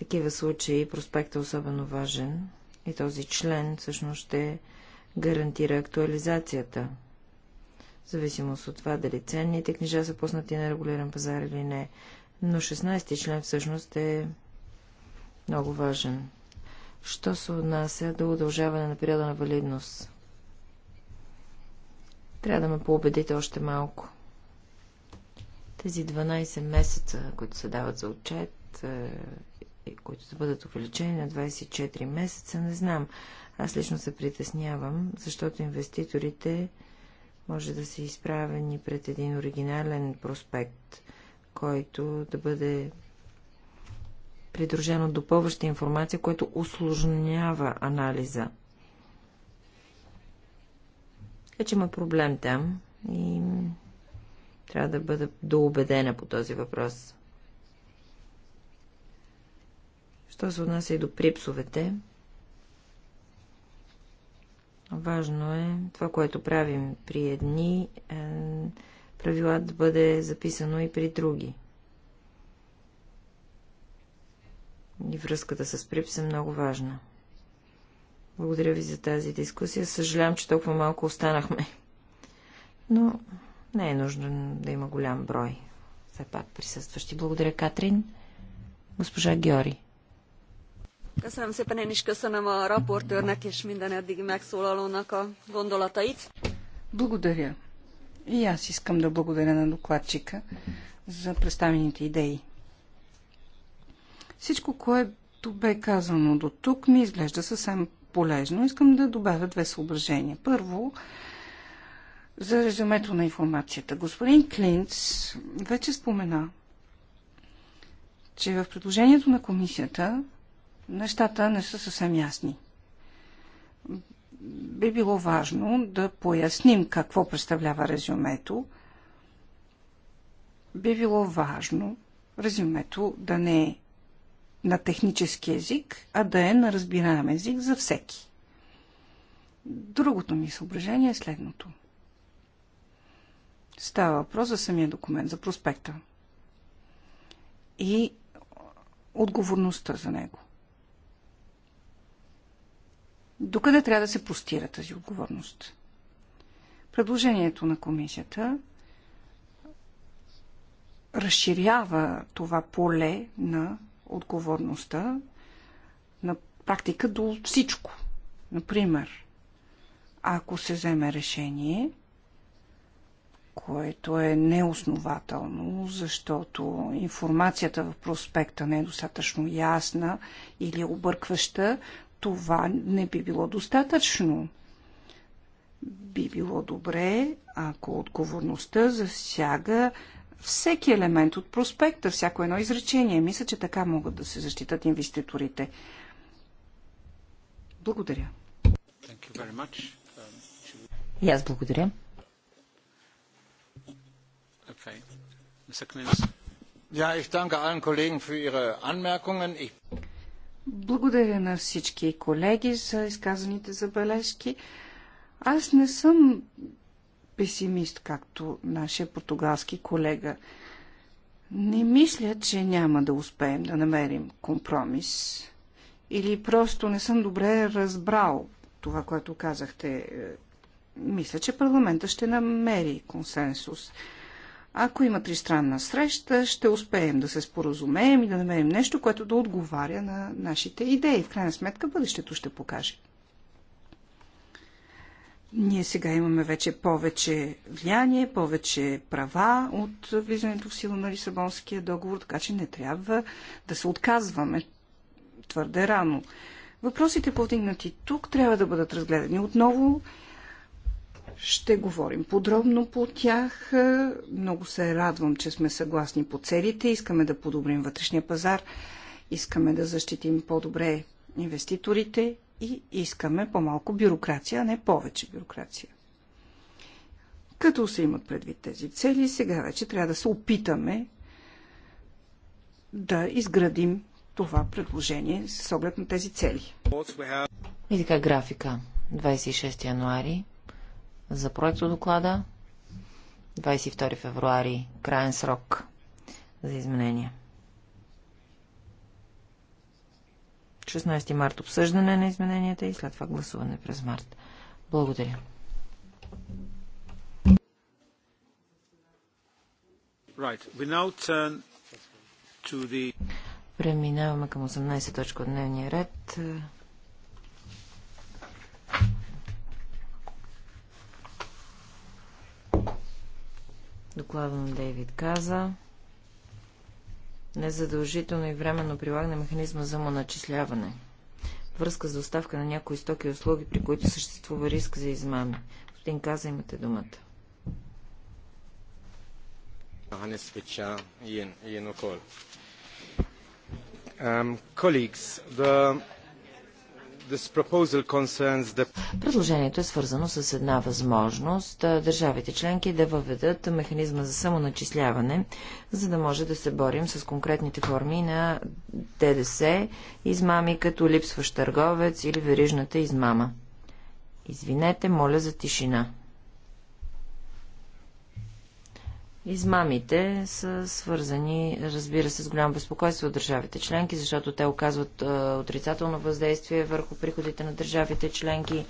такива случаи проспект е особено важен и този член всъщност ще гарантира актуализацията. В зависимост от това дали ценните книжа са пуснати на регулиран пазар или не. Но 16-ти член всъщност е много важен. Що се отнася до удължаване на периода на валидност? Трябва да ме поубедите още малко. Тези 12 месеца, които се дават за отчет, е, които да бъдат увеличени на 24 месеца, не знам. Аз лично се притеснявам, защото инвеститорите може да са изправени пред един оригинален проспект, който да бъде придружен от допълваща информация, което усложнява анализа. Така че има проблем там и трябва да бъда доубедена по този въпрос. Що се отнася и до припсовете, важно е това, което правим при едни е, правила да бъде записано и при други. И връзката с припс е много важна. Благодаря ви за тази дискусия. Съжалявам, че толкова малко останахме. Но не е нужно да има голям брой. Все пак присъстващи. Благодаря, Катрин. Госпожа Георги. Köszönöm szépen, én is köszönöm a raportőrnek és minden eddigi megszólalónak a gondolatait. Благодаря. И аз искам да благодаря на докладчика за представените идеи. Всичко, което бе казано до тук, ми изглежда съвсем полезно. Искам да добавя две съображения. Първо, за резюмето на информацията. Господин Клинц вече спомена, че в предложението на комисията нещата не са съвсем ясни. Би било важно да поясним какво представлява резюмето. Би било важно резюмето да не е на технически език, а да е на разбираем език за всеки. Другото ми съображение е следното. Става въпрос за самия документ, за проспекта и отговорността за него. Докъде трябва да се простира тази отговорност? Предложението на комисията разширява това поле на отговорността на практика до всичко. Например, ако се вземе решение, което е неоснователно, защото информацията в проспекта не е достатъчно ясна или объркваща, това не би било достатъчно. Би било добре, ако отговорността засяга всеки елемент от проспекта, всяко едно изречение. Мисля, че така могат да се защитат инвеститорите. Благодаря. И аз благодаря. Okay. Ja, ich danke allen Kollegen für ihre Anmerkungen. Ich благодаря на всички колеги за изказаните забележки. Аз не съм песимист, както нашия португалски колега. Не мисля, че няма да успеем да намерим компромис. Или просто не съм добре разбрал това, което казахте. Мисля, че парламента ще намери консенсус. Ако има тристранна среща, ще успеем да се споразумеем и да намерим нещо, което да отговаря на нашите идеи. В крайна сметка бъдещето ще покаже. Ние сега имаме вече повече влияние, повече права от влизането в сила на Лисабонския договор, така че не трябва да се отказваме твърде рано. Въпросите, повдигнати тук, трябва да бъдат разгледани отново ще говорим подробно по тях. Много се радвам, че сме съгласни по целите. Искаме да подобрим вътрешния пазар, искаме да защитим по-добре инвеститорите и искаме по-малко бюрокрация, а не повече бюрокрация. Като се имат предвид тези цели, сега вече трябва да се опитаме да изградим това предложение с оглед на тези цели. И така графика. 26 януари за проекто доклада. 22 февруари, краен срок за изменения. 16 март обсъждане на измененията и след това гласуване през март. Благодаря. Right. We now turn to the... Преминаваме към 18 точка от дневния ред. доклада на Дейвид Каза, незадължително и временно прилагане механизма за моначисляване, връзка за доставка на някои стоки и услуги, при които съществува риск за измами. Господин Каза, имате думата. Um, colleagues, the Предложението е свързано с една възможност държавите членки да въведат механизма за самоначисляване, за да може да се борим с конкретните форми на ДДС, измами като липсващ търговец или верижната измама. Извинете, моля за тишина. Измамите са свързани, разбира се, с голямо безпокойство от държавите членки, защото те оказват а, отрицателно въздействие върху приходите на държавите членки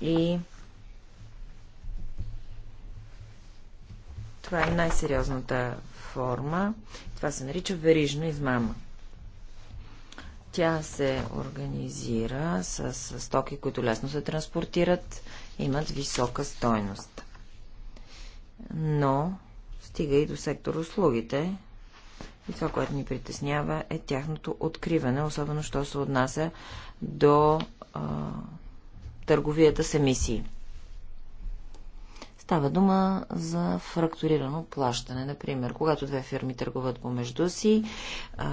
и това е най-сериозната форма. Това се нарича верижна измама. Тя се организира с стоки, които лесно се транспортират, имат висока стойност. Но стига и до сектор услугите. И това, което ни притеснява, е тяхното откриване, особено що се отнася до а, търговията с емисии. Става дума за фрактурирано плащане. Например, когато две фирми търгуват помежду си,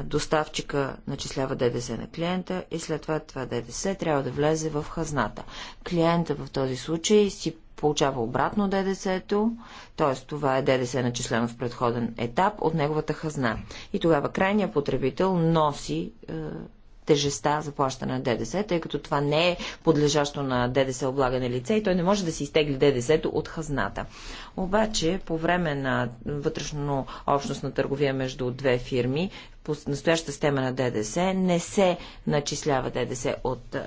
доставчика начислява ДДС на клиента и след това това ДДС трябва да влезе в хазната. Клиента в този случай си получава обратно ДДС-то, т.е. това е ДДС начислено в предходен етап от неговата хазна. И тогава крайният потребител носи е, тежеста за плащане на ДДС, тъй като това не е подлежащо на ДДС облагане лице и той не може да си изтегли ДДС-то от хазната. Обаче, по време на вътрешно на търговия между две фирми, по настоящата система на ДДС не се начислява ДДС от е,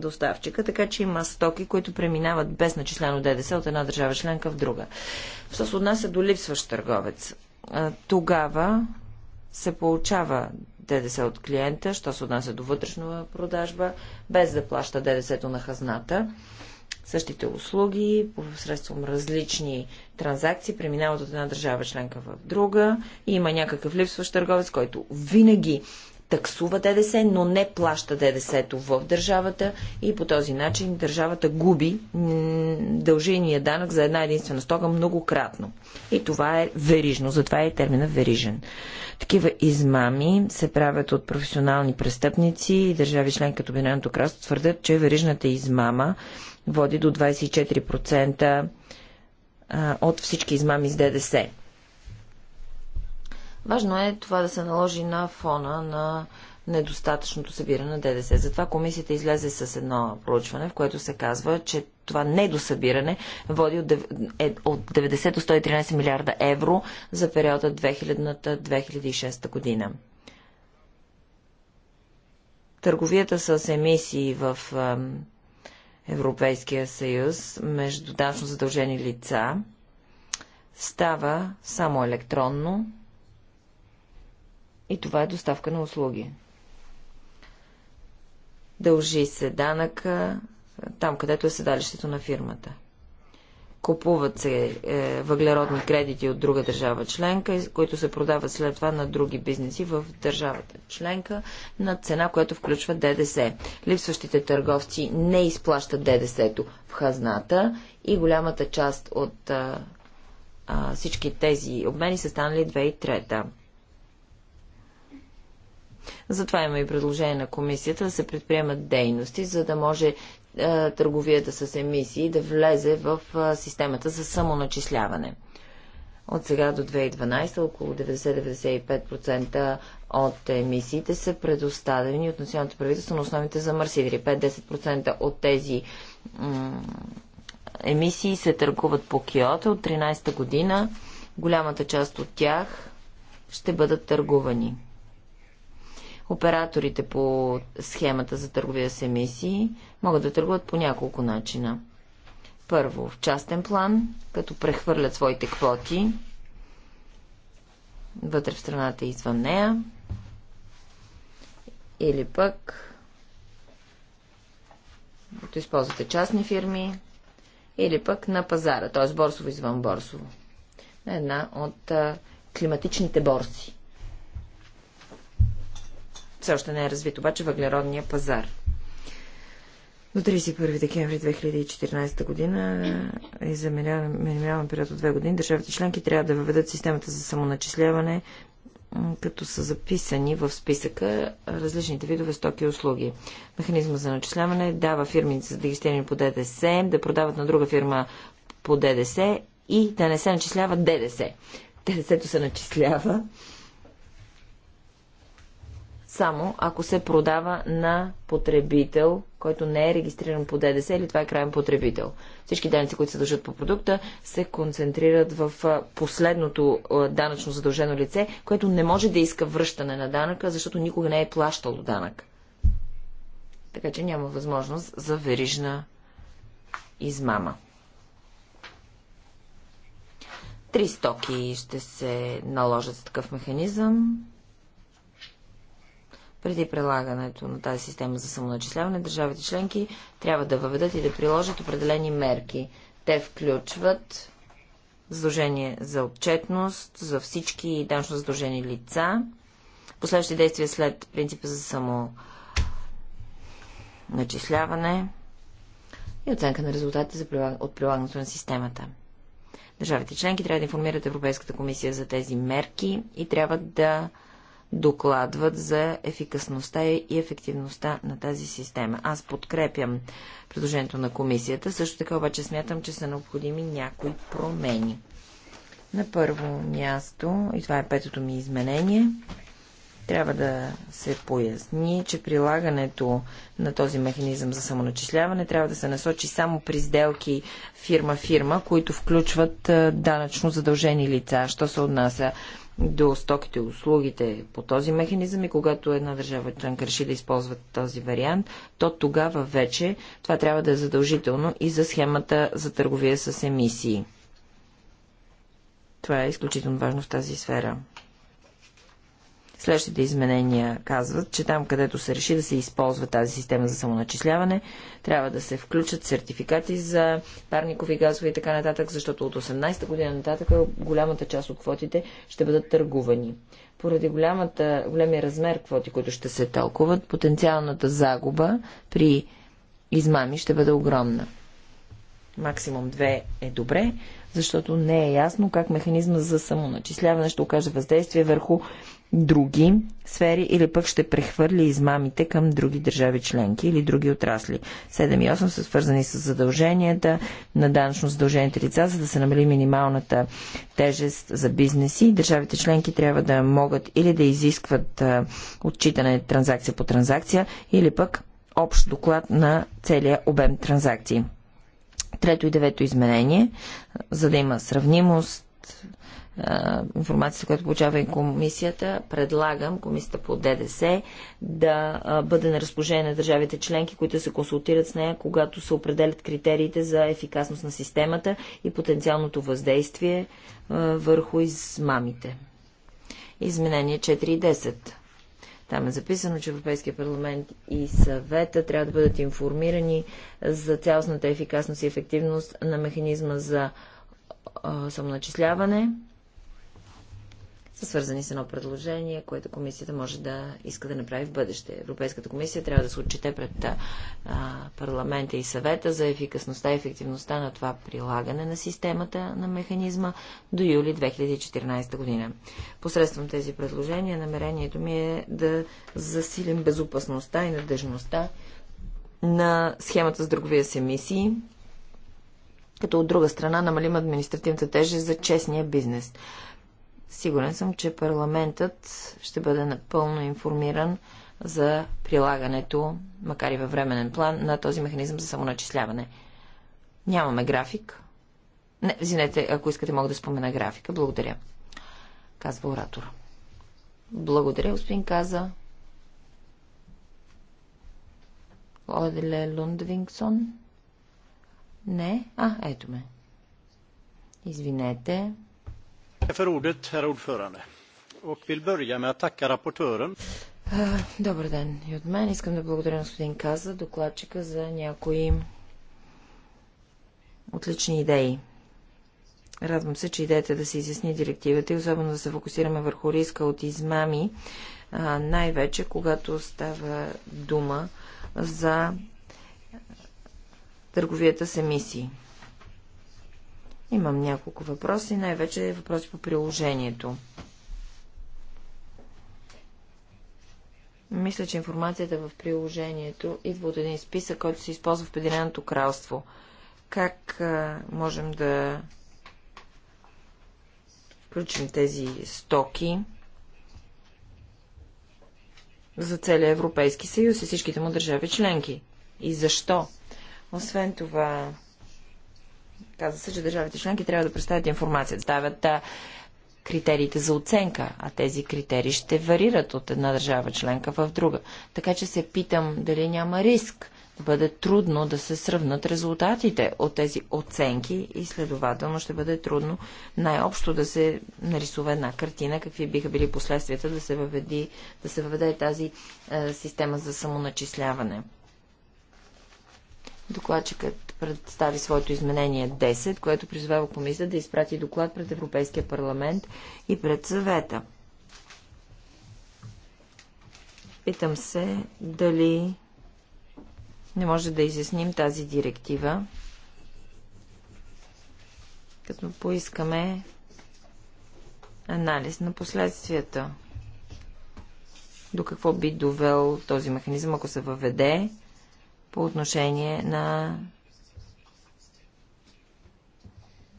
доставчика, така че има стоки, които преминават без начислено ДДС от една държава членка в друга. Що се отнася до липсващ търговец, тогава се получава ДДС от клиента, що се отнася до вътрешна продажба, без да плаща ДДС-то на хазната. Същите услуги, посредством различни транзакции, преминават от една държава членка в друга. И има някакъв липсващ търговец, който винаги таксува ДДС, но не плаща ДДС в държавата и по този начин държавата губи дължения е данък за една единствена стока многократно. И това е верижно, затова е термина верижен. Такива измами се правят от професионални престъпници и държави член като Обединеното кралство твърдят, че верижната измама води до 24% от всички измами с ДДС. Важно е това да се наложи на фона на недостатъчното събиране на ДДС. Затова комисията излезе с едно проучване, в което се казва, че това недосъбиране води от 90 е до 113 милиарда евро за периода 2000-2006 година. Търговията с емисии в Европейския съюз между данъчно задължени лица става само електронно и това е доставка на услуги. Дължи се данъка там, където е седалището на фирмата. Купуват се е, въглеродни кредити от друга държава членка, които се продават след това на други бизнеси в държавата членка на цена, която включва ДДС. Липсващите търговци не изплащат ДДС-то в хазната и голямата част от а, а, всички тези обмени са станали 2003. Затова има и предложение на комисията да се предприемат дейности, за да може е, търговията с емисии да влезе в е, системата за самоначисляване. От сега до 2012 около 90-95% от емисиите са предоставени от националното правителство на основните замърсители. 5-10% от тези емисии се търгуват по Киото от 13-та година. Голямата част от тях ще бъдат търгувани. Операторите по схемата за търговия с емисии могат да търгуват по няколко начина. Първо, в частен план, като прехвърлят своите квоти вътре в страната и извън нея, или пък като използвате частни фирми, или пък на пазара, т.е. борсово извън борсово. На една от а, климатичните борси. Все още не е развит обаче въглеродния пазар. До 31 декември 2014 година и за минимален период от две години държавите членки трябва да въведат системата за самоначисляване, като са записани в списъка различните видове стоки и услуги. Механизма за начисляване дава фирмите за регистрирани по ДДС да продават на друга фирма по ДДС и да не се начислява ДДС. ДДС-то се начислява само ако се продава на потребител, който не е регистриран по ДДС или това е крайен потребител. Всички данъци, които се дължат по продукта, се концентрират в последното данъчно задължено лице, което не може да иска връщане на данъка, защото никога не е плащало данък. Така че няма възможност за верижна измама. Три стоки ще се наложат с такъв механизъм преди прилагането на тази система за самоначисляване, държавите членки трябва да въведат и да приложат определени мерки. Те включват задължение за отчетност за всички данъчно задължени лица, последващи действия след принципа за самоначисляване и оценка на резултатите от прилагането на системата. Държавите членки трябва да информират Европейската комисия за тези мерки и трябва да докладват за ефикасността и ефективността на тази система. Аз подкрепям предложението на комисията, също така обаче смятам, че са необходими някои промени. На първо място, и това е петото ми изменение, трябва да се поясни, че прилагането на този механизъм за самоначисляване трябва да се насочи само при сделки фирма-фирма, които включват данъчно задължени лица. Що се отнася до стоките и услугите по този механизъм и когато една държава членка реши да използва този вариант, то тогава вече това трябва да е задължително и за схемата за търговия с емисии. Това е изключително важно в тази сфера. Следващите изменения казват, че там, където се реши да се използва тази система за самоначисляване, трябва да се включат сертификати за парникови газове и така нататък, защото от 18-та година нататък голямата част от квотите ще бъдат търгувани. Поради голямата, големия размер квоти, които ще се тълкуват, потенциалната загуба при измами ще бъде огромна. Максимум 2 е добре, защото не е ясно как механизма за самоначисляване ще окаже въздействие върху други сфери или пък ще прехвърли измамите към други държави членки или други отрасли. 7 и 8 са свързани с задълженията на данъчно задължените лица, за да се намали минималната тежест за бизнеси. Държавите членки трябва да могат или да изискват отчитане транзакция по транзакция, или пък общ доклад на целия обем транзакции. Трето и девето изменение, за да има сравнимост, информацията, която получава и комисията, предлагам комисията по ДДС да бъде на разположение на държавите членки, които се консултират с нея, когато се определят критериите за ефикасност на системата и потенциалното въздействие върху измамите. Изменение 4.10. Там е записано, че Европейския парламент и съвета трябва да бъдат информирани за цялостната ефикасност и ефективност на механизма за самоначисляване са свързани с едно предложение, което комисията може да иска да направи в бъдеще. Европейската комисия трябва да се отчете пред парламента и съвета за ефикасността и ефективността на това прилагане на системата на механизма до юли 2014 година. Посредством тези предложения намерението ми е да засилим безопасността и надежността на схемата с друговия с емисии, като от друга страна намалим административната тежест за честния бизнес. Сигурен съм, че парламентът ще бъде напълно информиран за прилагането, макар и във временен план, на този механизъм за самоначисляване. Нямаме график. Не, извинете, ако искате, мога да спомена графика. Благодаря. Казва оратор. Благодаря, господин Каза. Оделе Лундвингсон? Не? А, ето ме. Извинете. Добър ден и от мен. Искам да благодаря на господин Каза, докладчика, за някои отлични идеи. Радвам се, че идеята е да се изясни директивата и особено да се фокусираме върху риска от измами, най-вече когато става дума за търговията с емисии. Имам няколко въпроси, най-вече въпроси по приложението. Мисля, че информацията в приложението идва от един списък, който се използва в Поединеното кралство. Как а, можем да включим тези стоки за целия Европейски съюз и всичките му държави членки? И защо? Освен това, каза се, че държавите членки трябва да представят информация, да ставят критериите за оценка, а тези критерии ще варират от една държава членка в друга. Така че се питам дали няма риск да бъде трудно да се сравнат резултатите от тези оценки и следователно ще бъде трудно най-общо да се нарисува една картина, какви биха били последствията да се въведе, да се въведе тази е, система за самоначисляване. Докладчикът представи своето изменение 10, което призвава комисията да изпрати доклад пред Европейския парламент и пред съвета. Питам се дали не може да изясним тази директива, като поискаме анализ на последствията. До какво би довел този механизъм, ако се въведе по отношение на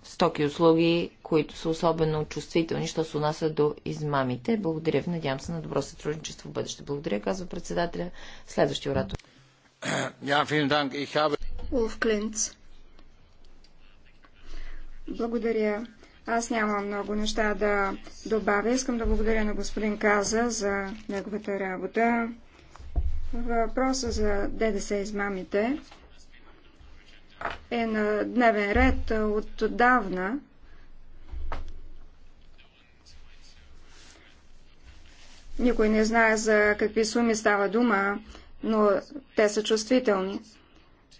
стоки услуги, които са особено чувствителни, що се отнася до измамите. Благодаря ви. Надявам се на добро сътрудничество в бъдеще. Благодаря, казва председателя. Следващия оратор. Улф Клинц. Благодаря. Аз нямам много неща да добавя. Искам да благодаря на господин Каза за неговата работа. Въпросът за ДДС измамите е на дневен ред отдавна. Никой не знае за какви суми става дума, но те са чувствителни.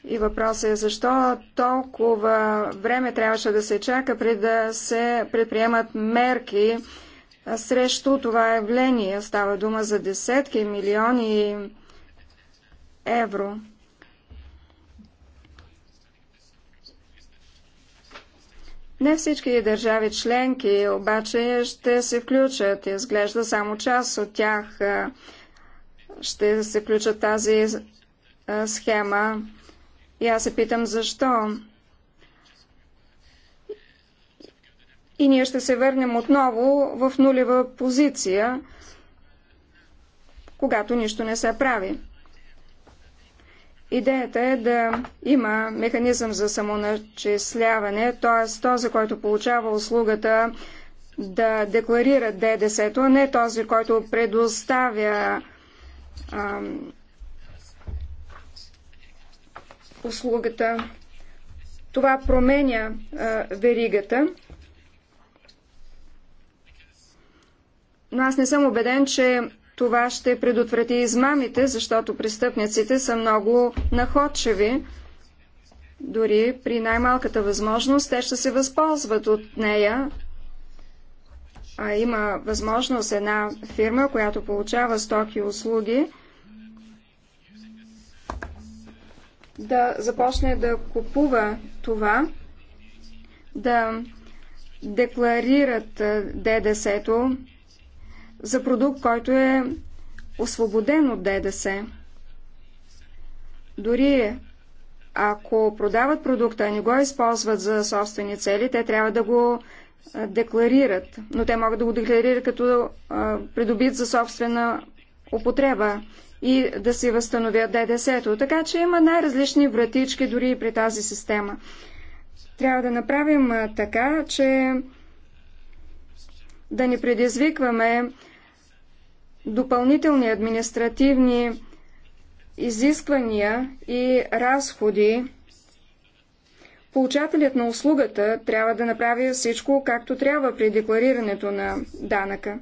И въпросът е защо толкова време трябваше да се чака, преди да се предприемат мерки срещу това явление. Става дума за десетки милиони евро. Не всички държави членки обаче ще се включат. Изглежда само част от тях ще се включат тази схема. И аз се питам защо. И ние ще се върнем отново в нулева позиция, когато нищо не се прави. Идеята е да има механизъм за самоначисляване, т.е. този, който получава услугата, да декларира ДДС, а не този, който предоставя ам, услугата. Това променя а, веригата. Но аз не съм убеден, че това ще предотврати измамите, защото престъпниците са много находчиви. Дори при най-малката възможност те ще се възползват от нея. А има възможност една фирма, която получава стоки и услуги, да започне да купува това, да декларират ДДС-то, за продукт, който е освободен от ДДС. Дори ако продават продукта и не го използват за собствени цели, те трябва да го декларират. Но те могат да го декларират като придобит за собствена употреба и да си възстановят ДДС-то. Така че има най-различни вратички дори и при тази система. Трябва да направим така, че да не предизвикваме допълнителни административни изисквания и разходи, получателят на услугата трябва да направи всичко както трябва при декларирането на данъка.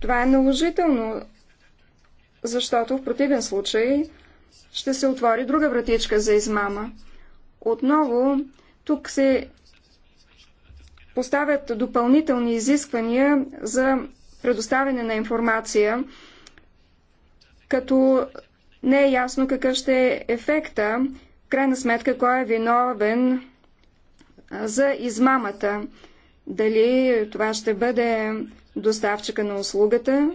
Това е наложително, защото в противен случай ще се отвори друга вратичка за измама. Отново, тук се поставят допълнителни изисквания за предоставяне на информация, като не е ясно какъв ще е ефекта, в крайна сметка кой е виновен за измамата. Дали това ще бъде доставчика на услугата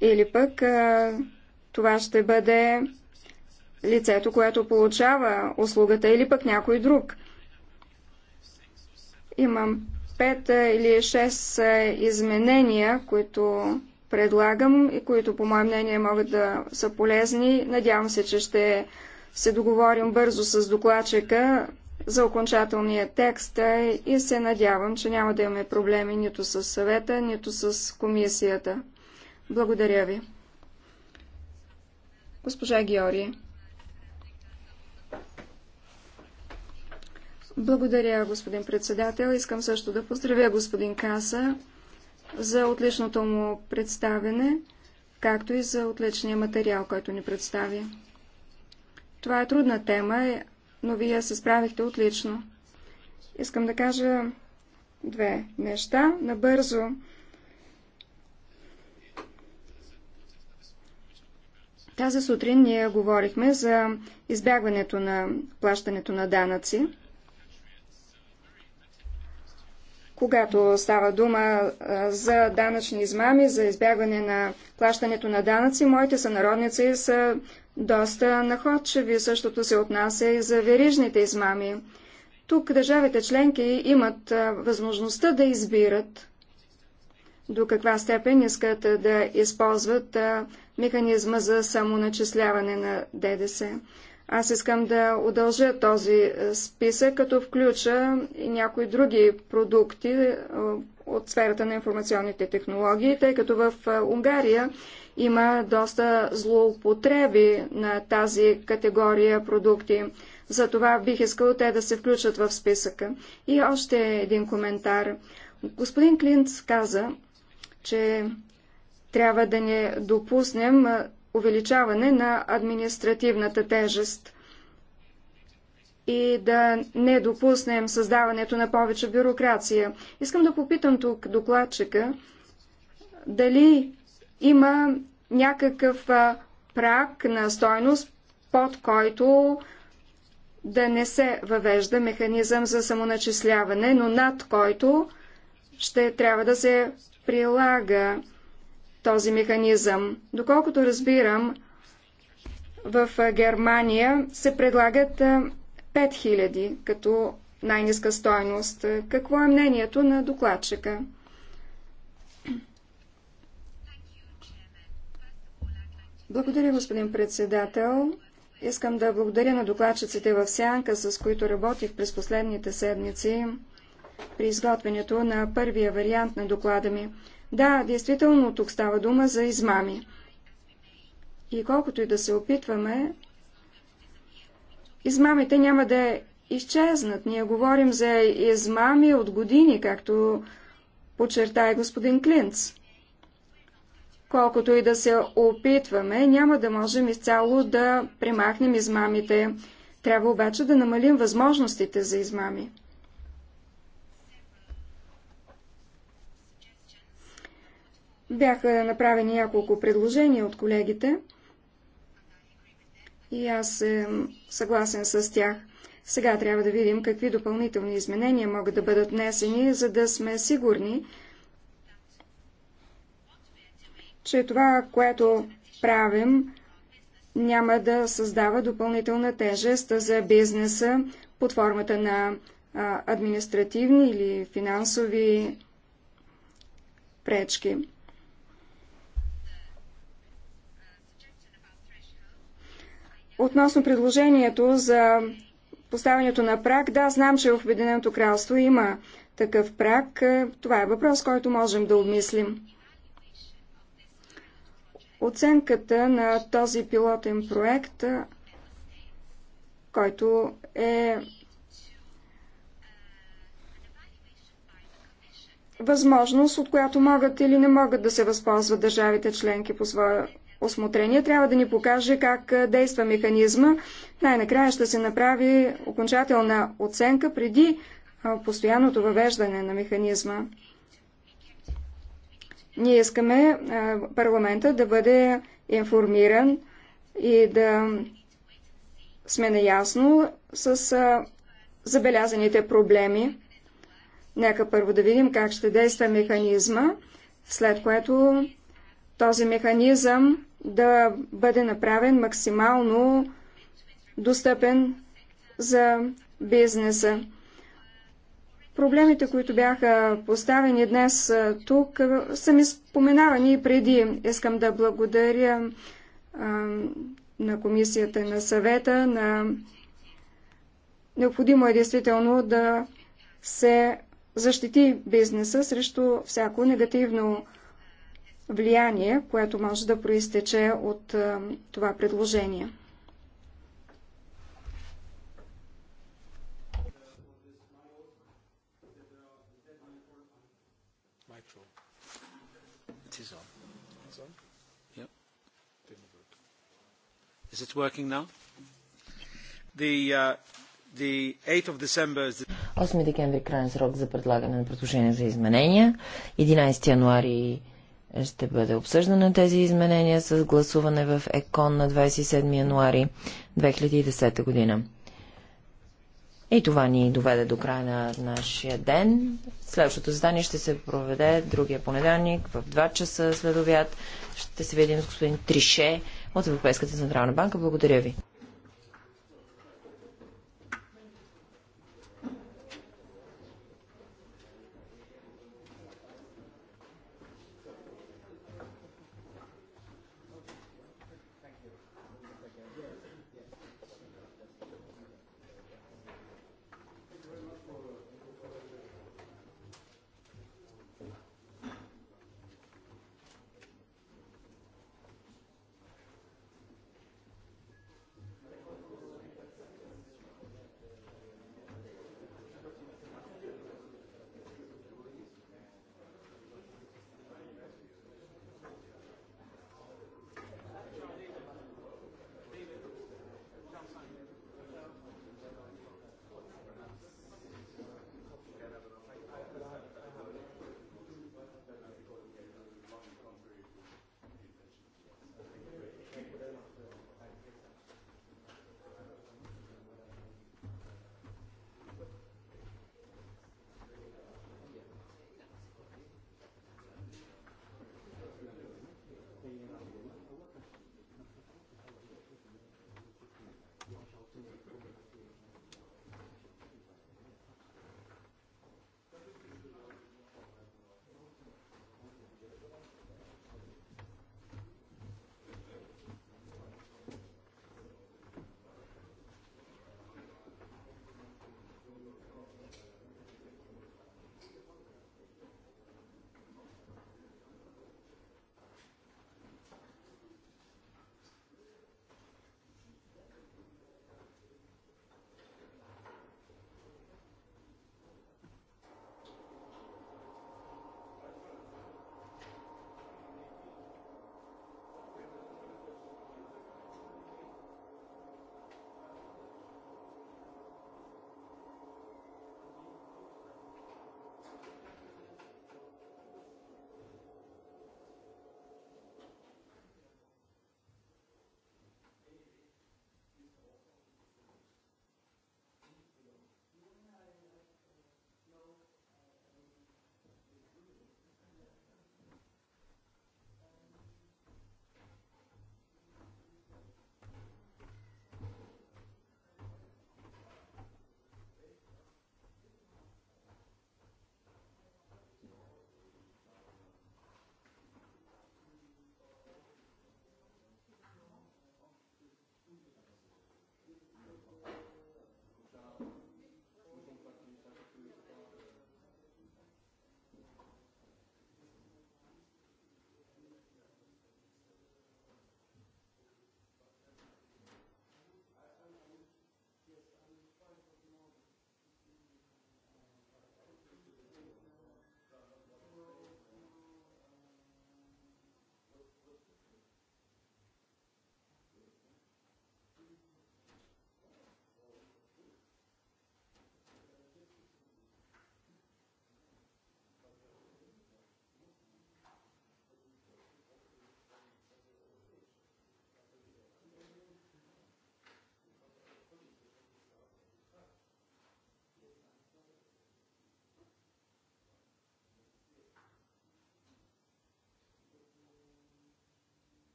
или пък това ще бъде лицето, което получава услугата или пък някой друг – Имам пет или шест изменения, които предлагам и които, по мое мнение, могат да са полезни. Надявам се, че ще се договорим бързо с докладчика за окончателния текст и се надявам, че няма да имаме проблеми нито с съвета, нито с комисията. Благодаря ви. Госпожа Георгия. Благодаря, господин председател. Искам също да поздравя господин Каса за отличното му представене, както и за отличния материал, който ни представи. Това е трудна тема, но вие се справихте отлично. Искам да кажа две неща набързо. Тази сутрин ние говорихме за избягването на плащането на данъци. когато става дума за данъчни измами, за избягване на плащането на данъци, моите сънародници са доста находчиви. Същото се отнася и за верижните измами. Тук държавите членки имат възможността да избират до каква степен искат да използват механизма за самоначисляване на ДДС. Аз искам да удължа този е, списък, като включа и някои други продукти е, от сферата на информационните технологии, тъй като в е, Унгария има доста злоупотреби на тази категория продукти. Затова бих искал те да се включат в списъка. И още един коментар. Господин Клинц каза, че трябва да не допуснем увеличаване на административната тежест и да не допуснем създаването на повече бюрокрация. Искам да попитам тук докладчика дали има някакъв прак на стойност, под който да не се въвежда механизъм за самоначисляване, но над който ще трябва да се прилага този механизъм. Доколкото разбирам, в Германия се предлагат 5000 като най-низка стойност. Какво е мнението на докладчика? Благодаря, господин председател. Искам да благодаря на докладчиците в Сянка, с които работих през последните седмици при изготвянето на първия вариант на доклада ми. Да, действително тук става дума за измами. И колкото и да се опитваме, измамите няма да изчезнат. Ние говорим за измами от години, както подчертае господин Клинц. Колкото и да се опитваме, няма да можем изцяло да примахнем измамите. Трябва обаче да намалим възможностите за измами. Бяха направени няколко предложения от колегите и аз съм съгласен с тях. Сега трябва да видим какви допълнителни изменения могат да бъдат внесени, за да сме сигурни, че това, което правим, няма да създава допълнителна тежест за бизнеса под формата на административни или финансови пречки. Относно предложението за поставянето на прак, да, знам, че в Обединеното кралство има такъв прак. Е, това е въпрос, който можем да обмислим. Оценката на този пилотен проект, е, който е възможност, от която могат или не могат да се възползват държавите членки по своя осмотрение трябва да ни покаже как действа механизма. Най-накрая ще се направи окончателна оценка преди постоянното въвеждане на механизма. Ние искаме парламента да бъде информиран и да сме наясно с забелязаните проблеми. Нека първо да видим как ще действа механизма, след което този механизъм да бъде направен максимално достъпен за бизнеса. Проблемите, които бяха поставени днес тук, са ми споменавани и преди. Искам да благодаря а, на комисията, на съвета, на... Необходимо е действително да се защити бизнеса срещу всяко негативно влияние, което може да проистече от е, това предложение. Is it working now? The, uh, the 8th of December is the... 8 декември е крайен срок за предлагане на предложения за изменения. 11 януари ще бъде обсъждане тези изменения с гласуване в ЕКОН на 27 януари 2010 година. И това ни доведе до края на нашия ден. Следващото задание ще се проведе другия понеделник в 2 часа следовят. Ще се видим с господин Трише от Европейската централна банка. Благодаря ви.